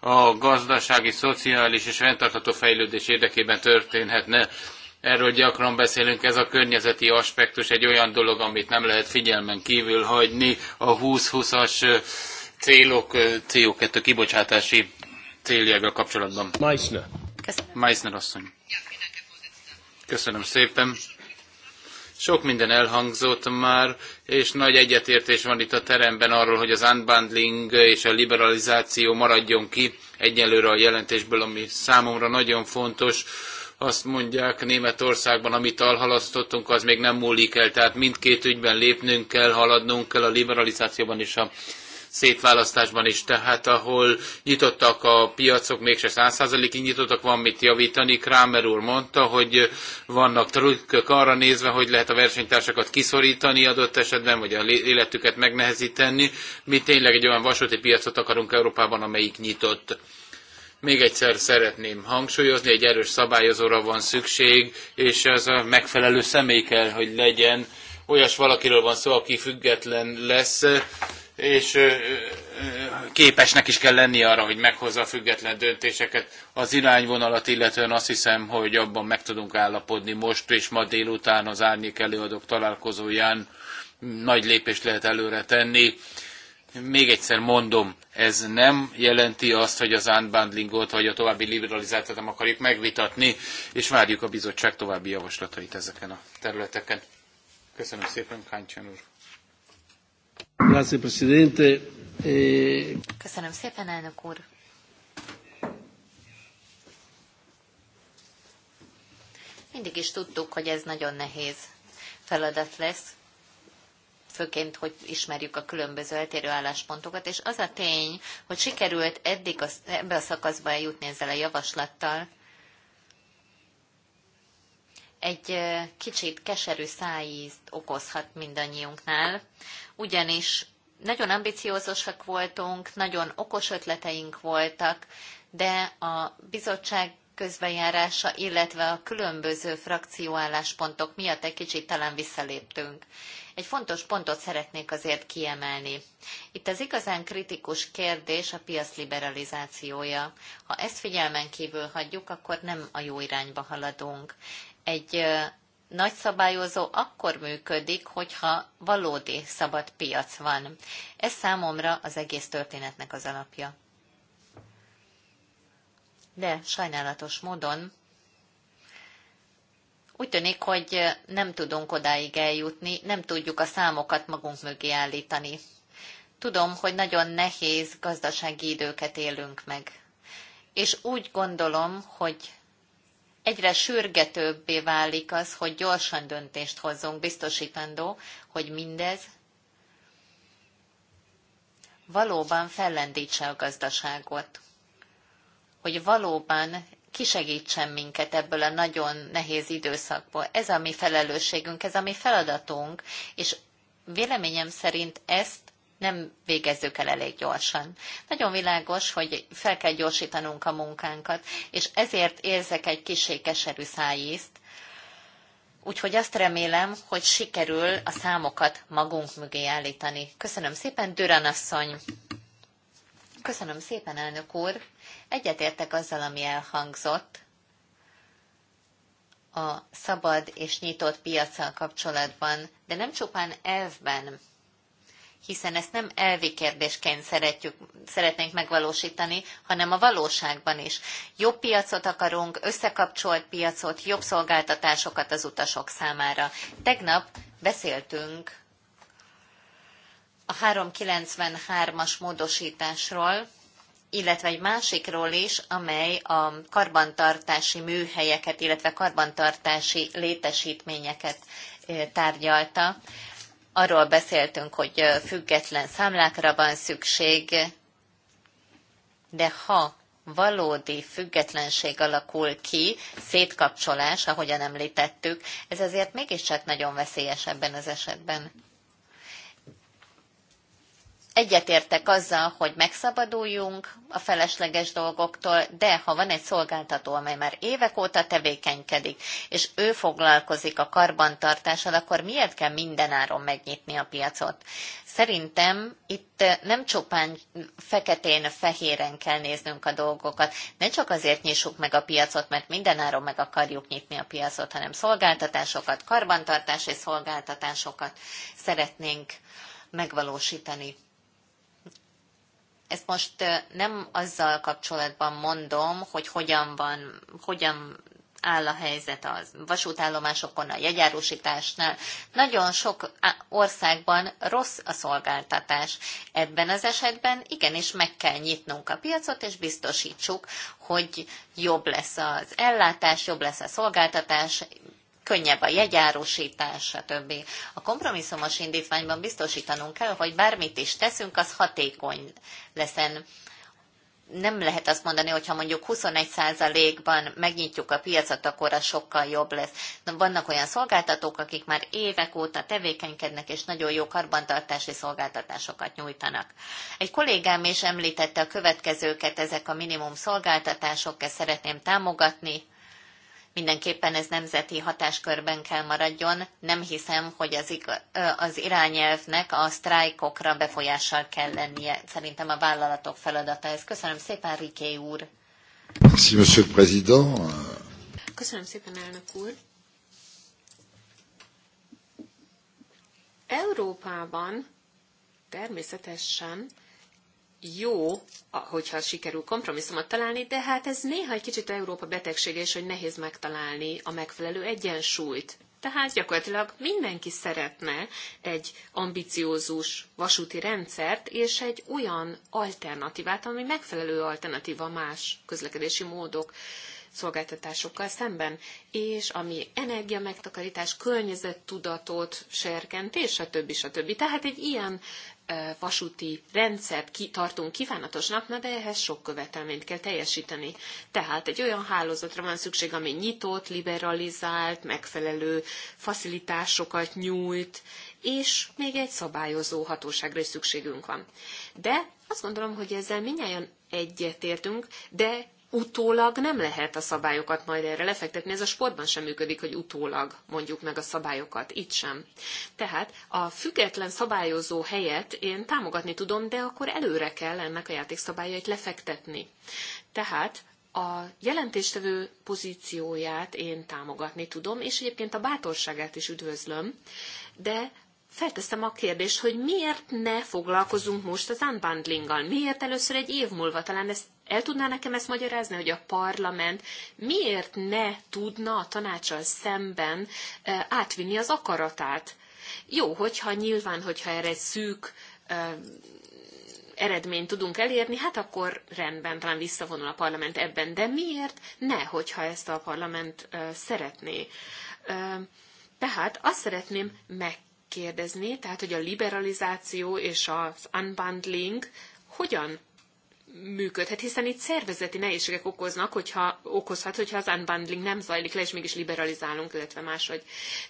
a gazdasági, szociális és fenntartható fejlődés érdekében történhetne. Erről gyakran beszélünk, ez a környezeti aspektus egy olyan dolog, amit nem lehet figyelmen kívül hagyni. A 2020-as célok, CO2 kibocsátási céljával kapcsolatban. Meissner. Köszönöm. Meissner asszony. Köszönöm szépen. Sok minden elhangzott már, és nagy egyetértés van itt a teremben arról, hogy az unbundling és a liberalizáció maradjon ki egyelőre a jelentésből, ami számomra nagyon fontos azt mondják Németországban, amit alhalasztottunk, az még nem múlik el. Tehát mindkét ügyben lépnünk kell, haladnunk kell a liberalizációban és a szétválasztásban is, tehát ahol nyitottak a piacok, mégse százszázalékig nyitottak, van mit javítani. Kramer úr mondta, hogy vannak trükkök arra nézve, hogy lehet a versenytársakat kiszorítani adott esetben, vagy a életüket megnehezíteni. Mi tényleg egy olyan vasúti piacot akarunk Európában, amelyik nyitott. Még egyszer szeretném hangsúlyozni, egy erős szabályozóra van szükség, és ez a megfelelő személy kell, hogy legyen. Olyas valakiről van szó, aki független lesz, és képesnek is kell lenni arra, hogy meghozza a független döntéseket. Az irányvonalat illetően azt hiszem, hogy abban meg tudunk állapodni most és ma délután az árnyék előadók találkozóján nagy lépést lehet előre tenni. Még egyszer mondom, ez nem jelenti azt, hogy az unbundlingot vagy a további liberalizációt nem akarjuk megvitatni, és várjuk a bizottság további javaslatait ezeken a területeken. Köszönöm szépen, Káncsán úr! E Köszönöm szépen, elnök úr. Mindig is tudtuk, hogy ez nagyon nehéz feladat lesz, főként, hogy ismerjük a különböző eltérő álláspontokat, és az a tény, hogy sikerült eddig az, ebbe a szakaszba eljutni ezzel a javaslattal, egy kicsit keserű szájízt okozhat mindannyiunknál, ugyanis nagyon ambiciózusak voltunk, nagyon okos ötleteink voltak, de a bizottság közbejárása, illetve a különböző frakcióálláspontok miatt egy kicsit talán visszaléptünk. Egy fontos pontot szeretnék azért kiemelni. Itt az igazán kritikus kérdés a piac liberalizációja. Ha ezt figyelmen kívül hagyjuk, akkor nem a jó irányba haladunk egy nagy szabályozó akkor működik, hogyha valódi szabad piac van. Ez számomra az egész történetnek az alapja. De sajnálatos módon úgy tűnik, hogy nem tudunk odáig eljutni, nem tudjuk a számokat magunk mögé állítani. Tudom, hogy nagyon nehéz gazdasági időket élünk meg. És úgy gondolom, hogy egyre sürgetőbbé válik az, hogy gyorsan döntést hozzunk, biztosítandó, hogy mindez valóban fellendítse a gazdaságot, hogy valóban kisegítsen minket ebből a nagyon nehéz időszakból. Ez a mi felelősségünk, ez a mi feladatunk, és véleményem szerint ezt nem végezzük el elég gyorsan. Nagyon világos, hogy fel kell gyorsítanunk a munkánkat, és ezért érzek egy kisé keserű szájízt, Úgyhogy azt remélem, hogy sikerül a számokat magunk mögé állítani. Köszönöm szépen, Dürán asszony! Köszönöm szépen, elnök úr! Egyetértek azzal, ami elhangzott a szabad és nyitott piacsal kapcsolatban, de nem csupán elvben hiszen ezt nem elvi kérdésként szeretjük, szeretnénk megvalósítani, hanem a valóságban is. Jobb piacot akarunk, összekapcsolt piacot, jobb szolgáltatásokat az utasok számára. Tegnap beszéltünk a 393-as módosításról, illetve egy másikról is, amely a karbantartási műhelyeket, illetve karbantartási létesítményeket eh, tárgyalta. Arról beszéltünk, hogy független számlákra van szükség, de ha valódi függetlenség alakul ki, szétkapcsolás, ahogyan említettük, ez azért mégiscsak nagyon veszélyes ebben az esetben. Egyetértek azzal, hogy megszabaduljunk a felesleges dolgoktól, de ha van egy szolgáltató, amely már évek óta tevékenykedik, és ő foglalkozik a karbantartással, akkor miért kell mindenáron megnyitni a piacot? Szerintem itt nem csupán feketén-fehéren kell néznünk a dolgokat. Ne csak azért nyissuk meg a piacot, mert mindenáron meg akarjuk nyitni a piacot, hanem szolgáltatásokat, karbantartási szolgáltatásokat szeretnénk megvalósítani ezt most nem azzal kapcsolatban mondom, hogy hogyan van, hogyan áll a helyzet az vasútállomásokon, a jegyárusításnál. Nagyon sok országban rossz a szolgáltatás. Ebben az esetben igenis meg kell nyitnunk a piacot, és biztosítsuk, hogy jobb lesz az ellátás, jobb lesz a szolgáltatás, könnyebb a jegyárusítás, stb. A kompromisszumos indítványban biztosítanunk kell, hogy bármit is teszünk, az hatékony leszen nem lehet azt mondani, hogy ha mondjuk 21%-ban megnyitjuk a piacot, akkor az sokkal jobb lesz. De vannak olyan szolgáltatók, akik már évek óta tevékenykednek, és nagyon jó karbantartási szolgáltatásokat nyújtanak. Egy kollégám is említette a következőket, ezek a minimum szolgáltatások, ezt szeretném támogatni. Mindenképpen ez nemzeti hatáskörben kell maradjon. Nem hiszem, hogy az, az irányelvnek a sztrájkokra befolyással kell lennie. Szerintem a vállalatok feladata ez. Köszönöm szépen, Riké úr. Köszönöm, monsieur président. Köszönöm szépen, elnök úr. Európában természetesen jó, hogyha sikerül kompromisszumot találni, de hát ez néha egy kicsit Európa betegsége is, hogy nehéz megtalálni a megfelelő egyensúlyt. Tehát gyakorlatilag mindenki szeretne egy ambiciózus vasúti rendszert és egy olyan alternatívát, ami megfelelő alternatíva más közlekedési módok szolgáltatásokkal szemben, és ami energia megtakarítás, környezettudatot serkent, és stb. stb. Tehát egy ilyen vasúti rendszert tartunk kívánatosnak, na de ehhez sok követelményt kell teljesíteni. Tehát egy olyan hálózatra van szükség, ami nyitott, liberalizált, megfelelő facilitásokat nyújt, és még egy szabályozó hatóságra is szükségünk van. De azt gondolom, hogy ezzel minnyáján egyetértünk, de utólag nem lehet a szabályokat majd erre lefektetni. Ez a sportban sem működik, hogy utólag mondjuk meg a szabályokat, itt sem. Tehát a független szabályozó helyet én támogatni tudom, de akkor előre kell ennek a játékszabályait lefektetni. Tehát a jelentéstevő pozícióját én támogatni tudom, és egyébként a bátorságát is üdvözlöm, de felteszem a kérdést, hogy miért ne foglalkozunk most az unbundlinggal? Miért először egy év múlva? Talán ez el tudná nekem ezt magyarázni, hogy a parlament miért ne tudna a tanácsal szemben e, átvinni az akaratát? Jó, hogyha nyilván, hogyha erre egy szűk e, eredményt tudunk elérni, hát akkor rendben, talán visszavonul a parlament ebben. De miért ne, hogyha ezt a parlament e, szeretné? Tehát azt szeretném megkérdezni, tehát hogy a liberalizáció és az unbundling hogyan működhet, hiszen itt szervezeti nehézségek okoznak, hogyha, okozhat, hogyha az unbundling nem zajlik le, és mégis liberalizálunk, illetve máshogy.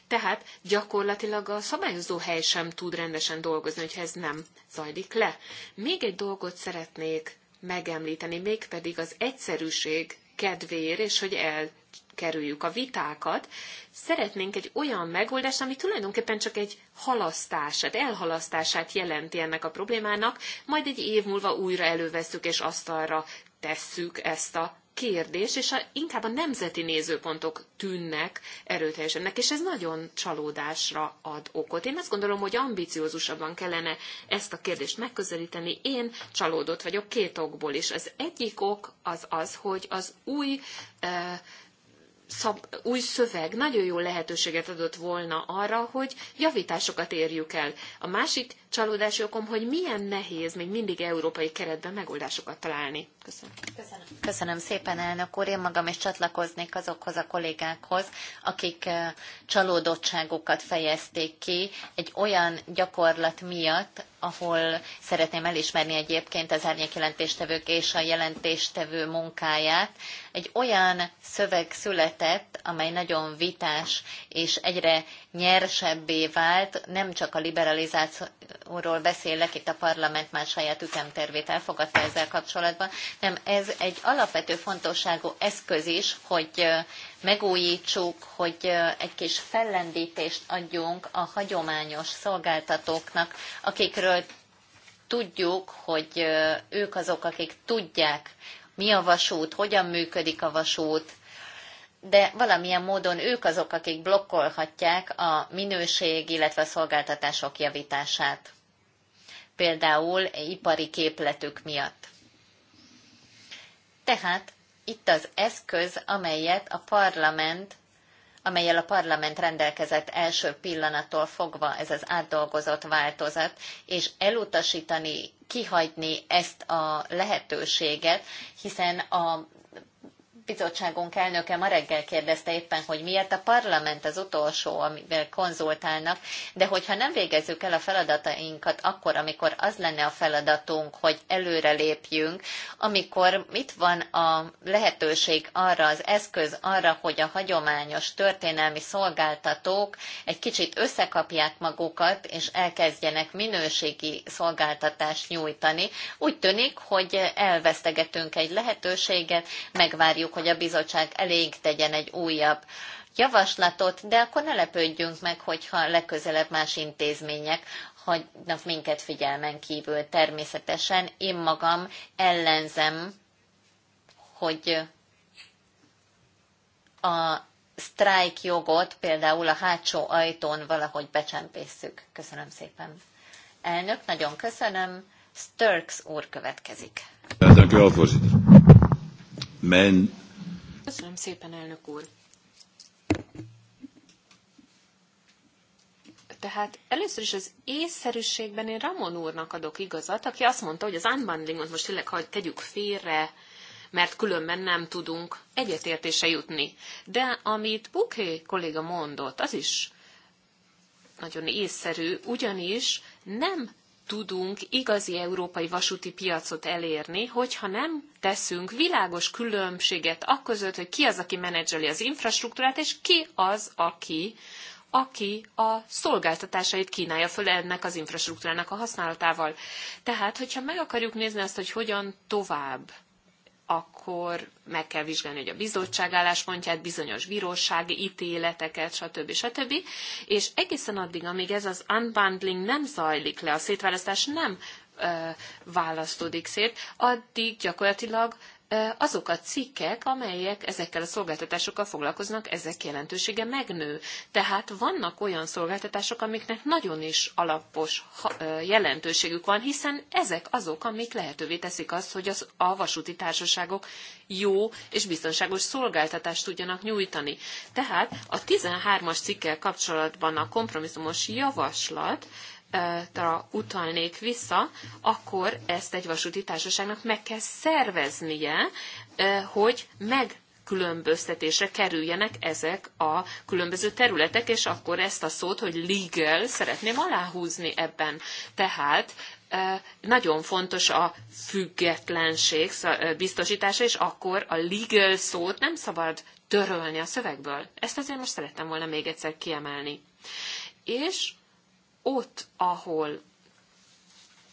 Tehát gyakorlatilag a szabályozó hely sem tud rendesen dolgozni, hogyha ez nem zajlik le. Még egy dolgot szeretnék megemlíteni, mégpedig az egyszerűség kedvéért, és hogy el kerüljük a vitákat, szeretnénk egy olyan megoldást, ami tulajdonképpen csak egy halasztását, elhalasztását jelenti ennek a problémának, majd egy év múlva újra előveszük és asztalra tesszük ezt a kérdést, és a, inkább a nemzeti nézőpontok tűnnek erőteljesennek, és ez nagyon csalódásra ad okot. Én azt gondolom, hogy ambiciózusabban kellene ezt a kérdést megközelíteni. Én csalódott vagyok két okból is. Az egyik ok az az, hogy az új uh, szab, új szöveg nagyon jó lehetőséget adott volna arra, hogy javításokat érjük el. A másik csalódási okom, hogy milyen nehéz még mindig európai keretben megoldásokat találni. Köszönöm. Köszönöm, Köszönöm szépen, elnök úr. Én magam is csatlakoznék azokhoz a kollégákhoz, akik eh, csalódottságukat fejezték ki egy olyan gyakorlat miatt, ahol szeretném elismerni egyébként az árnyékjelentéstevők és a jelentéstevő munkáját. Egy olyan szöveg született, amely nagyon vitás és egyre nyersebbé vált. Nem csak a liberalizációról beszélek, itt a parlament már saját ütemtervét elfogadta ezzel kapcsolatban, nem ez egy alapvető fontosságú eszköz is, hogy megújítsuk, hogy egy kis fellendítést adjunk a hagyományos szolgáltatóknak, akikről tudjuk, hogy ők azok, akik tudják, mi a vasút, hogyan működik a vasút, de valamilyen módon ők azok, akik blokkolhatják a minőség, illetve a szolgáltatások javítását. Például ipari képletük miatt. Tehát itt az eszköz, amelyet a parlament amelyel a parlament rendelkezett első pillanattól fogva ez az átdolgozott változat, és elutasítani, kihagyni ezt a lehetőséget, hiszen a bizottságunk elnöke ma reggel kérdezte éppen, hogy miért a parlament az utolsó, amivel konzultálnak, de hogyha nem végezzük el a feladatainkat akkor, amikor az lenne a feladatunk, hogy előrelépjünk, amikor itt van a lehetőség arra, az eszköz arra, hogy a hagyományos történelmi szolgáltatók egy kicsit összekapják magukat, és elkezdjenek minőségi szolgáltatást nyújtani. Úgy tűnik, hogy elvesztegetünk egy lehetőséget, megvárjuk várjuk, hogy a bizottság elég tegyen egy újabb javaslatot, de akkor ne lepődjünk meg, hogyha legközelebb más intézmények hagynak minket figyelmen kívül. Természetesen én magam ellenzem, hogy a sztrájk jogot például a hátsó ajtón valahogy becsempészük. Köszönöm szépen. Elnök, nagyon köszönöm. Sturks úr következik. Köszönöm. Men Köszönöm szépen, elnök úr. Tehát először is az észszerűségben én Ramon úrnak adok igazat, aki azt mondta, hogy az unbundlingot most tényleg hagy, tegyük félre, mert különben nem tudunk egyetértése jutni. De amit Buké kolléga mondott, az is nagyon észszerű, ugyanis nem tudunk igazi európai vasúti piacot elérni, hogyha nem teszünk világos különbséget akközött, hogy ki az, aki menedzseli az infrastruktúrát, és ki az, aki aki a szolgáltatásait kínálja föl ennek az infrastruktúrának a használatával. Tehát, hogyha meg akarjuk nézni azt, hogy hogyan tovább, akkor meg kell vizsgálni, hogy a bizottság álláspontját, bizonyos bírósági ítéleteket, stb. stb. És egészen addig, amíg ez az unbundling nem zajlik le, a szétválasztás nem választódik szét, addig gyakorlatilag azok a cikkek, amelyek ezekkel a szolgáltatásokkal foglalkoznak, ezek jelentősége megnő. Tehát vannak olyan szolgáltatások, amiknek nagyon is alapos jelentőségük van, hiszen ezek azok, amik lehetővé teszik azt, hogy az, a vasúti társaságok jó és biztonságos szolgáltatást tudjanak nyújtani. Tehát a 13-as cikkel kapcsolatban a kompromisszumos javaslat utalnék vissza, akkor ezt egy vasúti társaságnak meg kell szerveznie, hogy meg különböztetésre kerüljenek ezek a különböző területek, és akkor ezt a szót, hogy legal, szeretném aláhúzni ebben. Tehát nagyon fontos a függetlenség biztosítása, és akkor a legal szót nem szabad törölni a szövegből. Ezt azért most szerettem volna még egyszer kiemelni. És ott, ahol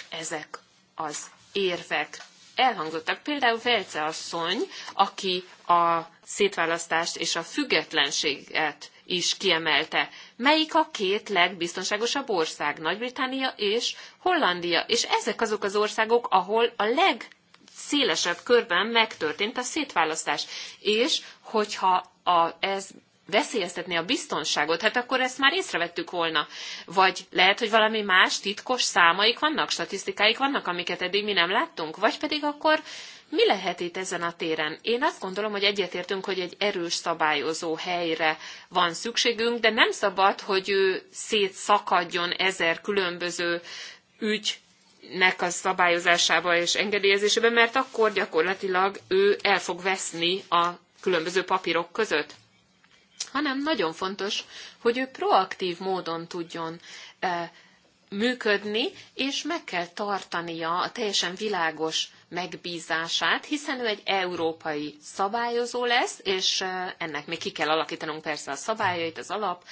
ezek az érvek elhangzottak. Például Velce asszony, aki a szétválasztást és a függetlenséget is kiemelte. Melyik a két legbiztonságosabb ország? Nagy-Britannia és Hollandia. És ezek azok az országok, ahol a leg szélesebb körben megtörtént a szétválasztás. És hogyha a, ez veszélyeztetni a biztonságot, hát akkor ezt már észrevettük volna. Vagy lehet, hogy valami más titkos számaik vannak, statisztikáik vannak, amiket eddig mi nem láttunk, vagy pedig akkor mi lehet itt ezen a téren? Én azt gondolom, hogy egyetértünk, hogy egy erős szabályozó helyre van szükségünk, de nem szabad, hogy ő szétszakadjon ezer különböző ügy nek a szabályozásába és engedélyezésébe, mert akkor gyakorlatilag ő el fog veszni a különböző papírok között hanem nagyon fontos, hogy ő proaktív módon tudjon e, működni, és meg kell tartania a teljesen világos megbízását, hiszen ő egy európai szabályozó lesz, és e, ennek még ki kell alakítanunk persze a szabályait, az alap,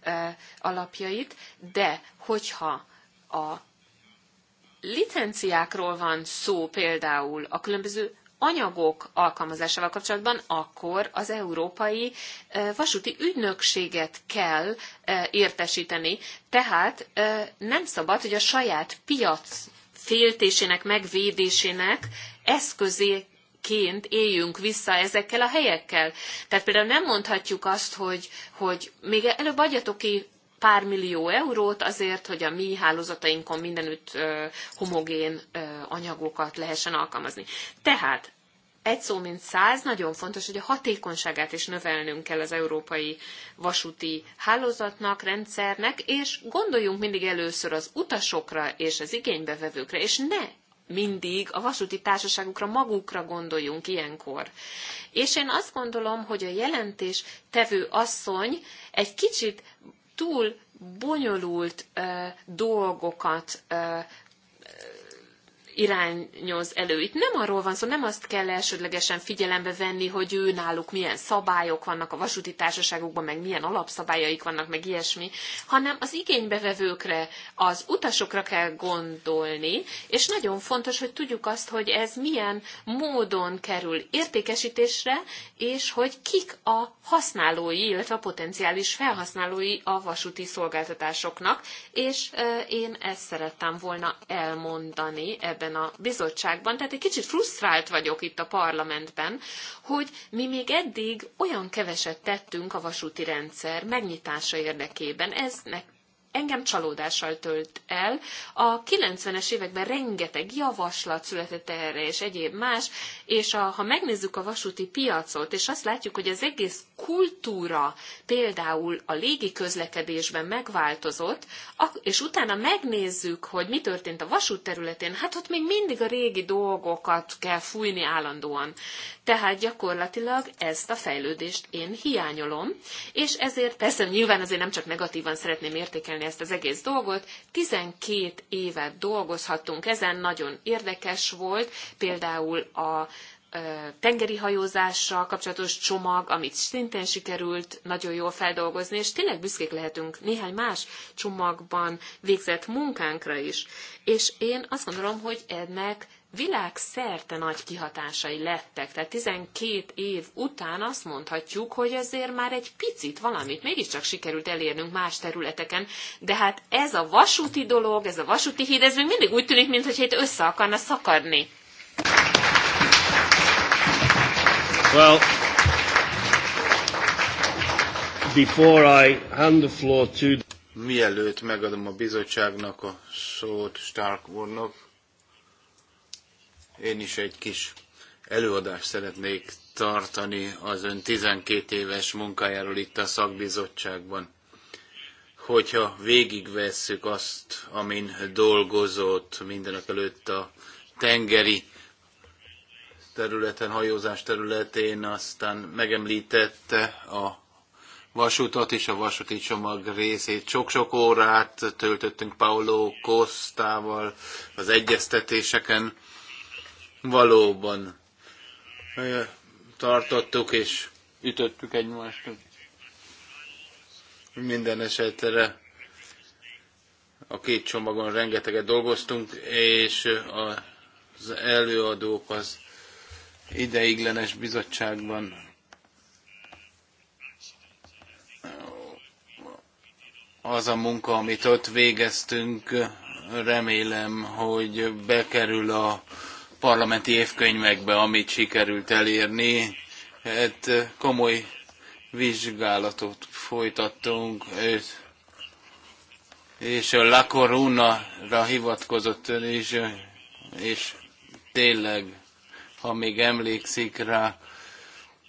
e, alapjait, de hogyha a licenciákról van szó például a különböző anyagok alkalmazásával kapcsolatban, akkor az Európai Vasúti Ügynökséget kell értesíteni. Tehát nem szabad, hogy a saját piac féltésének, megvédésének eszközé ként éljünk vissza ezekkel a helyekkel. Tehát például nem mondhatjuk azt, hogy, hogy még előbb adjatok ki pár millió eurót azért, hogy a mi hálózatainkon mindenütt homogén anyagokat lehessen alkalmazni. Tehát egy szó mint száz, nagyon fontos, hogy a hatékonyságát is növelnünk kell az európai vasúti hálózatnak, rendszernek, és gondoljunk mindig először az utasokra és az igénybevevőkre, és ne mindig a vasúti társaságokra magukra gondoljunk ilyenkor. És én azt gondolom, hogy a jelentés tevő asszony egy kicsit túl bonyolult dolgokat irányoz elő. Itt nem arról van szó, nem azt kell elsődlegesen figyelembe venni, hogy ő náluk milyen szabályok vannak a vasúti társaságokban, meg milyen alapszabályaik vannak, meg ilyesmi, hanem az igénybevevőkre, az utasokra kell gondolni, és nagyon fontos, hogy tudjuk azt, hogy ez milyen módon kerül értékesítésre, és hogy kik a használói, illetve a potenciális felhasználói a vasúti szolgáltatásoknak, és én ezt szerettem volna elmondani ebben ebben a bizottságban, tehát egy kicsit frusztrált vagyok itt a parlamentben, hogy mi még eddig olyan keveset tettünk a vasúti rendszer megnyitása érdekében. Ez engem csalódással tölt el. A 90-es években rengeteg javaslat született erre, és egyéb más, és a, ha megnézzük a vasúti piacot, és azt látjuk, hogy az egész kultúra például a légi közlekedésben megváltozott, és utána megnézzük, hogy mi történt a vasút területén, hát ott még mindig a régi dolgokat kell fújni állandóan. Tehát gyakorlatilag ezt a fejlődést én hiányolom, és ezért persze nyilván azért nem csak negatívan szeretném értékelni csinálni ezt az egész dolgot. 12 évet dolgozhattunk ezen, nagyon érdekes volt, például a tengeri hajózással kapcsolatos csomag, amit szintén sikerült nagyon jól feldolgozni, és tényleg büszkék lehetünk néhány más csomagban végzett munkánkra is. És én azt gondolom, hogy ennek világszerte nagy kihatásai lettek. Tehát 12 év után azt mondhatjuk, hogy azért már egy picit valamit mégiscsak sikerült elérnünk más területeken, de hát ez a vasúti dolog, ez a vasúti híd, ez még mindig úgy tűnik, mintha itt össze akarna szakadni. Well, before I hand the floor to... Mielőtt megadom a bizottságnak a szót Stark úrnak, én is egy kis előadást szeretnék tartani az ön 12 éves munkájáról itt a szakbizottságban. Hogyha végigvesszük azt, amin dolgozott mindenek előtt a tengeri területen, hajózás területén, aztán megemlítette a vasutat és a vasúti csomag részét. Sok-sok órát töltöttünk Paulo Kostával az egyeztetéseken Valóban tartottuk és ütöttük egymást. Minden esetre a két csomagon rengeteget dolgoztunk, és az előadók az ideiglenes bizottságban az a munka, amit ott végeztünk, remélem, hogy bekerül a parlamenti évkönyvekbe, amit sikerült elérni. Hát eh, komoly vizsgálatot folytattunk, és a La Corona-ra hivatkozott ön is, és tényleg, ha még emlékszik rá,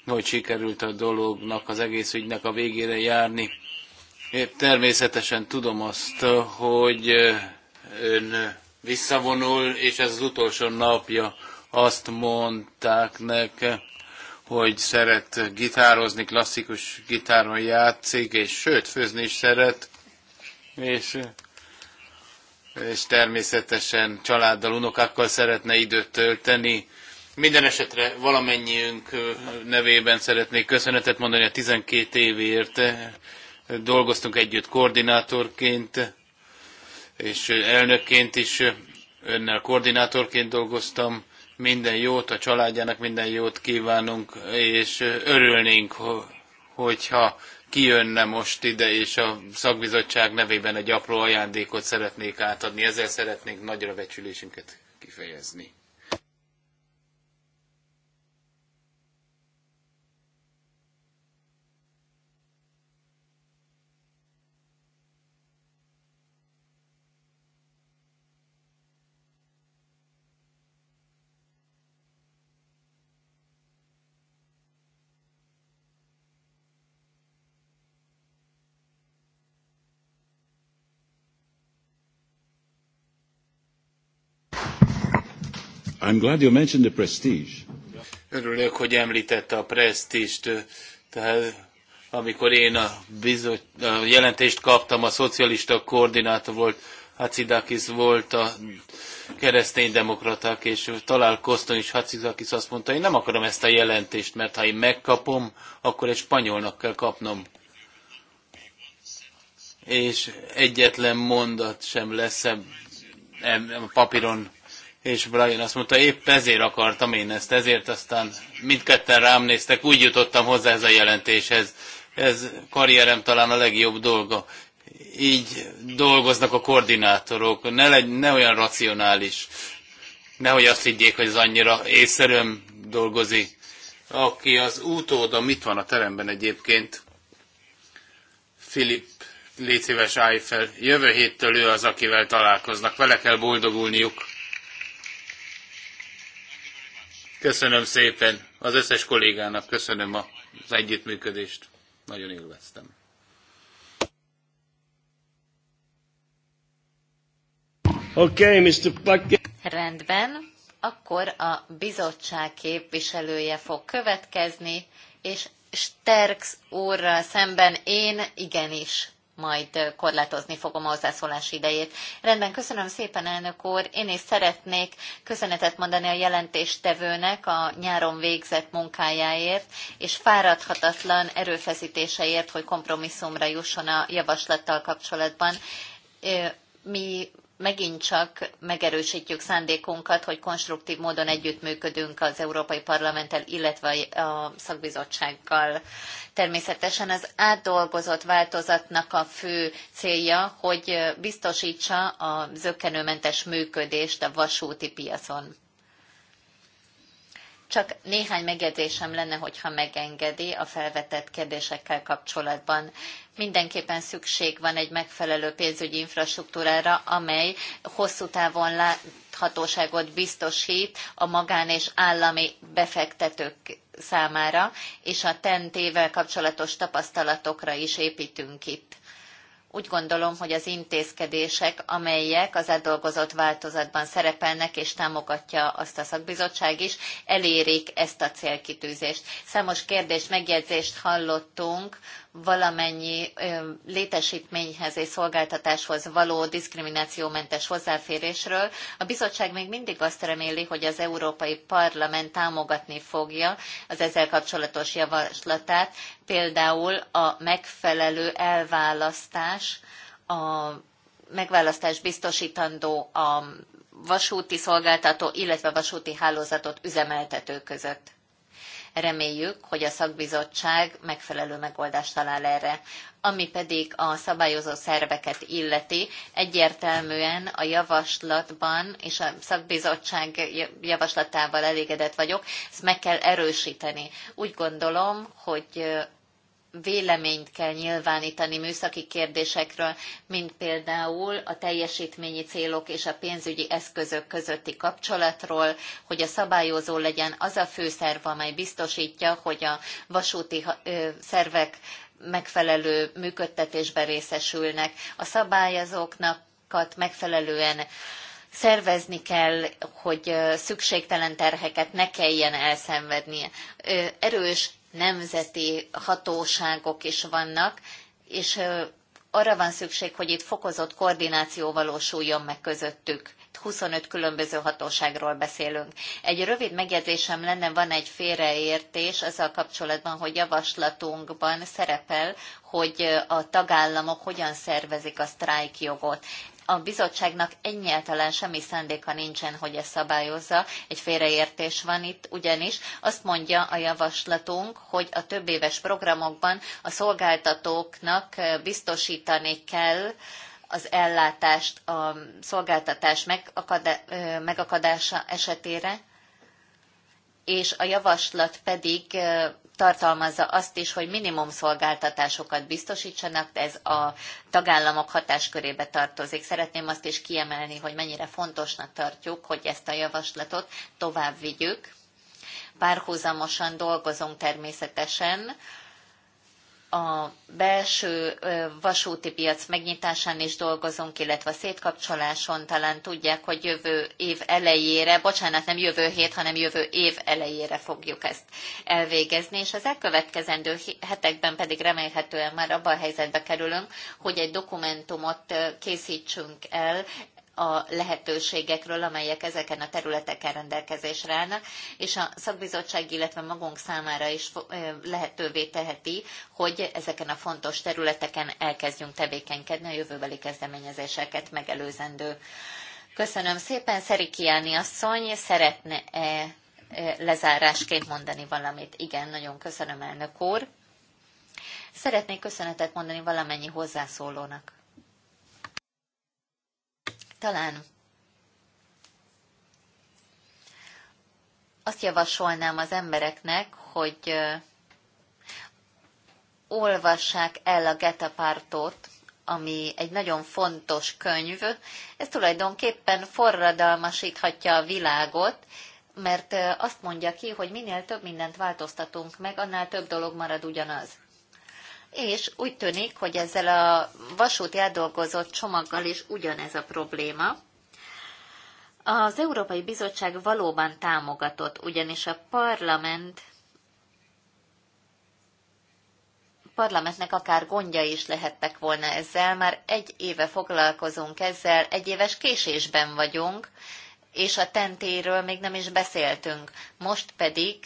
hogy sikerült a dolognak, az egész ügynek a végére járni. Én természetesen tudom azt, hogy eh, ön visszavonul, és ez az utolsó napja azt mondták nekem, hogy szeret gitározni, klasszikus gitáron játszik, és sőt, főzni is szeret, és, és természetesen családdal, unokákkal szeretne időt tölteni. Minden esetre valamennyiünk nevében szeretnék köszönetet mondani a 12 évért. Dolgoztunk együtt koordinátorként, és elnökként is önnel koordinátorként dolgoztam. Minden jót, a családjának minden jót kívánunk, és örülnénk, hogyha kijönne most ide, és a szakbizottság nevében egy apró ajándékot szeretnék átadni. Ezzel szeretnénk nagyra becsülésünket kifejezni. I'm glad you mentioned the prestige. Örülök, hogy említette a presztíst. Tehát amikor én a, bizot, a jelentést kaptam, a szocialista koordinátor volt, Hacidakis volt a kereszténydemokraták, és találkoztam is Hacidakis azt mondta, én nem akarom ezt a jelentést, mert ha én megkapom, akkor egy spanyolnak kell kapnom. És egyetlen mondat sem lesz a papíron és Brian azt mondta, épp ezért akartam én ezt, ezért aztán mindketten rám néztek, úgy jutottam hozzá ez a jelentéshez. Ez karrierem talán a legjobb dolga. Így dolgoznak a koordinátorok, ne, legy, ne olyan racionális, nehogy azt higgyék, hogy ez annyira észszerűen dolgozik. Aki az utóda, mit van a teremben egyébként? Filip, légy szíves, állj fel. Jövő héttől ő az, akivel találkoznak. Vele kell boldogulniuk Köszönöm szépen az összes kollégának, köszönöm az együttműködést. Nagyon élveztem. Okay, Mr. Rendben, akkor a bizottság képviselője fog következni, és Sterks úrral szemben én igenis majd korlátozni fogom a hozzászólás idejét. Rendben, köszönöm szépen, elnök úr. Én is szeretnék köszönetet mondani a jelentéstevőnek a nyáron végzett munkájáért, és fáradhatatlan erőfeszítéseért, hogy kompromisszumra jusson a javaslattal kapcsolatban. Mi megint csak megerősítjük szándékunkat, hogy konstruktív módon együttműködünk az Európai Parlamenttel, illetve a szakbizottsággal. Természetesen az átdolgozott változatnak a fő célja, hogy biztosítsa a zökkenőmentes működést a vasúti piacon. Csak néhány megjegyzésem lenne, hogyha megengedi a felvetett kérdésekkel kapcsolatban. Mindenképpen szükség van egy megfelelő pénzügyi infrastruktúrára, amely hosszú távon láthatóságot biztosít a magán és állami befektetők számára, és a TEN-tével kapcsolatos tapasztalatokra is építünk itt. Úgy gondolom, hogy az intézkedések, amelyek az átdolgozott változatban szerepelnek és támogatja azt a szakbizottság is, elérik ezt a célkitűzést. Számos kérdést, megjegyzést hallottunk valamennyi létesítményhez és szolgáltatáshoz való diszkriminációmentes hozzáférésről. A bizottság még mindig azt reméli, hogy az Európai Parlament támogatni fogja az ezzel kapcsolatos javaslatát, például a megfelelő elválasztás, a megválasztás biztosítandó a vasúti szolgáltató, illetve vasúti hálózatot üzemeltető között. Reméljük, hogy a szakbizottság megfelelő megoldást talál erre. Ami pedig a szabályozó szerveket illeti, egyértelműen a javaslatban és a szakbizottság javaslatával elégedett vagyok, ezt meg kell erősíteni. Úgy gondolom, hogy véleményt kell nyilvánítani műszaki kérdésekről, mint például a teljesítményi célok és a pénzügyi eszközök közötti kapcsolatról, hogy a szabályozó legyen az a főszerv, amely biztosítja, hogy a vasúti szervek megfelelő működtetésben részesülnek. A szabályozóknak megfelelően szervezni kell, hogy szükségtelen terheket ne kelljen elszenvednie. Erős nemzeti hatóságok is vannak, és arra van szükség, hogy itt fokozott koordináció valósuljon meg közöttük. 25 különböző hatóságról beszélünk. Egy rövid megjegyzésem lenne, van egy félreértés azzal kapcsolatban, hogy javaslatunkban szerepel, hogy a tagállamok hogyan szervezik a sztrájkjogot a bizottságnak egyáltalán semmi szándéka nincsen, hogy ezt szabályozza. Egy félreértés van itt, ugyanis azt mondja a javaslatunk, hogy a több éves programokban a szolgáltatóknak eh, biztosítani kell az ellátást a szolgáltatás eh, megakadása esetére, és a javaslat pedig eh, tartalmazza azt is, hogy minimum szolgáltatásokat biztosítsanak, de ez a tagállamok hatáskörébe tartozik. Szeretném azt is kiemelni, hogy mennyire fontosnak tartjuk, hogy ezt a javaslatot tovább vigyük. Párhuzamosan dolgozunk természetesen a belső vasúti piac megnyitásán is dolgozunk, illetve a szétkapcsoláson talán tudják, hogy jövő év elejére, bocsánat, nem jövő hét, hanem jövő év elejére fogjuk ezt elvégezni, és az elkövetkezendő hetekben pedig remélhetően már abban a helyzetbe kerülünk, hogy egy dokumentumot készítsünk el a lehetőségekről, amelyek ezeken a területeken rendelkezésre állnak, és a szakbizottság, illetve magunk számára is lehetővé teheti, hogy ezeken a fontos területeken elkezdjünk tevékenykedni a jövőbeli kezdeményezéseket megelőzendő. Köszönöm szépen, Szeri Kiáni asszony, szeretne -e lezárásként mondani valamit? Igen, nagyon köszönöm, elnök úr. Szeretnék köszönetet mondani valamennyi hozzászólónak. Talán azt javasolnám az embereknek, hogy olvassák el a Getapartot, ami egy nagyon fontos könyv. Ez tulajdonképpen forradalmasíthatja a világot, mert azt mondja ki, hogy minél több mindent változtatunk meg, annál több dolog marad ugyanaz és úgy tűnik, hogy ezzel a vasúti eldolgozott csomaggal is ugyanez a probléma. Az Európai Bizottság valóban támogatott, ugyanis a parlament parlamentnek akár gondja is lehettek volna ezzel, már egy éve foglalkozunk ezzel, egy éves késésben vagyunk, és a tentéről még nem is beszéltünk. Most pedig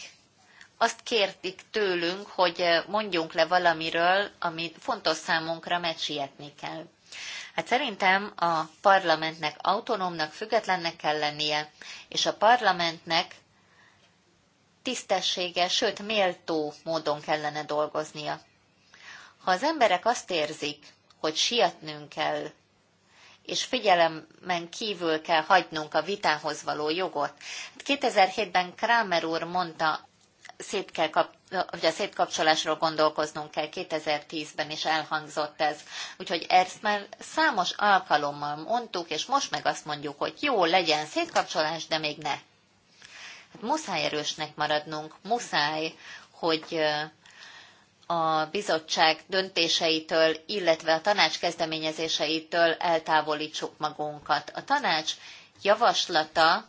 azt kértik tőlünk, hogy mondjunk le valamiről, ami fontos számunkra, mert sietni kell. Hát szerintem a parlamentnek autonómnak, függetlennek kell lennie, és a parlamentnek tisztességes, sőt méltó módon kellene dolgoznia. Ha az emberek azt érzik, hogy sietnünk kell, és figyelemen kívül kell hagynunk a vitához való jogot. 2007-ben hát Kramer úr mondta szét kell kap, hogy a szétkapcsolásról gondolkoznunk kell, 2010-ben is elhangzott ez. Úgyhogy ezt már számos alkalommal mondtuk, és most meg azt mondjuk, hogy jó, legyen szétkapcsolás, de még ne. Hát muszáj erősnek maradnunk, muszáj, hogy a bizottság döntéseitől, illetve a tanács kezdeményezéseitől eltávolítsuk magunkat. A tanács javaslata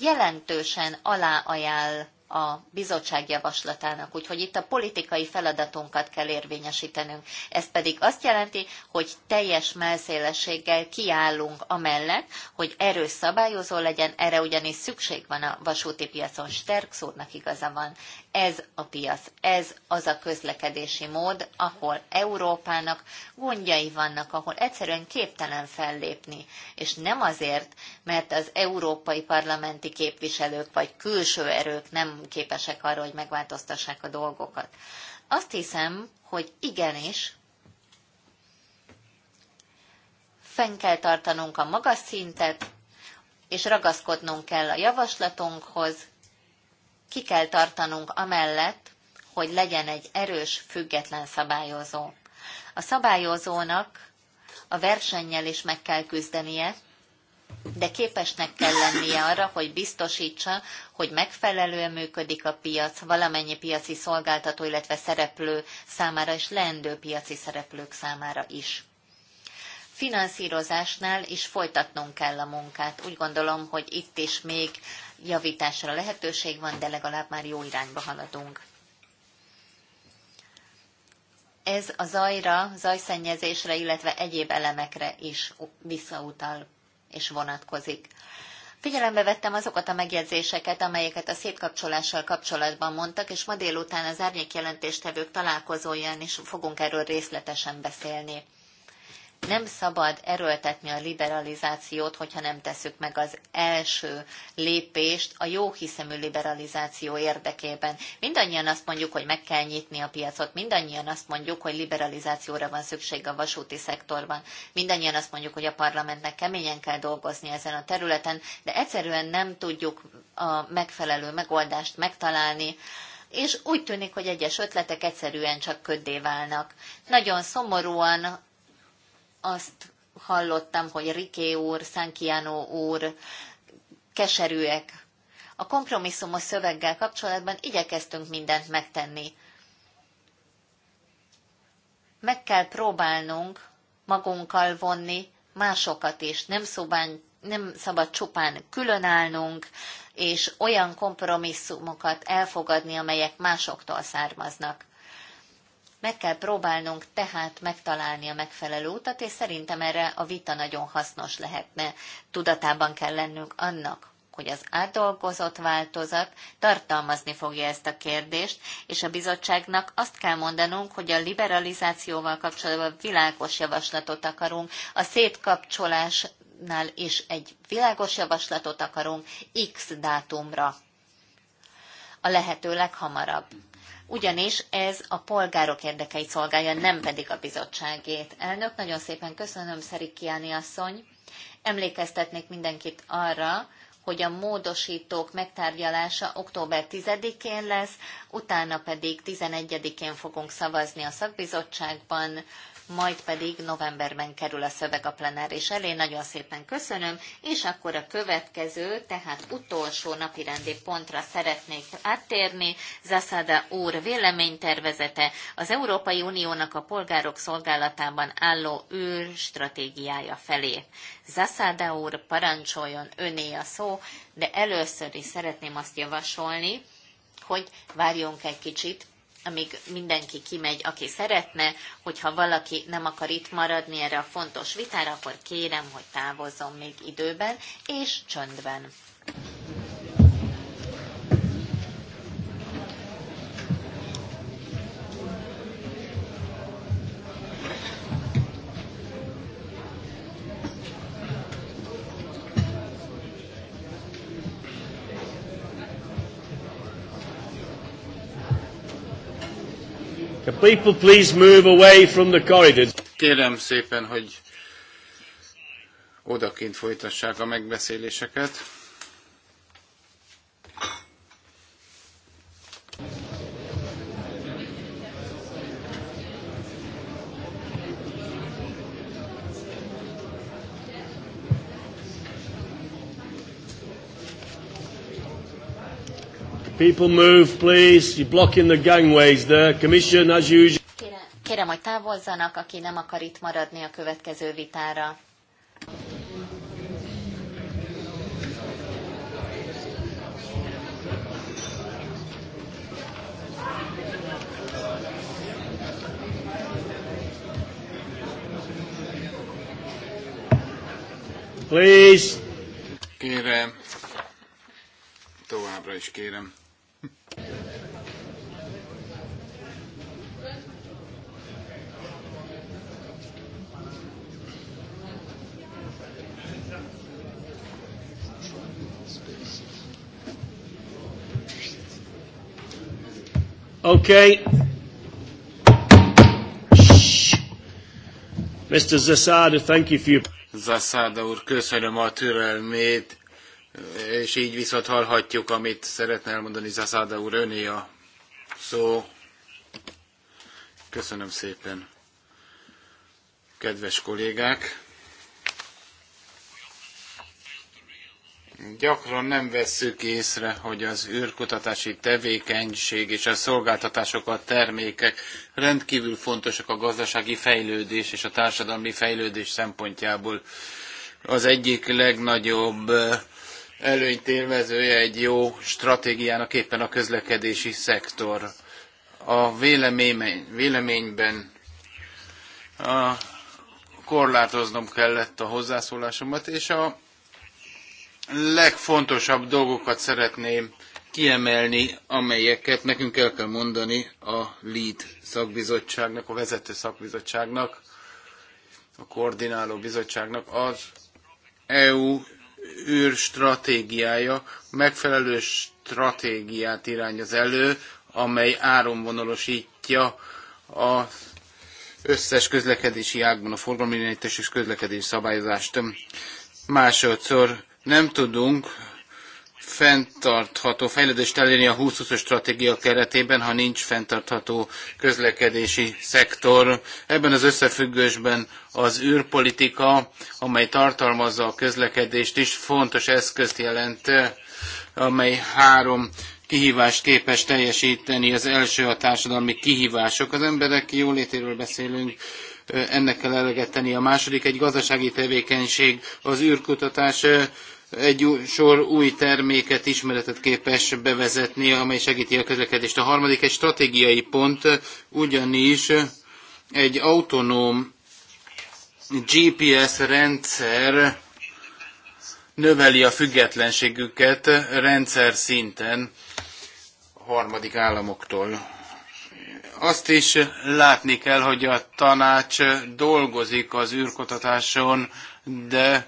jelentősen aláajánl a bizottság javaslatának, úgyhogy itt a politikai feladatunkat kell érvényesítenünk. Ez pedig azt jelenti, hogy teljes melszélességgel kiállunk amellett, hogy erős szabályozó legyen, erre ugyanis szükség van a vasúti piacon. Sterk szúrnak igaza van ez a piac, ez az a közlekedési mód, ahol Európának gondjai vannak, ahol egyszerűen képtelen fellépni, és nem azért, mert az európai parlamenti képviselők vagy külső erők nem képesek arra, hogy megváltoztassák a dolgokat. Azt hiszem, hogy igenis fenn kell tartanunk a magas szintet, és ragaszkodnunk kell a javaslatunkhoz, ki kell tartanunk amellett, hogy legyen egy erős, független szabályozó. A szabályozónak a versennyel is meg kell küzdenie, de képesnek kell lennie arra, hogy biztosítsa, hogy megfelelően működik a piac valamennyi piaci szolgáltató, illetve szereplő számára és leendő piaci szereplők számára is. Finanszírozásnál is folytatnunk kell a munkát. Úgy gondolom, hogy itt is még javításra lehetőség van, de legalább már jó irányba haladunk. Ez a zajra, zajszennyezésre, illetve egyéb elemekre is visszautal és vonatkozik. Figyelembe vettem azokat a megjegyzéseket, amelyeket a szétkapcsolással kapcsolatban mondtak, és ma délután az árnyék jelentéstevők találkozóján is fogunk erről részletesen beszélni. Nem szabad erőltetni a liberalizációt, hogyha nem tesszük meg az első lépést a jó liberalizáció érdekében. Mindannyian azt mondjuk, hogy meg kell nyitni a piacot, mindannyian azt mondjuk, hogy liberalizációra van szükség a vasúti szektorban, mindannyian azt mondjuk, hogy a parlamentnek keményen kell dolgozni ezen a területen, de egyszerűen nem tudjuk a megfelelő megoldást megtalálni és úgy tűnik, hogy egyes ötletek egyszerűen csak köddé válnak. Nagyon szomorúan azt hallottam, hogy Riké úr, Sankiano úr keserűek. A kompromisszumos szöveggel kapcsolatban igyekeztünk mindent megtenni. Meg kell próbálnunk magunkkal vonni másokat is. Nem, szobán, nem szabad csupán különállnunk, és olyan kompromisszumokat elfogadni, amelyek másoktól származnak. Meg kell próbálnunk tehát megtalálni a megfelelő utat, és szerintem erre a vita nagyon hasznos lehetne. Tudatában kell lennünk annak, hogy az átdolgozott változat tartalmazni fogja ezt a kérdést, és a bizottságnak azt kell mondanunk, hogy a liberalizációval kapcsolatban világos javaslatot akarunk, a szétkapcsolásnál is egy világos javaslatot akarunk X dátumra. A lehető leghamarabb ugyanis ez a polgárok érdekeit szolgálja, nem pedig a bizottságét. Elnök, nagyon szépen köszönöm, Szerikiáni asszony. Emlékeztetnék mindenkit arra, hogy a módosítók megtárgyalása október 10-én lesz, utána pedig 11-én fogunk szavazni a szakbizottságban, majd pedig novemberben kerül a szöveg a plenáris elé. Nagyon szépen köszönöm, és akkor a következő, tehát utolsó napirendi pontra szeretnék áttérni. Zasada úr véleménytervezete az Európai Uniónak a polgárok szolgálatában álló űr stratégiája felé. Zasada úr parancsoljon öné a szó, de először is szeretném azt javasolni, hogy várjunk egy kicsit, amíg mindenki kimegy, aki szeretne, hogyha valaki nem akar itt maradni erre a fontos vitára, akkor kérem, hogy távozzon még időben és csöndben. People please move away from the corridors. Kérem szépen, hogy odakint folytassák a megbeszéléseket. People move, please. You're blocking the gangways there. Commission, as usual. Kérem, kérem, hogy távozzanak, aki nem akar itt maradni a következő vitára. Please. Kérem, továbbra is kérem. Okay. Mr. Zasada, thank you for your... Zasada úr, köszönöm a türelmét és így viszont hallhatjuk, amit szeretne elmondani Zaszáda úr, öné a szó. Köszönöm szépen, kedves kollégák! Gyakran nem vesszük észre, hogy az űrkutatási tevékenység és a szolgáltatások, a termékek rendkívül fontosak a gazdasági fejlődés és a társadalmi fejlődés szempontjából. Az egyik legnagyobb eh, előnyt élvezője egy jó stratégiának éppen a közlekedési szektor. A vélemény, véleményben a, korlátoznom kellett a hozzászólásomat, és a legfontosabb dolgokat szeretném kiemelni, amelyeket nekünk el kell mondani a LEAD szakbizottságnak, a vezető szakbizottságnak, a koordináló bizottságnak. Az EU űr stratégiája megfelelő stratégiát irányoz elő, amely áramvonalasítja az összes közlekedési ágban a forgalmi és közlekedési szabályozást. Másodszor nem tudunk fenntartható fejlődést elérni a 2020-as stratégia keretében, ha nincs fenntartható közlekedési szektor. Ebben az összefüggésben az űrpolitika, amely tartalmazza a közlekedést is, fontos eszközt jelent, amely három kihívást képes teljesíteni. Az első a társadalmi kihívások. Az emberek jólétéről beszélünk, ennek kell eleget A második egy gazdasági tevékenység, az űrkutatás egy sor új terméket, ismeretet képes bevezetni, amely segíti a közlekedést. A harmadik egy stratégiai pont, ugyanis egy autonóm GPS rendszer növeli a függetlenségüket rendszer szinten a harmadik államoktól. Azt is látni kell, hogy a tanács dolgozik az űrkotatáson, de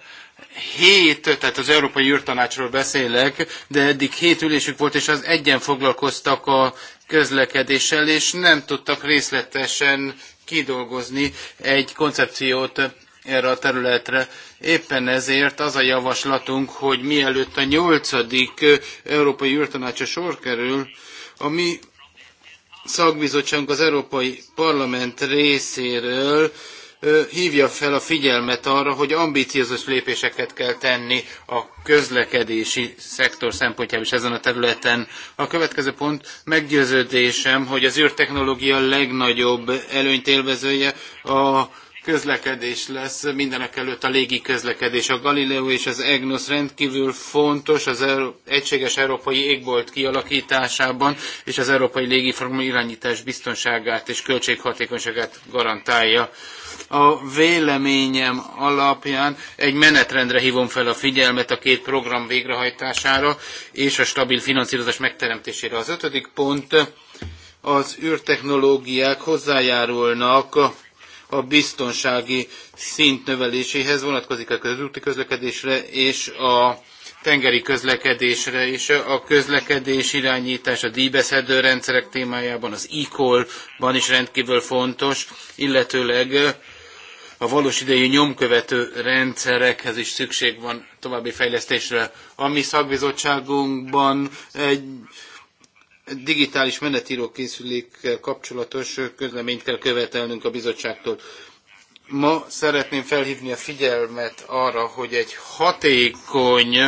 hét, tehát az Európai űrtanácsról beszélek, de eddig hét ülésük volt, és az egyen foglalkoztak a közlekedéssel, és nem tudtak részletesen kidolgozni egy koncepciót erre a területre. Éppen ezért az a javaslatunk, hogy mielőtt a nyolcadik Európai űrtanácsa sor kerül, a mi szakbizottságunk az Európai Parlament részéről hívja fel a figyelmet arra, hogy ambíciózus lépéseket kell tenni a közlekedési szektor szempontjából is ezen a területen. A következő pont meggyőződésem, hogy az űrtechnológia legnagyobb előnyt élvezője a közlekedés lesz, mindenek előtt a légi közlekedés. A Galileo és az EGNOS rendkívül fontos az egységes európai égbolt kialakításában, és az európai légiforma irányítás biztonságát és költséghatékonyságát garantálja. A véleményem alapján egy menetrendre hívom fel a figyelmet a két program végrehajtására és a stabil finanszírozás megteremtésére. Az ötödik pont az űrtechnológiák hozzájárulnak a biztonsági szint növeléséhez vonatkozik a közúti közlekedésre és a tengeri közlekedésre és a közlekedés irányítás a díjbeszedő rendszerek témájában, az e ban is rendkívül fontos, illetőleg a valós idejű nyomkövető rendszerekhez is szükség van további fejlesztésre. A mi szakbizottságunkban egy digitális menetíró kapcsolatos közleményt kell követelnünk a bizottságtól. Ma szeretném felhívni a figyelmet arra, hogy egy hatékony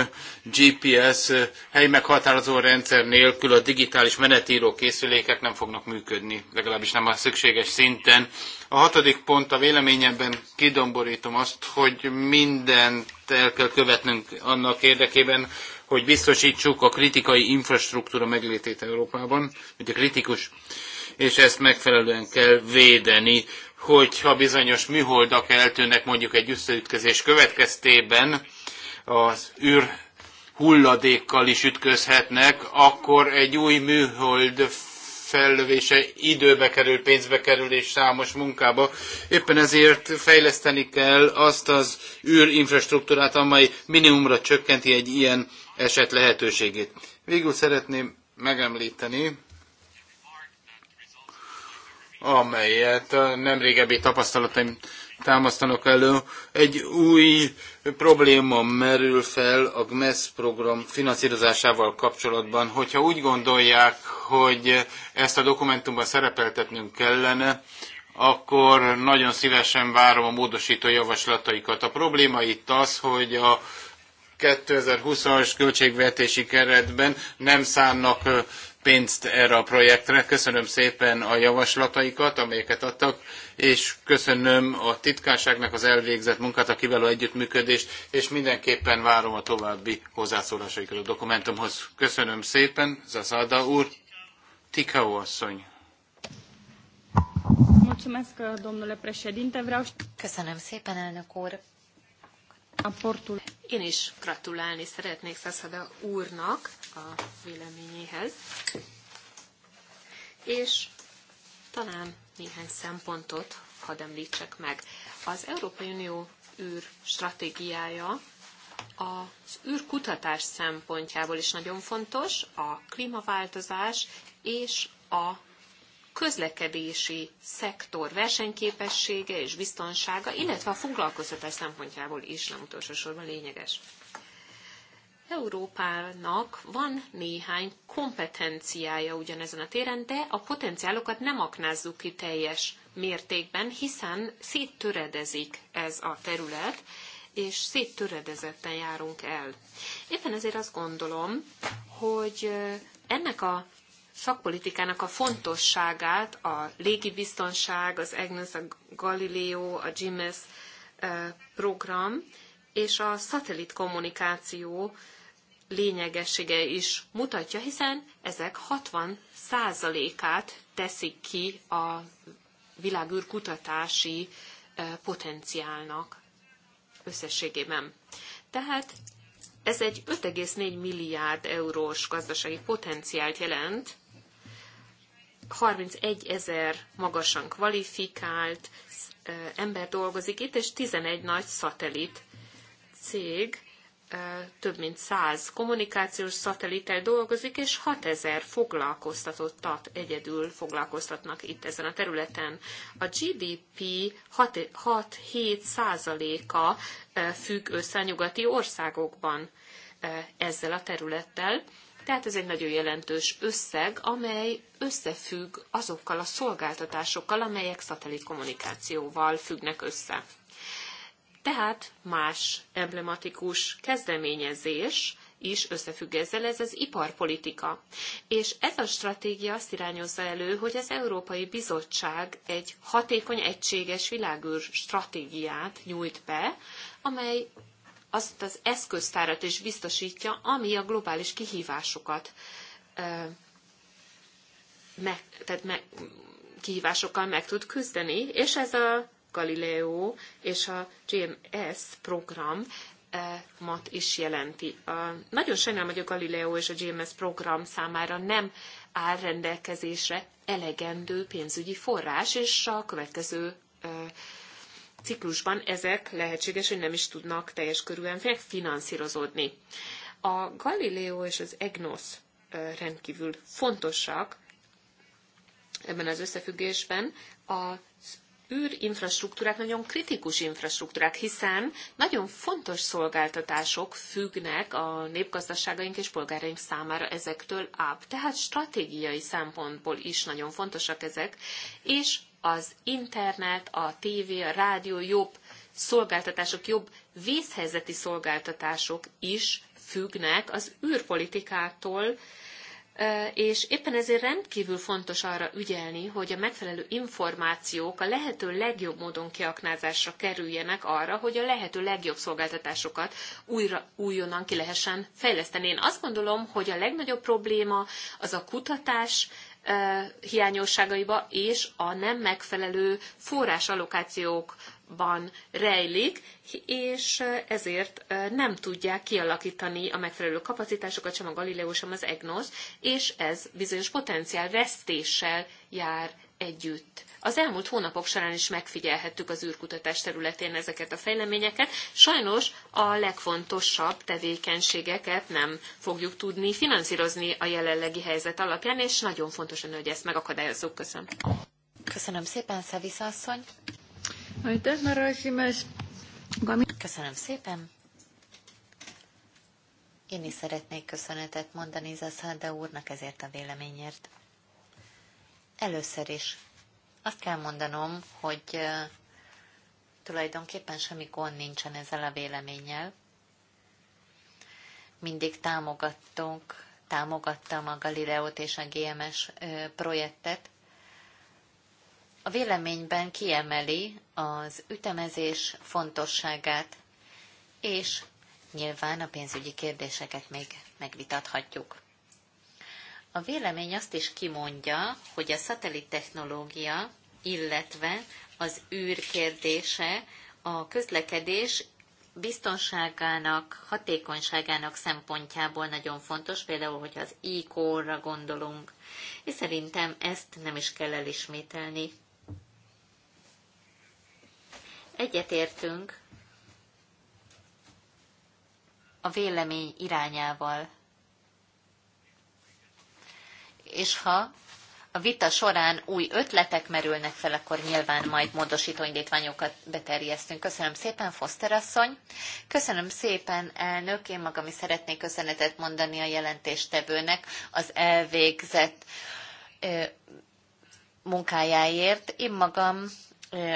GPS helymeghatározó rendszer nélkül a digitális menetíró készülékek nem fognak működni, legalábbis nem a szükséges szinten. A hatodik pont a véleményemben kidomborítom azt, hogy mindent el kell követnünk annak érdekében, hogy biztosítsuk a kritikai infrastruktúra meglétét Európában, mint a kritikus, és ezt megfelelően kell védeni, hogyha bizonyos műholdak eltűnnek mondjuk egy összeütközés következtében, az űr hulladékkal is ütközhetnek, akkor egy új műhold fellövése időbe kerül, pénzbe kerül és számos munkába. Éppen ezért fejleszteni kell azt az űrinfrastruktúrát, amely minimumra csökkenti egy ilyen eset lehetőségét. Végül szeretném megemlíteni, amelyet régebbi tapasztalataim támasztanak elő. Egy új probléma merül fel a GMESZ program finanszírozásával kapcsolatban. Hogyha úgy gondolják, hogy ezt a dokumentumban szerepeltetnünk kellene, akkor nagyon szívesen várom a módosító javaslataikat. A probléma itt az, hogy a 2020-as költségvetési keretben nem szánnak pénzt erre a projektre. Köszönöm szépen a javaslataikat, amelyeket adtak, és köszönöm a titkárságnak az elvégzett munkát, a kiváló együttműködést, és mindenképpen várom a további hozzászólásaikat a dokumentumhoz. Köszönöm szépen, Zaszada úr, Tikau asszony. Köszönöm szépen, elnök úr. Én is gratulálni szeretnék Szaszada úrnak a véleményéhez, és talán néhány szempontot hadd említsek meg. Az Európai Unió űr stratégiája az űrkutatás szempontjából is nagyon fontos, a klímaváltozás és a közlekedési szektor versenyképessége és biztonsága, illetve a foglalkoztatás szempontjából is nem utolsó sorban lényeges. Európának van néhány kompetenciája ugyanezen a téren, de a potenciálokat nem aknázzuk ki teljes mértékben, hiszen széttöredezik ez a terület, és széttöredezetten járunk el. Éppen ezért azt gondolom, hogy ennek a szakpolitikának a fontosságát a légibiztonság, az EGNOS, a Galileo, a GMS eh, program és a szatellit kommunikáció lényegessége is mutatja, hiszen ezek 60 százalékát teszik ki a világűr kutatási eh, potenciálnak összességében. Tehát ez egy 5,4 milliárd eurós gazdasági potenciált jelent, 31 ezer magasan kvalifikált ember dolgozik itt, és 11 nagy szatellit cég több mint 100 kommunikációs szatelitel dolgozik, és 6 ezer foglalkoztatottat egyedül foglalkoztatnak itt ezen a területen. A GDP 6-7 százaléka függ össze a nyugati országokban ezzel a területtel, tehát ez egy nagyon jelentős összeg, amely összefügg azokkal a szolgáltatásokkal, amelyek szatellitkommunikációval függnek össze. Tehát más emblematikus kezdeményezés, is összefügg ezzel, ez az iparpolitika. És ez a stratégia azt irányozza elő, hogy az Európai Bizottság egy hatékony, egységes világűr stratégiát nyújt be, amely azt az eszköztárat is biztosítja, ami a globális kihívásokat meg, tehát meg, kihívásokkal meg tud küzdeni, és ez a Galileo és a GMS program mat is jelenti. A, nagyon sajnálom, hogy a Galileo és a GMS program számára nem áll rendelkezésre elegendő pénzügyi forrás, és a következő ciklusban ezek lehetséges, hogy nem is tudnak teljes körülön finanszírozódni. A Galileo és az EGNOS rendkívül fontosak ebben az összefüggésben. A űrinfrastruktúrák nagyon kritikus infrastruktúrák, hiszen nagyon fontos szolgáltatások függnek a népgazdaságaink és polgáraink számára ezektől áp. Tehát stratégiai szempontból is nagyon fontosak ezek, és az internet, a tévé, a rádió jobb szolgáltatások, jobb vészhelyzeti szolgáltatások is függnek az űrpolitikától, és éppen ezért rendkívül fontos arra ügyelni, hogy a megfelelő információk a lehető legjobb módon kiaknázásra kerüljenek arra, hogy a lehető legjobb szolgáltatásokat újra újonnan ki lehessen fejleszteni. Én azt gondolom, hogy a legnagyobb probléma az a kutatás hiányosságaiba és a nem megfelelő forrásallokációkban rejlik, és ezért nem tudják kialakítani a megfelelő kapacitásokat, sem a Galileo, sem az EGNOS, és ez bizonyos potenciál vesztéssel jár együtt. Az elmúlt hónapok során is megfigyelhettük az űrkutatás területén ezeket a fejleményeket. Sajnos a legfontosabb tevékenységeket nem fogjuk tudni finanszírozni a jelenlegi helyzet alapján, és nagyon fontos hogy ezt megakadályozzuk. Köszönöm. Köszönöm szépen, Szevisz asszony. Köszönöm szépen. Én is szeretnék köszönetet mondani Zaszáda úrnak ezért a véleményért. Először is azt kell mondanom, hogy tulajdonképpen semmi gond nincsen ezzel a véleménnyel. Mindig támogattunk, támogattam a Galileót és a GMS projektet. A véleményben kiemeli az ütemezés fontosságát, és nyilván a pénzügyi kérdéseket még megvitathatjuk. A vélemény azt is kimondja, hogy a szatellit technológia, illetve az űr kérdése a közlekedés biztonságának, hatékonyságának szempontjából nagyon fontos, például, hogy az ICO-ra gondolunk, és szerintem ezt nem is kell elismételni. Egyetértünk a vélemény irányával és ha a vita során új ötletek merülnek fel, akkor nyilván majd módosító indítványokat beterjesztünk. Köszönöm szépen, Foster asszony. Köszönöm szépen, elnök. Én magam is szeretnék köszönetet mondani a jelentéstevőnek az elvégzett munkájáért. Én magam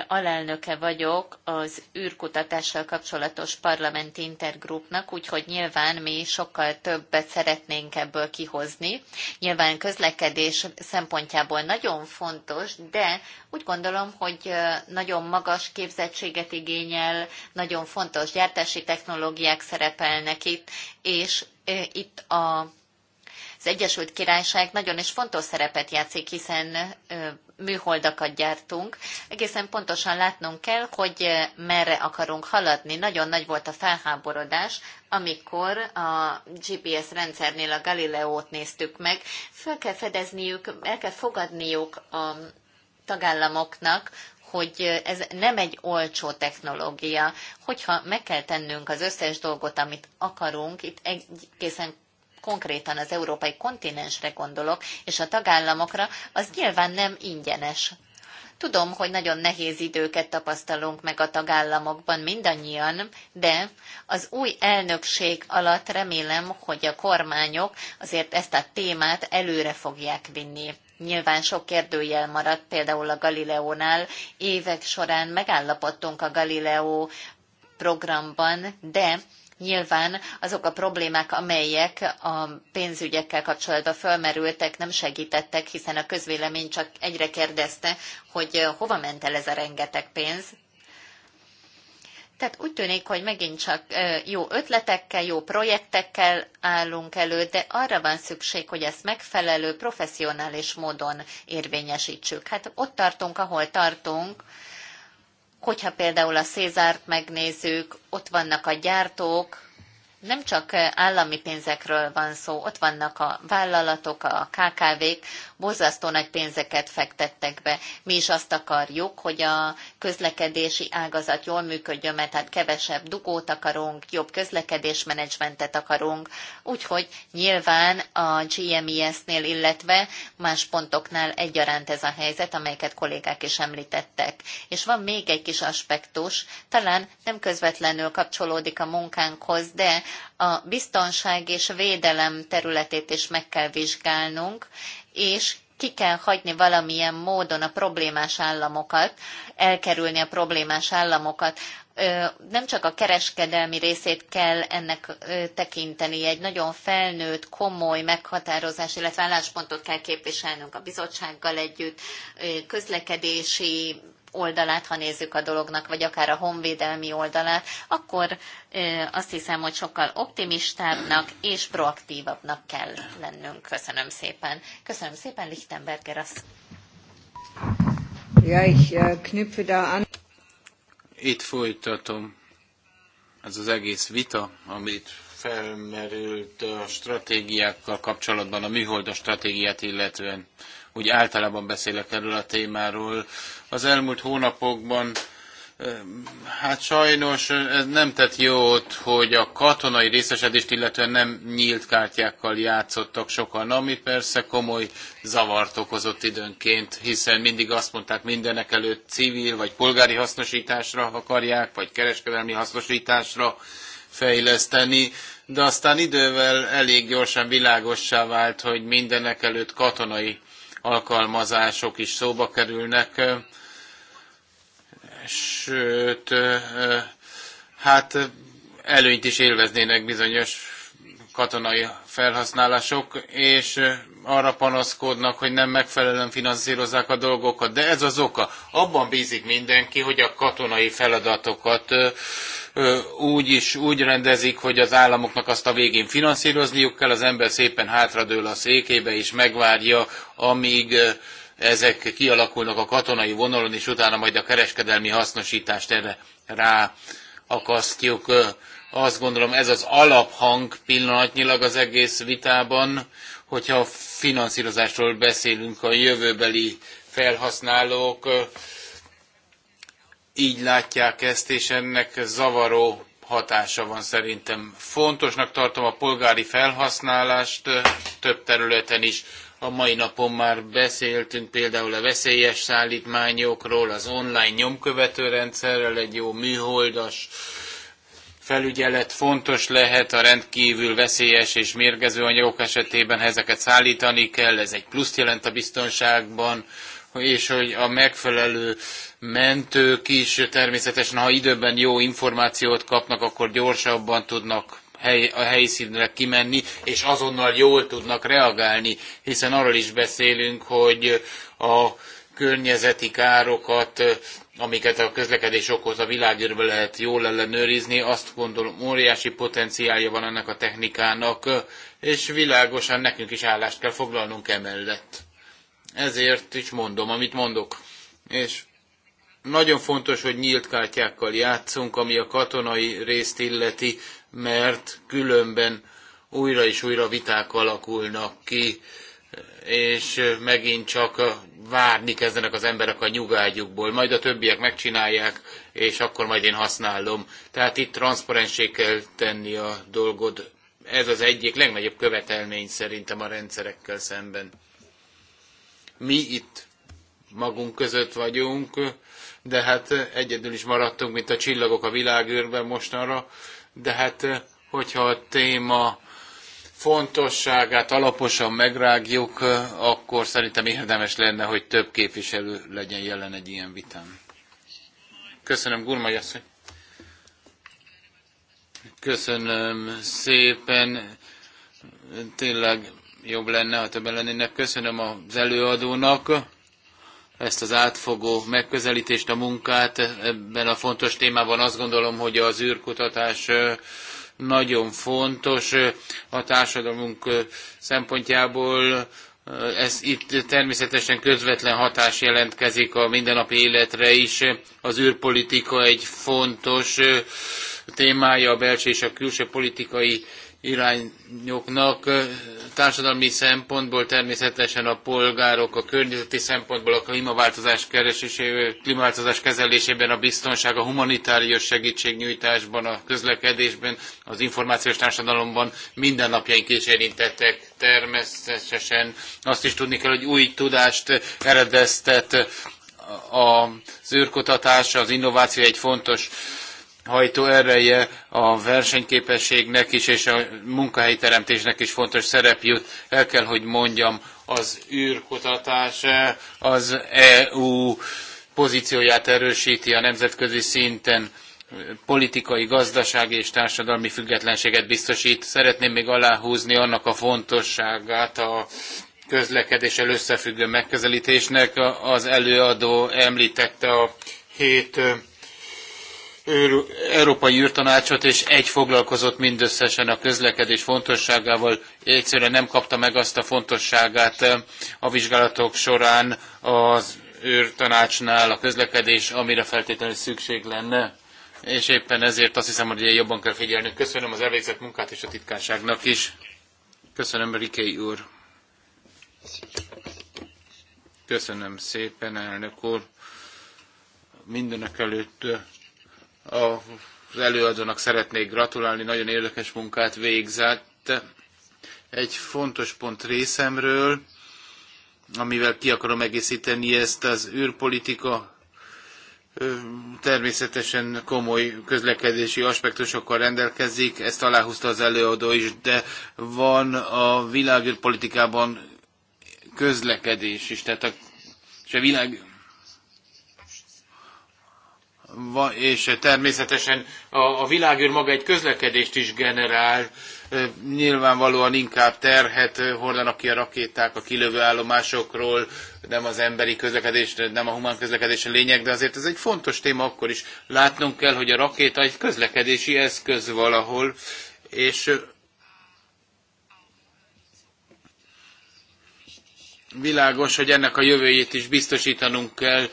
alelnöke vagyok az űrkutatással kapcsolatos parlamenti intergrupnak, úgyhogy nyilván mi sokkal többet szeretnénk ebből kihozni. Nyilván közlekedés szempontjából nagyon fontos, de úgy gondolom, hogy nagyon magas képzettséget igényel, nagyon fontos gyártási technológiák szerepelnek itt, és itt a az Egyesült Királyság nagyon is fontos szerepet játszik, hiszen műholdakat gyártunk. Egészen pontosan látnunk kell, hogy eh, merre akarunk haladni. Nagyon nagy volt a felháborodás, amikor a GPS rendszernél a Galileót néztük meg. Föl kell fedezniük, el kell fogadniuk a tagállamoknak, hogy eh, ez nem egy olcsó technológia, hogyha meg kell tennünk az összes dolgot, amit akarunk, itt egészen konkrétan az európai kontinensre gondolok, és a tagállamokra, az nyilván nem ingyenes. Tudom, hogy nagyon nehéz időket tapasztalunk meg a tagállamokban mindannyian, de az új elnökség alatt remélem, hogy a kormányok azért ezt a témát előre fogják vinni. Nyilván sok kérdőjel maradt, például a Galileónál évek során megállapodtunk a Galileó programban, de Nyilván azok a problémák, amelyek a pénzügyekkel kapcsolatban fölmerültek, nem segítettek, hiszen a közvélemény csak egyre kérdezte, hogy hova ment el ez a rengeteg pénz, tehát úgy tűnik, hogy megint csak jó ötletekkel, jó projektekkel állunk elő, de arra van szükség, hogy ezt megfelelő, professzionális módon érvényesítsük. Hát ott tartunk, ahol tartunk, Hogyha például a Szézárt megnézzük, ott vannak a gyártók, nem csak állami pénzekről van szó, ott vannak a vállalatok, a KKV-k, borzasztó nagy pénzeket fektettek be. Mi is azt akarjuk, hogy a közlekedési ágazat jól működjön, mert hát kevesebb dugót akarunk, jobb közlekedésmenedzsmentet akarunk, úgyhogy nyilván a GMIS-nél, e illetve más pontoknál egyaránt ez a helyzet, amelyeket kollégák is említettek. És van még egy kis aspektus, talán nem közvetlenül kapcsolódik a munkánkhoz, de a biztonság és védelem területét is meg kell vizsgálnunk, és ki kell hagyni valamilyen módon a problémás államokat, elkerülni a problémás államokat. Nem csak a kereskedelmi részét kell ennek tekinteni, egy nagyon felnőtt, komoly meghatározás, illetve álláspontot kell képviselnünk a bizottsággal együtt, közlekedési oldalát, ha nézzük a dolognak, vagy akár a honvédelmi oldalát, akkor azt hiszem, hogy sokkal optimistábbnak és proaktívabbnak kell lennünk. Köszönöm szépen. Köszönöm szépen, Lichtenberger azt. Ja, ich äh, knüpfe da an. Itt folytatom. Ez az egész vita, amit felmerült a stratégiákkal kapcsolatban, a műholdas stratégiát illetően úgy általában beszélek erről a témáról. Az elmúlt hónapokban Hát sajnos ez nem tett jót, hogy a katonai részesedést illetően nem nyílt kártyákkal játszottak sokan, ami persze komoly zavart okozott időnként, hiszen mindig azt mondták mindenek előtt civil vagy polgári hasznosításra akarják, vagy kereskedelmi hasznosításra fejleszteni, de aztán idővel elég gyorsan világossá vált, hogy mindenek előtt katonai alkalmazások is szóba kerülnek, sőt, hát előnyt is élveznének bizonyos katonai felhasználások, és arra panaszkodnak, hogy nem megfelelően finanszírozzák a dolgokat, de ez az oka. Abban bízik mindenki, hogy a katonai feladatokat úgy is úgy rendezik, hogy az államoknak azt a végén finanszírozniuk kell, az ember szépen hátradől a székébe és megvárja, amíg ezek kialakulnak a katonai vonalon, és utána majd a kereskedelmi hasznosítást erre rá akasztjuk. Azt gondolom ez az alaphang pillanatnyilag az egész vitában, hogyha finanszírozásról beszélünk a jövőbeli felhasználók így látják ezt, és ennek zavaró hatása van szerintem. Fontosnak tartom a polgári felhasználást több területen is. A mai napon már beszéltünk például a veszélyes szállítmányokról, az online nyomkövető rendszerrel, egy jó műholdas felügyelet fontos lehet a rendkívül veszélyes és mérgező anyagok esetében, ha ezeket szállítani kell, ez egy pluszt jelent a biztonságban, és hogy a megfelelő mentők is természetesen, ha időben jó információt kapnak, akkor gyorsabban tudnak a helyszínre kimenni, és azonnal jól tudnak reagálni, hiszen arról is beszélünk, hogy a környezeti károkat, amiket a közlekedés okoz a világűrbe lehet jól ellenőrizni, azt gondolom óriási potenciálja van ennek a technikának, és világosan nekünk is állást kell foglalnunk emellett. Ezért is mondom, amit mondok. És nagyon fontos, hogy nyílt kártyákkal játszunk, ami a katonai részt illeti, mert különben újra és újra viták alakulnak ki, és megint csak várni kezdenek az emberek a nyugágyukból, majd a többiek megcsinálják, és akkor majd én használom. Tehát itt transzparensé kell tenni a dolgot. Ez az egyik legnagyobb követelmény szerintem a rendszerekkel szemben. Mi itt magunk között vagyunk, de hát egyedül is maradtunk, mint a csillagok a világőrben mostanra, de hát hogyha a téma fontosságát alaposan megrágjuk, akkor szerintem érdemes lenne, hogy több képviselő legyen jelen egy ilyen vitán. Köszönöm, Gurmai asszony. Köszönöm szépen. Tényleg jobb lenne, ha többen lennének. Köszönöm az előadónak ezt az átfogó megközelítést, a munkát ebben a fontos témában. Azt gondolom, hogy az űrkutatás nagyon fontos a társadalmunk szempontjából. Ez itt természetesen közvetlen hatás jelentkezik a mindennapi életre is. Az űrpolitika egy fontos témája a belső és a külső politikai irányoknak társadalmi szempontból természetesen a polgárok, a környezeti szempontból a klímaváltozás, keresésé, klímaváltozás kezelésében, a biztonság, a humanitárius segítségnyújtásban, a közlekedésben, az információs társadalomban mindennapjaink is érintettek. Természetesen azt is tudni kell, hogy új tudást eredeztet az űrkutatás, az innováció egy fontos hajtó ereje a versenyképességnek is, és a munkahelyteremtésnek is fontos szerep jut. El kell, hogy mondjam, az űrkutatás az EU pozícióját erősíti a nemzetközi szinten politikai, gazdasági és társadalmi függetlenséget biztosít. Szeretném még aláhúzni annak a fontosságát a közlekedéssel összefüggő megközelítésnek. Az előadó említette a hét Európai űrtanácsot, és egy foglalkozott mindösszesen a közlekedés fontosságával. Egyszerűen nem kapta meg azt a fontosságát eh, a vizsgálatok során az űrtanácsnál a közlekedés, amire feltétlenül szükség lenne. És éppen ezért azt hiszem, hogy jobban kell figyelni. Köszönöm az elvégzett munkát és a titkárságnak is. Köszönöm, Rikély úr. Köszönöm szépen, elnök úr. Mindenek előtt eh, az előadónak szeretnék gratulálni, nagyon érdekes munkát végzett. Egy fontos pont részemről, amivel ki akarom egészíteni ezt az űrpolitika, természetesen komoly közlekedési aspektusokkal rendelkezik, ezt aláhúzta az előadó is, de van a világűrpolitikában közlekedés is, tehát a, és a világ és természetesen a, a maga egy közlekedést is generál, nyilvánvalóan inkább terhet hordanak ki a rakéták a kilövő állomásokról, nem az emberi közlekedés, nem a humán közlekedés a lényeg, de azért ez egy fontos téma akkor is. Látnunk kell, hogy a rakéta egy közlekedési eszköz valahol, és világos, hogy ennek a jövőjét is biztosítanunk kell,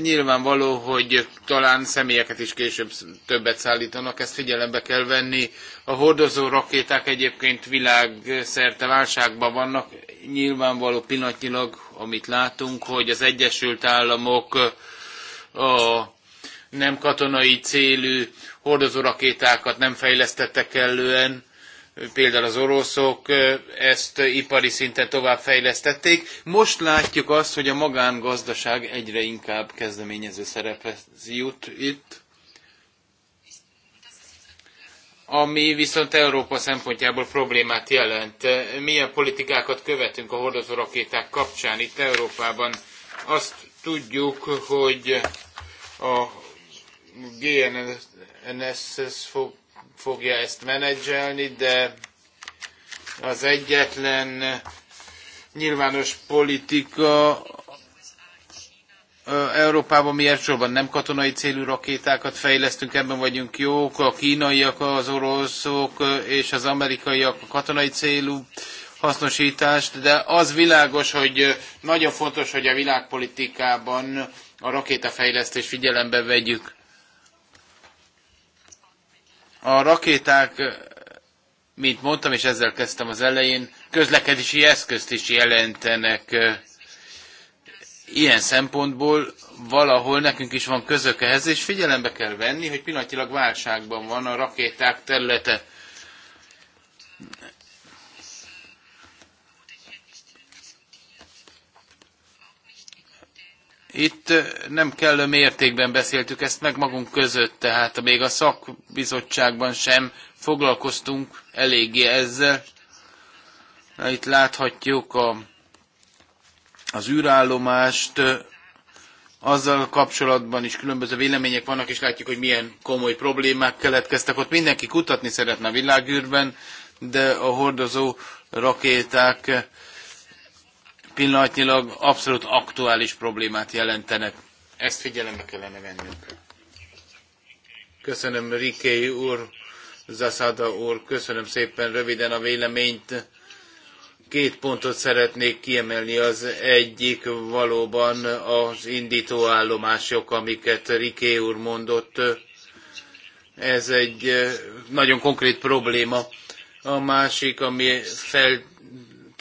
Nyilvánvaló, hogy talán személyeket is később többet szállítanak, ezt figyelembe kell venni. A hordozó rakéták egyébként világszerte válságban vannak. Nyilvánvaló pillanatnyilag, amit látunk, hogy az Egyesült Államok a nem katonai célú hordozórakétákat nem fejlesztettek kellően, például az oroszok ezt ipari szinten fejlesztették. Most látjuk azt, hogy a magángazdaság egyre inkább kezdeményező szerephez jut itt, ami viszont Európa szempontjából problémát jelent. Milyen politikákat követünk a hordozó rakéták kapcsán itt Európában? Azt tudjuk, hogy a GNSS fog fogja ezt menedzselni, de az egyetlen nyilvános politika Európában mi elsősorban nem katonai célú rakétákat fejlesztünk, ebben vagyunk jók, a kínaiak, az oroszok és az amerikaiak a katonai célú hasznosítást, de az világos, hogy nagyon fontos, hogy a világpolitikában a rakétafejlesztést figyelembe vegyük. A rakéták, mint mondtam, és ezzel kezdtem az elején, közlekedési eszközt is jelentenek. Ilyen szempontból valahol nekünk is van közök ehhez, és figyelembe kell venni, hogy pillanatilag válságban van a rakéták területe. Itt nem kellő mértékben beszéltük ezt meg magunk között, tehát még a szakbizottságban sem foglalkoztunk eléggé ezzel. Na, itt láthatjuk a, az űrállomást, azzal kapcsolatban is különböző vélemények vannak, és látjuk, hogy milyen komoly problémák keletkeztek. Ott mindenki kutatni szeretne a világűrben, de a hordozó rakéták pillanatnyilag abszolút aktuális problémát jelentenek. Ezt figyelembe kellene vennünk. Köszönöm Rikéi úr, Zaszada úr, köszönöm szépen röviden a véleményt. Két pontot szeretnék kiemelni. Az egyik valóban az indítóállomások, amiket Riké úr mondott. Ez egy nagyon konkrét probléma. A másik, ami fel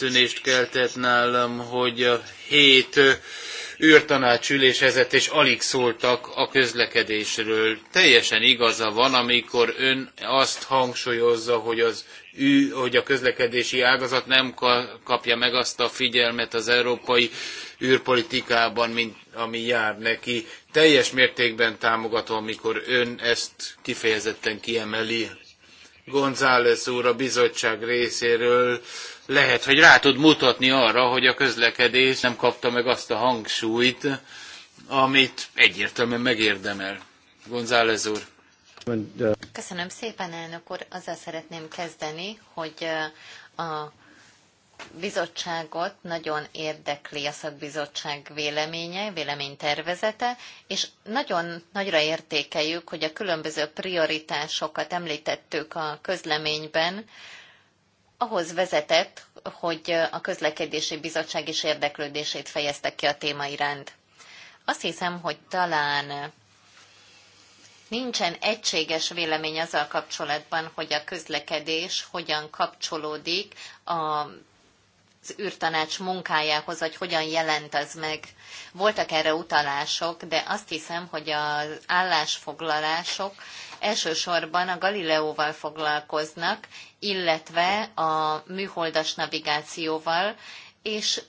feltűnést keltett nálam, hogy a hét ülésezett, és alig szóltak a közlekedésről. Teljesen igaza van, amikor ön azt hangsúlyozza, hogy, az ű, hogy a közlekedési ágazat nem kapja meg azt a figyelmet az európai űrpolitikában, mint ami jár neki. Teljes mértékben támogatom, amikor ön ezt kifejezetten kiemeli. González úr a bizottság részéről lehet, hogy rá tud mutatni arra, hogy a közlekedés nem kapta meg azt a hangsúlyt, amit egyértelműen megérdemel. González úr. Köszönöm szépen, elnök úr. Azzal szeretném kezdeni, hogy a bizottságot nagyon érdekli a szakbizottság véleménye, véleménytervezete, és nagyon nagyra értékeljük, hogy a különböző prioritásokat említettük a közleményben, ahhoz vezetett, hogy a közlekedési bizottság is érdeklődését fejezte ki a téma iránt. Azt hiszem, hogy talán nincsen egységes vélemény azzal kapcsolatban, hogy a közlekedés hogyan kapcsolódik a az űrtanács munkájához, vagy hogyan jelent ez meg. Voltak erre utalások, de azt hiszem, hogy az állásfoglalások elsősorban a Galileóval foglalkoznak, illetve a műholdas navigációval, és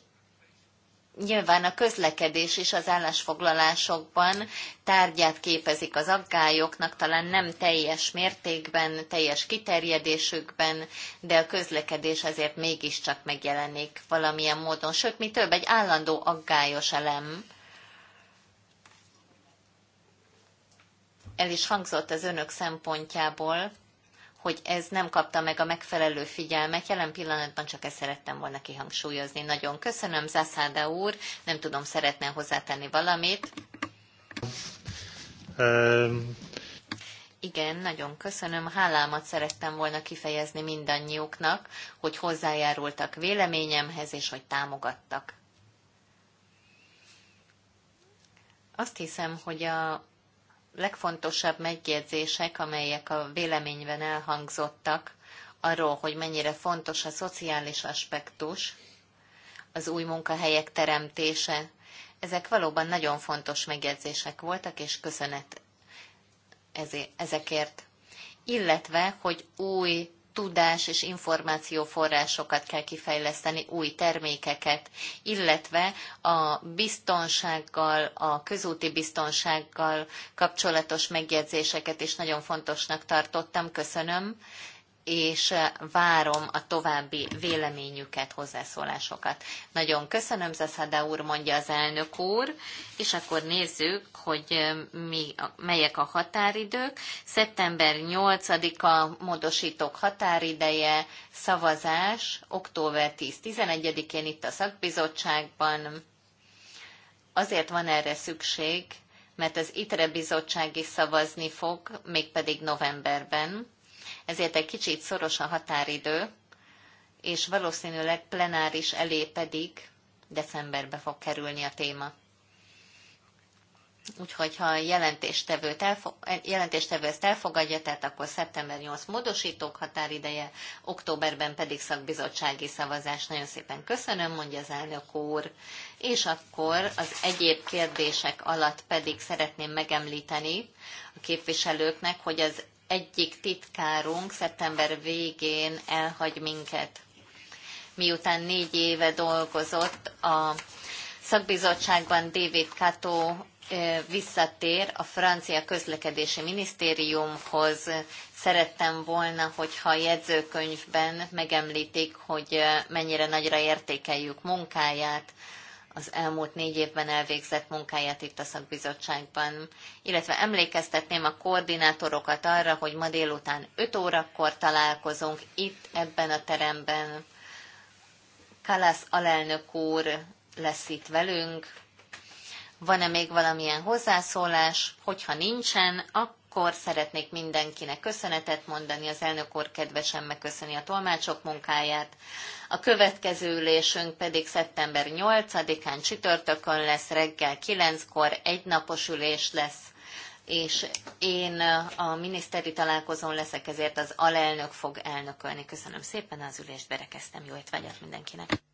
Nyilván a közlekedés is az állásfoglalásokban tárgyát képezik az aggályoknak, talán nem teljes mértékben, teljes kiterjedésükben, de a közlekedés azért mégiscsak megjelenik valamilyen módon. Sőt, mi több, egy állandó aggályos elem. El is hangzott az önök szempontjából, hogy ez nem kapta meg a megfelelő figyelmet. Jelen pillanatban csak ezt szerettem volna kihangsúlyozni. Nagyon köszönöm, Zászáda úr. Nem tudom, szeretne hozzátenni valamit. Um. Igen, nagyon köszönöm. Hálámat szerettem volna kifejezni mindannyiuknak, hogy hozzájárultak véleményemhez, és hogy támogattak. Azt hiszem, hogy a legfontosabb megjegyzések, amelyek a véleményben elhangzottak, arról, hogy mennyire fontos a szociális aspektus, az új munkahelyek teremtése, ezek valóban nagyon fontos megjegyzések voltak, és köszönet ezekért. Illetve, hogy új tudás és információforrásokat kell kifejleszteni, új termékeket, illetve a biztonsággal, a közúti biztonsággal kapcsolatos megjegyzéseket is nagyon fontosnak tartottam. Köszönöm és eh, várom a további véleményüket, hozzászólásokat. Nagyon köszönöm, Zaszada úr, mondja az elnök úr, és akkor nézzük, hogy eh, mi, melyek a határidők. Szeptember 8-a módosítók határideje, szavazás, október 10-11-én itt a szakbizottságban. Azért van erre szükség, mert az ITRE bizottság is szavazni fog, mégpedig novemberben ezért egy kicsit szoros a határidő, és valószínűleg plenáris elé pedig decemberbe fog kerülni a téma. Úgyhogy ha a jelentéstevőt elfog, eh, jelentéstevő ezt elfogadja, tehát akkor szeptember 8 módosítók határideje, októberben pedig szakbizottsági szavazás. Nagyon szépen köszönöm, mondja az elnök úr. És akkor az egyéb kérdések alatt pedig szeretném megemlíteni a képviselőknek, hogy az egyik titkárunk szeptember végén elhagy minket. Miután négy éve dolgozott a szakbizottságban David Kato visszatér a francia közlekedési minisztériumhoz. Szerettem volna, hogyha a jegyzőkönyvben megemlítik, hogy mennyire nagyra értékeljük munkáját, az elmúlt négy évben elvégzett munkáját itt a szakbizottságban, illetve emlékeztetném a koordinátorokat arra, hogy ma délután 5 órakor találkozunk itt ebben a teremben. Kalász alelnök úr lesz itt velünk. Van-e még valamilyen hozzászólás? Hogyha nincsen, akkor akkor szeretnék mindenkinek köszönetet mondani, az elnök úr kedvesen megköszöni a tolmácsok munkáját. A következő ülésünk pedig szeptember 8-án csütörtökön lesz, reggel 9-kor egy napos ülés lesz és én a miniszteri találkozón leszek, ezért az alelnök fog elnökölni. Köszönöm szépen az ülést, berekeztem, jó étvágyat mindenkinek!